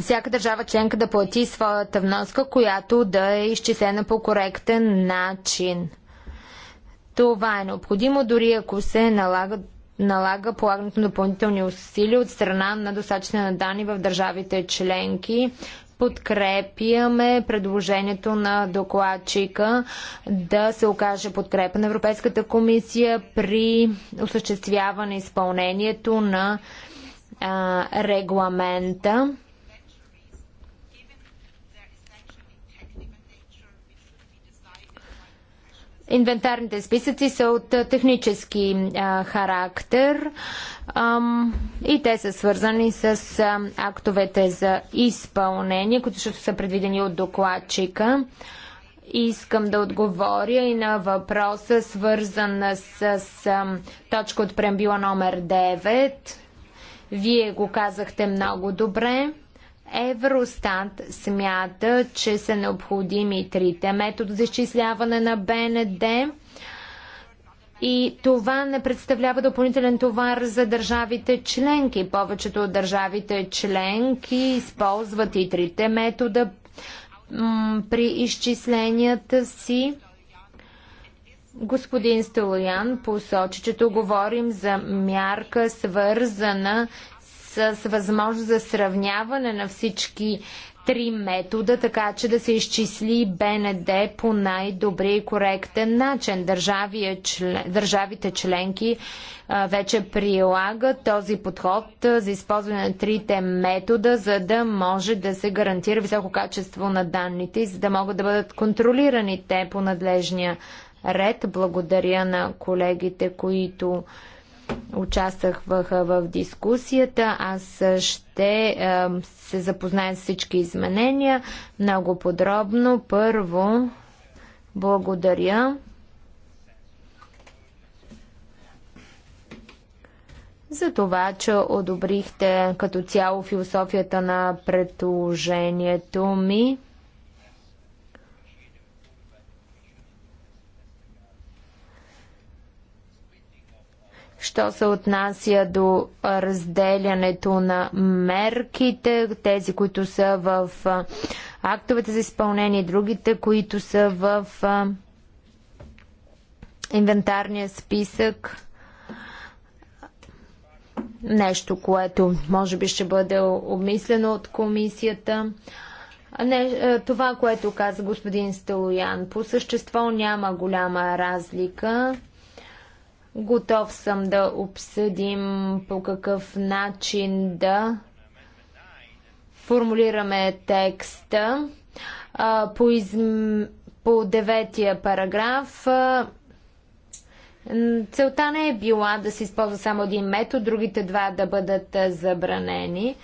всяка държава членка да плати своята вноска, която да е изчислена по коректен начин. Това е необходимо, дори ако се налага, налага полагането на допълнителни усилия от страна на достатъчно на данни в държавите членки. Подкрепяме предложението на докладчика да се окаже подкрепа на Европейската комисия при осъществяване изпълнението на а, регламента Инвентарните списъци са от технически а, характер а, и те са свързани с а, актовете за изпълнение, които също са предвидени от докладчика. Искам да отговоря и на въпроса, свързан с, с а, точка от прембила номер 9. Вие го казахте много добре. Евростат смята, че са необходими трите метода за изчисляване на БНД и това не представлява допълнителен товар за държавите членки. Повечето от държавите членки използват и трите метода при изчисленията си. Господин Столоян посочи, че тук говорим за мярка свързана с възможност за сравняване на всички три метода, така че да се изчисли БНД по най-добрия и коректен начин. Е държавите членки вече прилагат този подход за използване на трите метода, за да може да се гарантира високо качество на данните и за да могат да бъдат контролирани те по надлежния ред. Благодаря на колегите, които участвах в дискусията. Аз ще се запозная с всички изменения много подробно. Първо, благодаря за това, че одобрихте като цяло философията на предложението ми. Що се отнася до разделянето на мерките, тези, които са в актовете за изпълнение, другите, които са в инвентарния списък, нещо, което може би ще бъде обмислено от комисията. Не, това, което каза господин Сталоян, по същество няма голяма разлика. Готов съм да обсъдим по какъв начин да формулираме текста. По, изм... по деветия параграф целта не е била да се използва само един метод, другите два да бъдат забранени.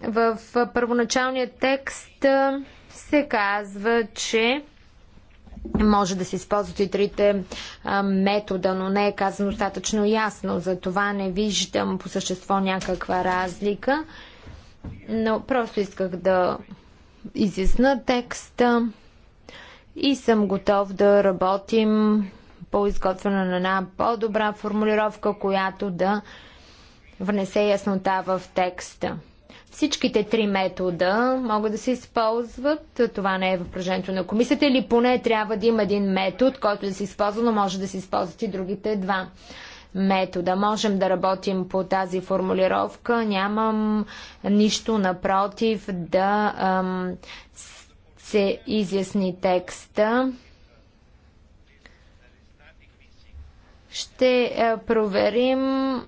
В първоначалния текст се казва, че може да се използват и трите а, метода, но не е казано достатъчно ясно. За това не виждам по същество някаква разлика. Но просто исках да изясна текста и съм готов да работим по изготвяне на една по-добра формулировка, която да внесе яснота в текста. Всичките три метода могат да се използват. Това не е въпрежението на комисията или поне трябва да има един метод, който да се използва, но може да се използват и другите два метода. Можем да работим по тази формулировка. Нямам нищо напротив да ам, се изясни текста. Ще проверим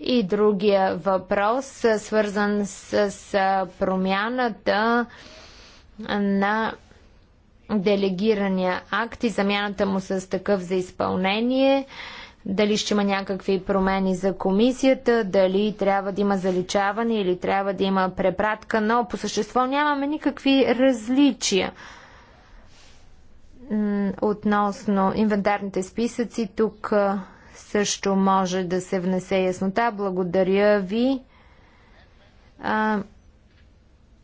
и другия въпрос, свързан с промяната на делегирания акт и замяната му с такъв за изпълнение. Дали ще има някакви промени за комисията, дали трябва да има заличаване или трябва да има препратка, но по същество нямаме никакви различия относно инвентарните списъци. Тук също може да се внесе яснота. Благодаря ви а,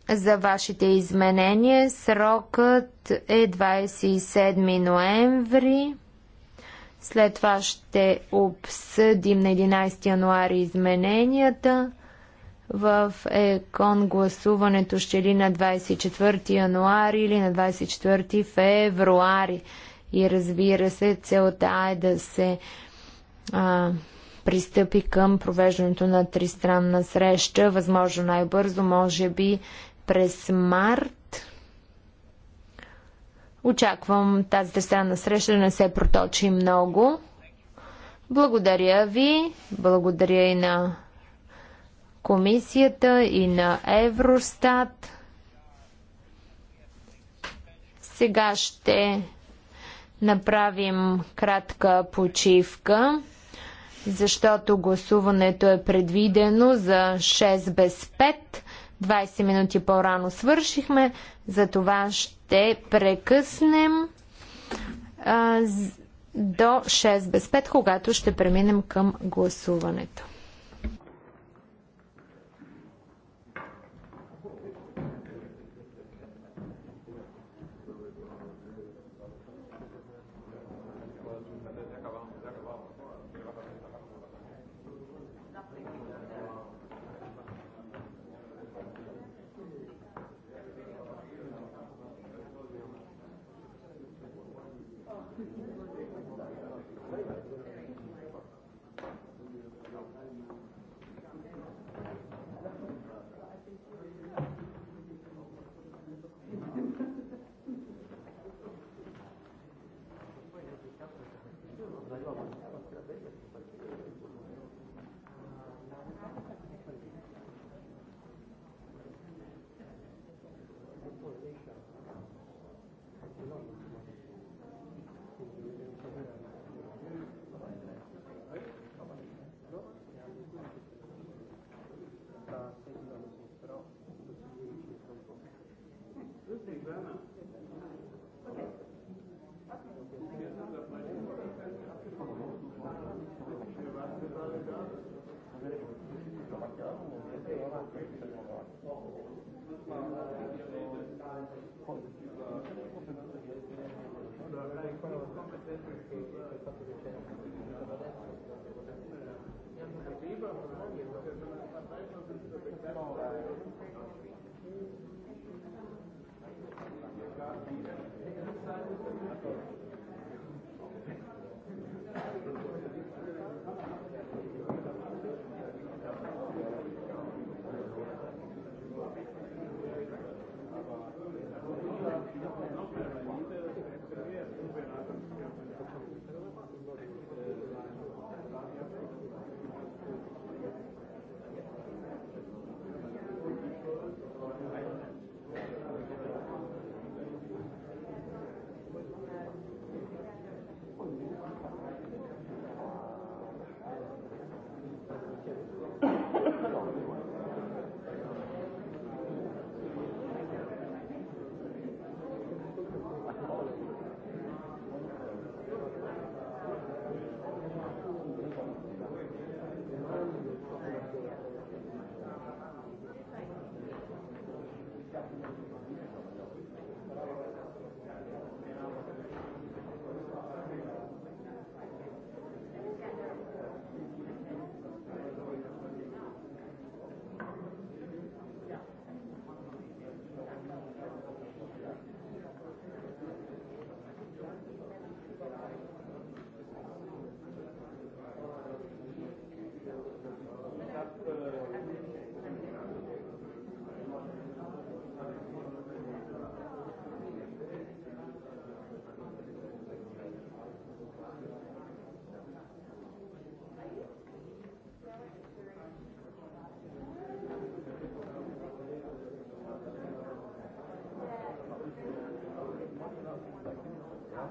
за вашите изменения. Срокът е 27 ноември. След това ще обсъдим на 11 януари измененията. В ЕКОН гласуването ще ли на 24 януари или на 24 февруари. И разбира се, целта е да се а, пристъпи към провеждането на тристранна среща, възможно най-бързо, може би през март. Очаквам тази тристранна среща да не се проточи много. Благодаря ви, благодаря и на комисията и на Евростат. Сега ще направим кратка почивка, защото гласуването е предвидено за 6 без 5. 20 минути по-рано свършихме, за това ще прекъснем а, до 6 без 5, когато ще преминем към гласуването.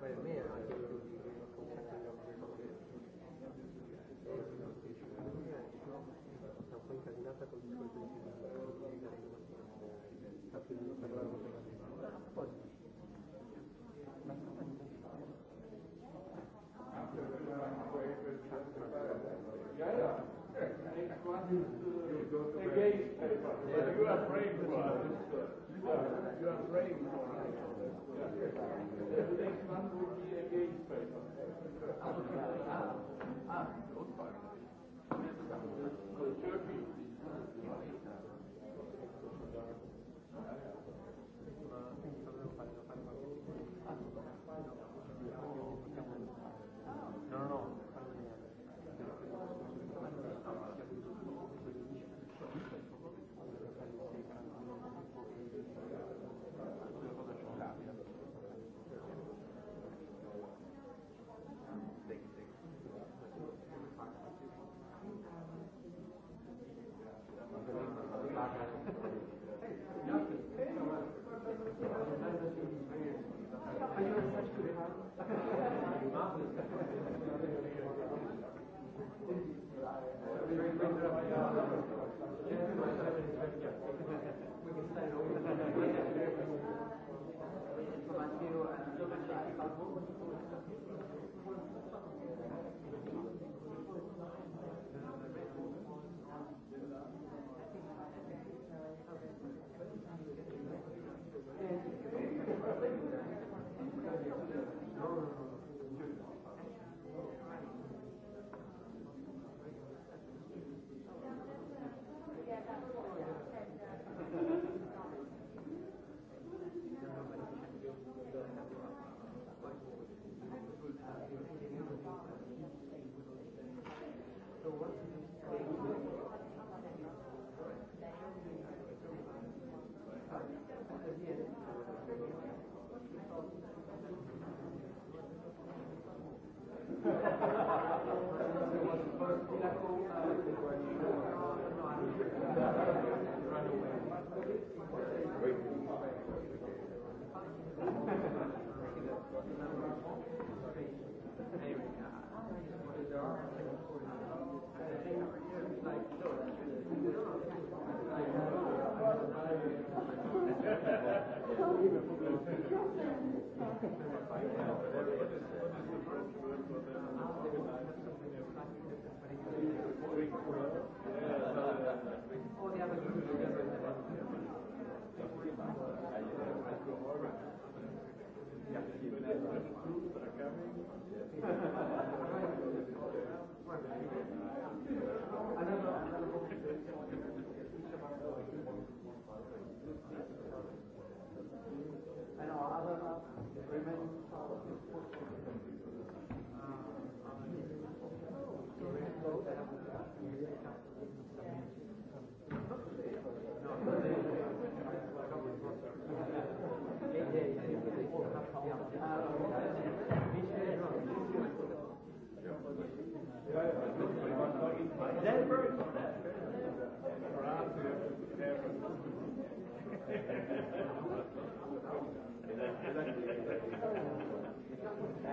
Wait a minute. Thank you.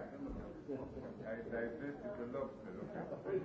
I divested the lobster, okay?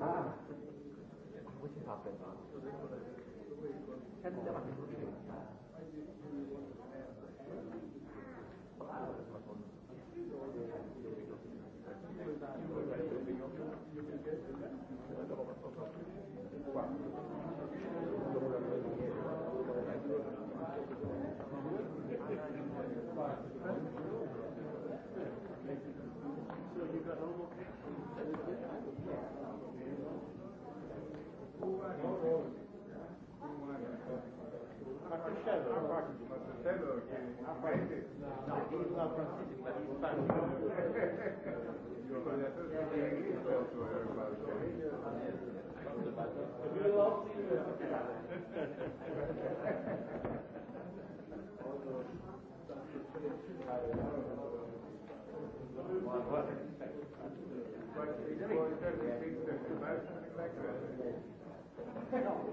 Ah. Bismillahirrahmanirrahim.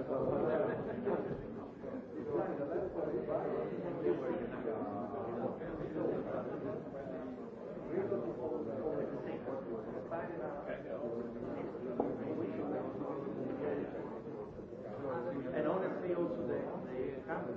And honestly, also the, the campus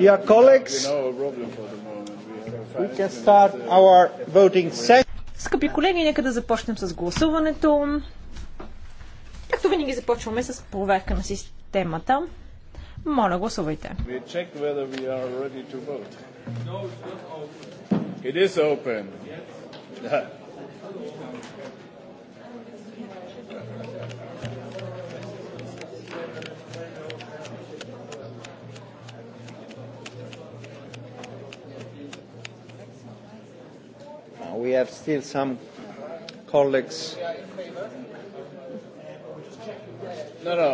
Dear colleagues, we can start our voting session. Скъпи колеги, нека да започнем с гласуването. Както винаги започваме с проверка на системата. Моля, гласувайте. We we check whether are ready to vote. No, it's not open. It is open. Yes. still some colleagues. No, no.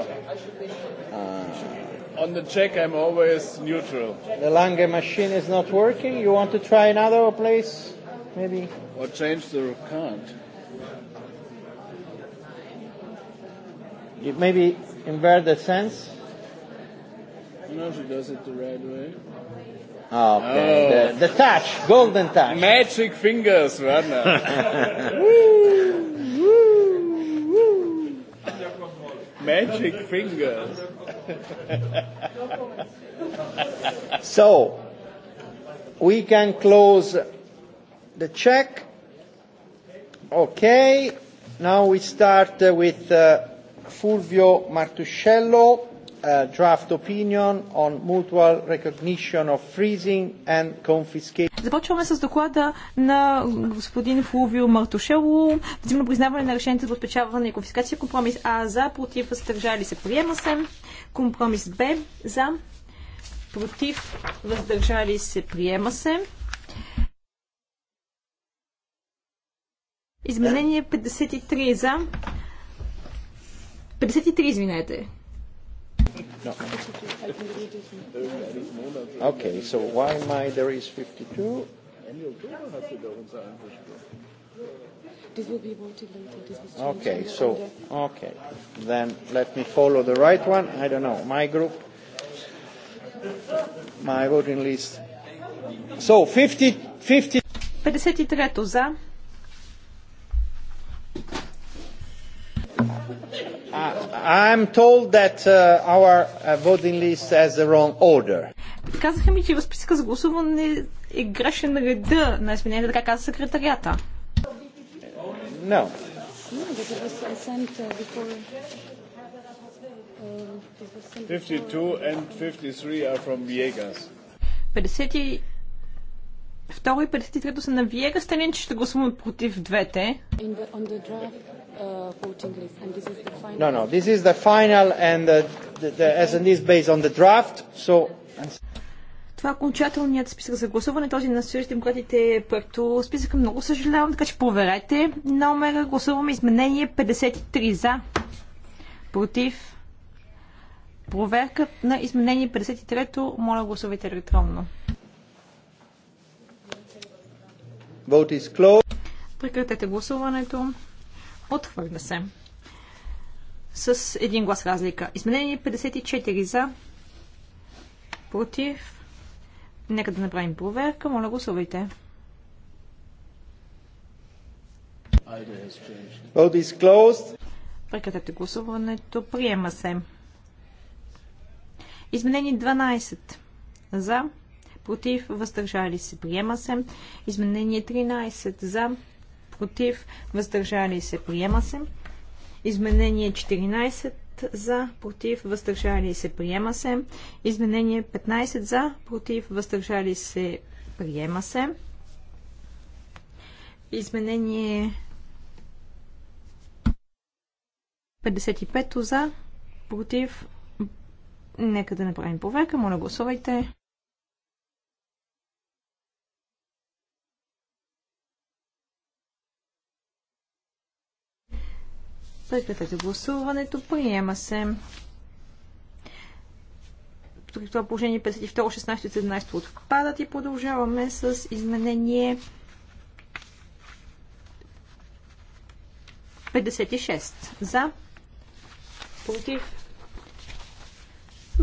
Uh, On the check, I'm always neutral. The Lange machine is not working. You want to try another place? Maybe. Or change the card. You maybe invert the sense. No, she does it the right way. Okay. Oh. The, the touch, golden touch. Magic fingers, Werner. Magic fingers. so, we can close the check. Okay. Now we start with uh, Fulvio Martuscello uh, draft opinion on mutual recognition of freezing and confiscation. Започваме с доклада на господин Флувио Мартушело. Взаимно признаване на решението за отпечатване и конфискация. Компромис А за, против, въздържали се, приема се. Компромис Б за, против, въздържали се, приема се. Изменение 53 за. 53, извинете. No. Okay, so why am I there is 52? This will be voted later. okay, so, okay. Then let me follow the right one. I don't know. My group, my voting list. So, 50, 50. 53 за, I'm told that uh, our voting list has the wrong order. Казаха ми, че в списъка за гласуване е грешен реда на изменение, така каза секретарията. No. Fifty-two and fifty-three are from Viegas. 52 Второ и 53 са на Виера Станин, че ще гласуваме против двете. The, draft, uh, no, no, this is the final and the, the, the S&D is based on the draft, so... Това е окончателният списък за гласуване, този на Съюз демократите е проекто списък. Много съжалявам, така че проверете номера. Гласуваме изменение 53 за, против. Проверка на изменение 53-то. Моля гласувайте електронно. Vote is closed. Прекратете гласуването. Отхвърля се. С един глас разлика. Изменение 54 за. Против. Нека да направим проверка. Моля, гласувайте. Vote is closed. Прекратете гласуването. Приема се. Изменени 12. За против, въздържали се, приема се. Изменение 13 за, против, въздържали се, приема се. Изменение 14 за, против, въздържали се, приема се. Изменение 15 за, против, въздържали се, приема се. Изменение 55 за, против. Нека да направим проверка. Моля, гласувайте. Прекратете гласуването. Приема се. Тук това положение 52, 16 и 17 отпадат и продължаваме с изменение 56. За. Против.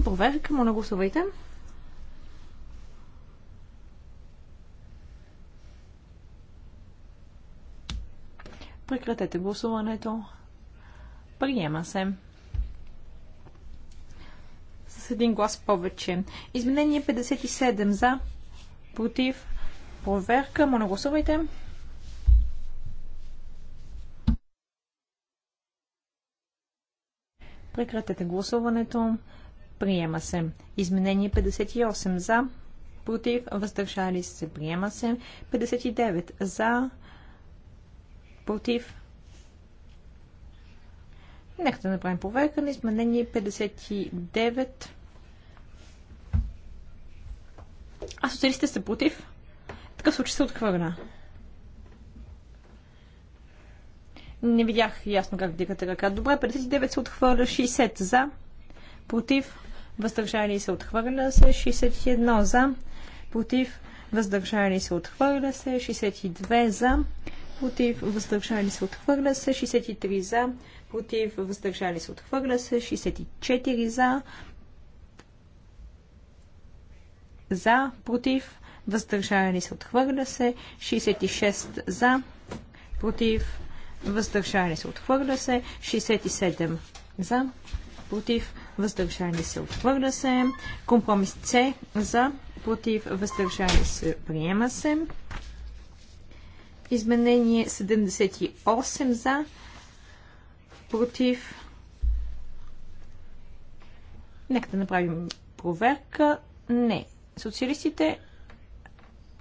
Проверка. Моля, гласувайте. Прекратете гласуването. Приема се. С един глас повече. Изменение 57 за. Против. Проверка. Моля гласувайте. Прекратете гласуването. Приема се. Изменение 58 за. Против. Въздържали се. Приема се. 59 за. Против. Нека да направим проверка на изменение 59. А социалистите са против? Така такъв случай се отхвърля. Не видях ясно как дигате ръка. Добре, 59 се отхвърля, 60 за, против, въздържали се отхвърля се, 61 за, против, въздържали се отхвърля се, 62 за, против, въздържали се отхвърля се, 63 за, против, въздържали се, отхвърля се, 64 за, за, против, въздържали се, отхвърля се, 66 за, против, въздържали се, отхвърля се, 67 за, против, въздържали се, отхвърля се, компромис С за, против, въздържали се, приема се, изменение 78 за, против. Нека да направим проверка. Не. Социалистите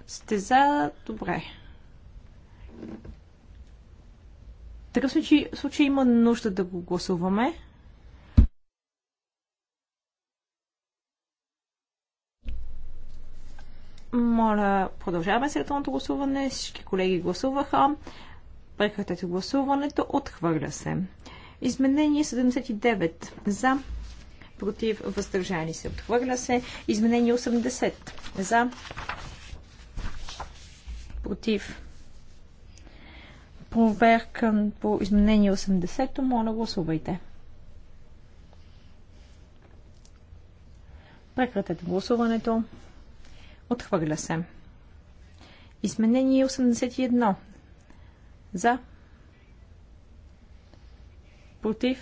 сте за добре. В такъв случай, случай има нужда да го гласуваме. Моля, продължаваме с електронното гласуване. Всички колеги гласуваха. Прекратете гласуването. Отхвърля се. Изменение 79 за, против, въздържани се. Отхвърля се. Изменение 80 за, против. Проверка по изменение 80-то. Моля, гласувайте. Прекратете гласуването. Отхвърля се. Изменение 81. За. Против.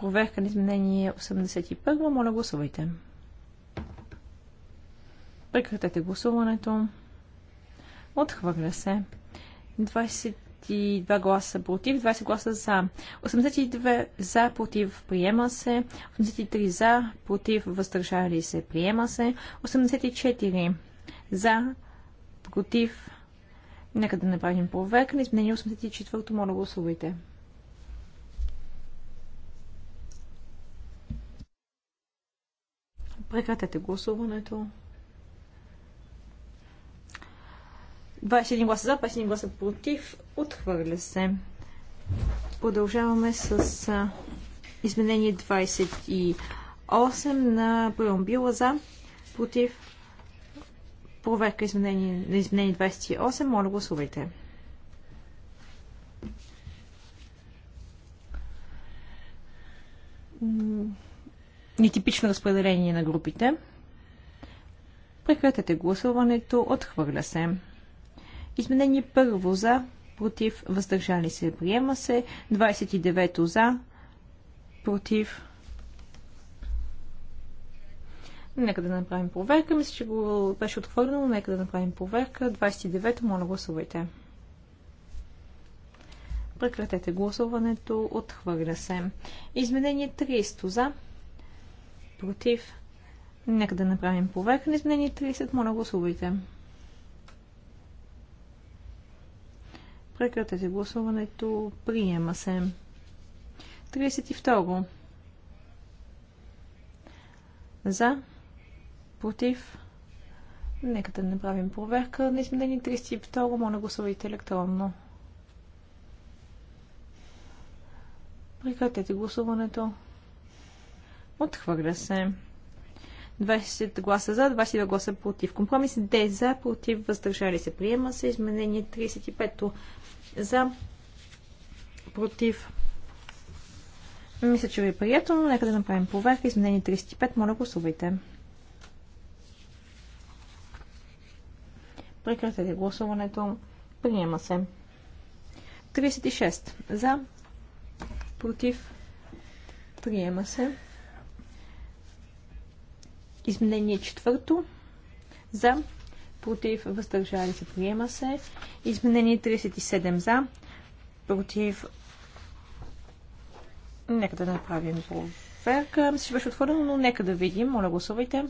Проверка на изменение 81. Моля гласувайте. Прекратете гласуването. Отхвърля се. 22 гласа против, 20 гласа за. 82 за, против, приема се. 83 за, против, въздържали се, приема се. 84 за, против. Нека да направим проверка. Изменение 84 моля гласувайте. Да Прекратете гласуването. 21 гласа за, 21 гласа против. Отхвърля се. Продължаваме с изменение 28 на била за, против. Проверка изменение, на изменение 28. Моля гласувайте нетипично разпределение на групите. Прекратете гласуването. Отхвърля се. Изменение първо за, против, въздържали се, приема се. 29 за, против. Нека да направим проверка. Мисля, че го беше отхвърлено. Нека да направим проверка. 29 моля гласувайте. Прекратете гласуването. Отхвърля се. Изменение 300 за против. Нека да направим проверка на изменение 30. Моля, гласувайте. Прекратете гласуването. Приема се. 32. За. Против. Нека да направим проверка на изменение 32. Моля, гласувайте електронно. Прекратете гласуването. Отхвърля се. 20 гласа за, 22 гласа против. Компромис 10 за, против, въздържали се. Приема се изменение 35 за, против. Мисля, че ви е приятелно. нека да направим поверх. Изменение 35, моля гласувайте. Прекратете гласуването. Приема се. 36 за, против, приема се. Изменение четвърто. За. Против. Въздържали се. Приема се. Изменение 37 за. Против. Нека да направим проверка. Мисля, че беше отворено, но нека да видим. Моля, гласувайте.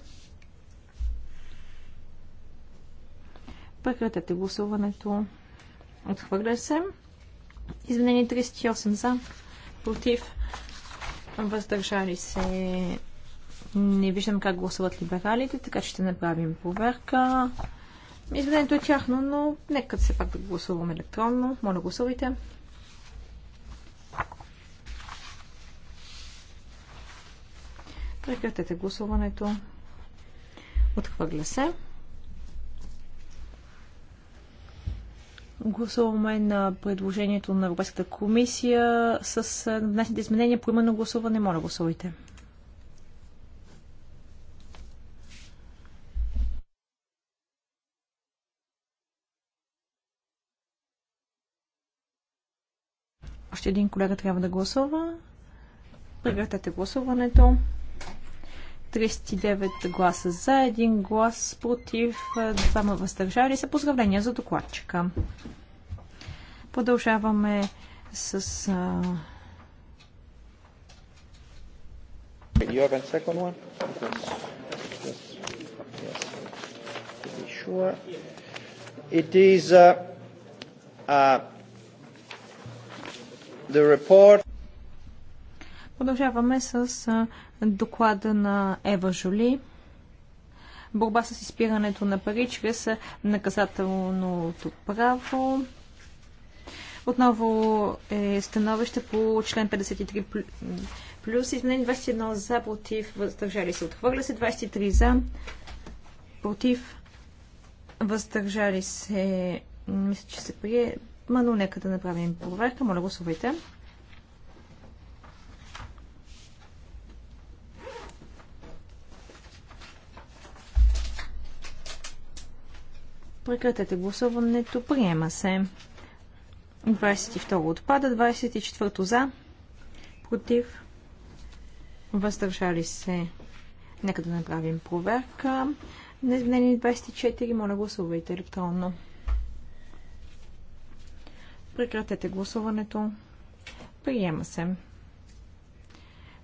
Прекратете гласуването. Отхвърля се. Изменение 38 за. Против. Въздържали се. Не виждам как гласуват либералите, така че ще направим проверка. Изведението е тяхно, но нека все пак да гласуваме електронно. Моля, гласувайте. Прекратете гласуването. Отхвърля се. Гласуваме на предложението на Европейската комисия с внесените изменения по именно гласуване. Моля, гласувайте. Още един колега трябва да гласува. Прекратете гласуването. 39 гласа за, един глас против, Двама въздържали се. Поздравления за докладчика. Продължаваме с... А... It is uh, uh, the report. Продължаваме с доклада на Ева Жоли. Борба с изпирането на пари чрез наказателното право. Отново е становище по член 53 плюс изменение 21 за, против, въздържали се. Отхвърля се 23 за, против, въздържали се. Мисля, че се прие Ма, но нека да направим проверка. Моля, гласувайте. Прекратете гласуването. Приема се. 22 отпада, 24 за, против, въздържали се. Нека да направим проверка. На 24, моля гласувайте електронно. Прекратете гласуването. Приема се.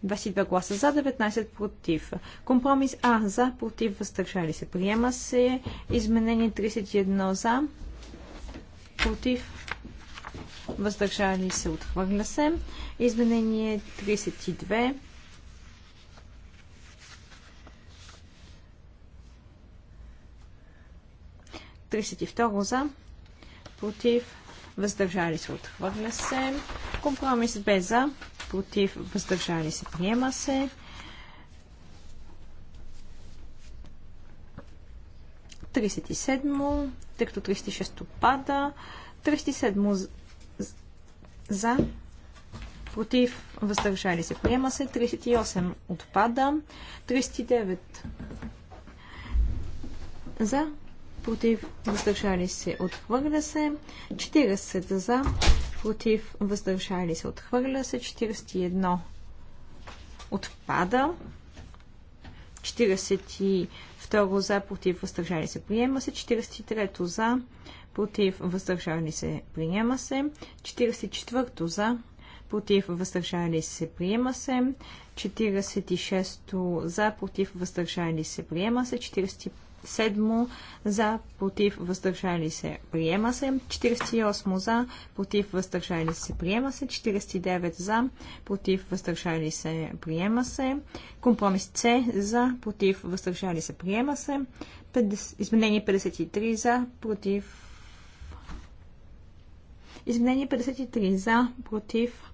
22 гласа за, 19 против. Компромис А за, против, въздържали се. Приема се. Изменение 31 за, против, въздържали се, отхвърля се. Изменение 32. 32 за, против, въздържали се, отхвърля се. Компромис бе за, против, въздържали се, приема се. седмо, тъй като 36 пада. 37 за, против, въздържали се, приема се. 38 отпада. 39 за, против, въздържали се, отхвърля се. 40 за, против, въздържали се, отхвърля се. 41 отпада. 42 за, против, въздържали се, приема се. 43 за, против, въздържали се, приема се. 44 за, против, въздържали се, приема се. 46 за, против, въздържали се, приема се. 45 7 за, против, въздържали се, приема се. 48 за, против, въздържали се, приема се. 49 за, против, въздържали се, приема се. Компромис С за, против, въздържали се, приема се. 50, изменение 53 за, против. Изменение 53 за, против.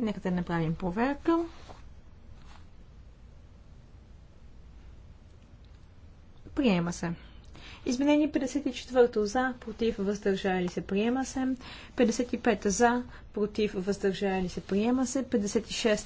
Нека да направим проверка. Приема се. Изменение 54 за, против, въздържали се, приема се. 55 за, против, въздържали се, приема се. 56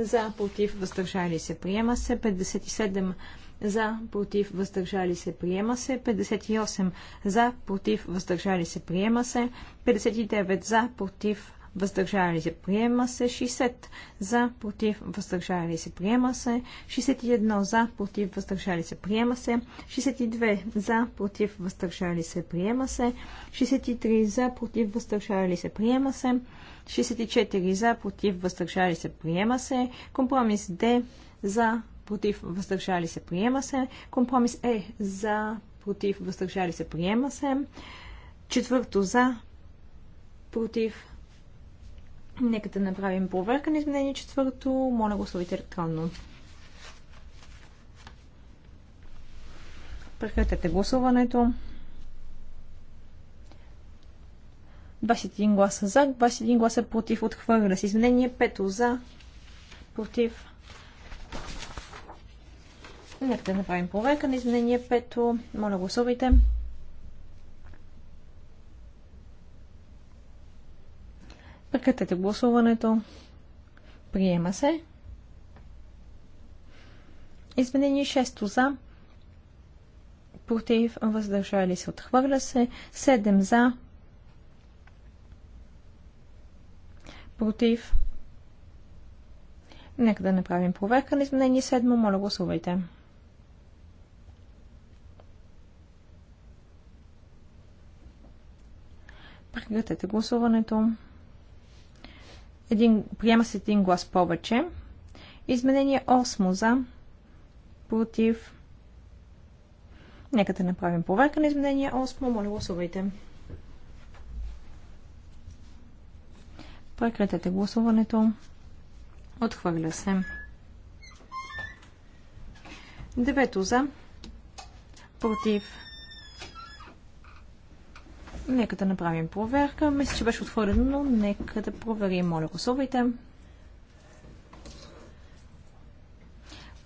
за, против, въздържали се, приема се. 57 за, против, въздържали се, приема се. 58 за, против, въздържали се, приема се. 59 за, против, въздържали се, приема се. 60 за, против, въздържали се, приема се. 61 за, против, въздържали се, приема се. 62 за, против, въздържали се, приема се. 63 за, против, въздържали се, приема се. 64 за, против, въздържали се, приема се. Компромис Д за, против, въздържали се, приема се. Компромис Е за, против, въздържали се, приема се. Четвърто за, против, Нека да направим проверка на изменение четвърто. Моля словите електронно. Прекратете гласуването. 21 гласа за, 21 гласа против, отхвърля се. Изменение 5 за, против. Нека да направим проверка на изменение 5. Моля гласувайте. Прекратете гласуването. Приема се. Изменение 6 за. Против. Въздържали се. Отхвърля се. 7 за. Против. Нека да направим проверка на изменение 7. Моля гласувайте. Прекратете гласуването. Един, приема се един глас повече. Изменение 8 за. Против. Нека да направим проверка на изменение 8. Моля, гласувайте. Прекратете гласуването. Отхвърля се. Девето за. Против. Нека да направим проверка. Мисля, че беше отворено, но нека да проверим. Моля, гласувайте.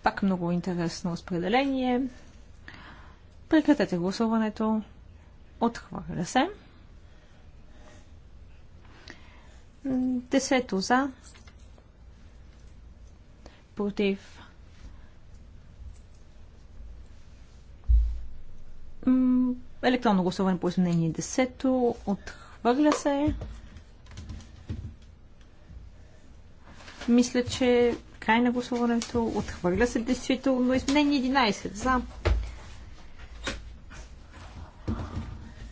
Пак много интересно разпределение. Прекратете гласуването. Отхвърля се. Десето за. Против. М- Електронно гласуване по изменение 10. Отхвърля се. Мисля, че край на гласуването отхвърля се действително изменение 11. За.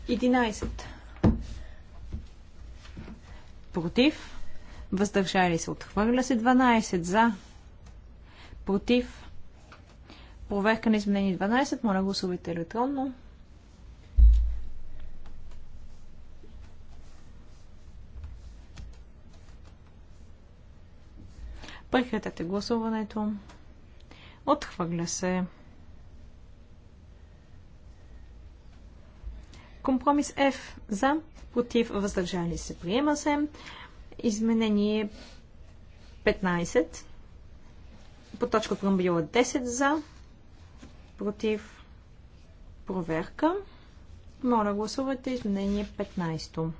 11. Против. Въздържали се. Отхвърля се 12. За. Против. Проверка на изменение 12. Моля гласувайте електронно. Прекратете гласуването. Отхвърля се. Компромис F за, против, въздържали се, приема се. Изменение 15. По точка промбила 10 за, против, проверка. Моля, гласувайте изменение 15.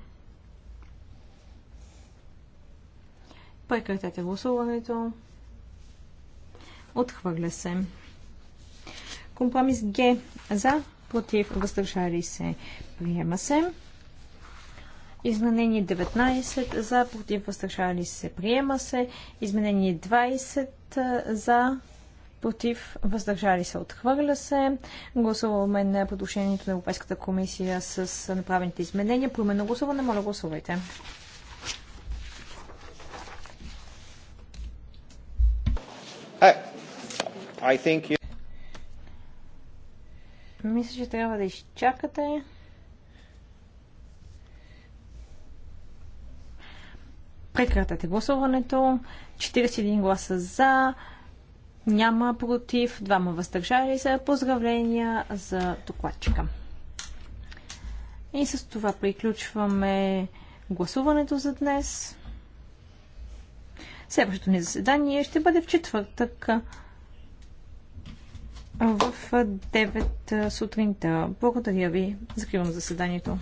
Прекратете гласуването. Отхвърля се. Компромис Г за, против, въздържали се. Приема се. Изменение 19 за, против, въздържали се. Приема се. Изменение 20 за, против, въздържали се, отхвърля се. Гласуваме на предложението на Европейската комисия с направените изменения. По гласуване, моля гласувайте. You... Мисля, че трябва да изчакате. Прекратете гласуването. 41 гласа за, няма против, двама въздържали се. Поздравления за докладчика. И с това приключваме гласуването за днес. Следващото ни заседание ще бъде в четвъртък в 9 сутринта. Благодаря ви. Закривам заседанието.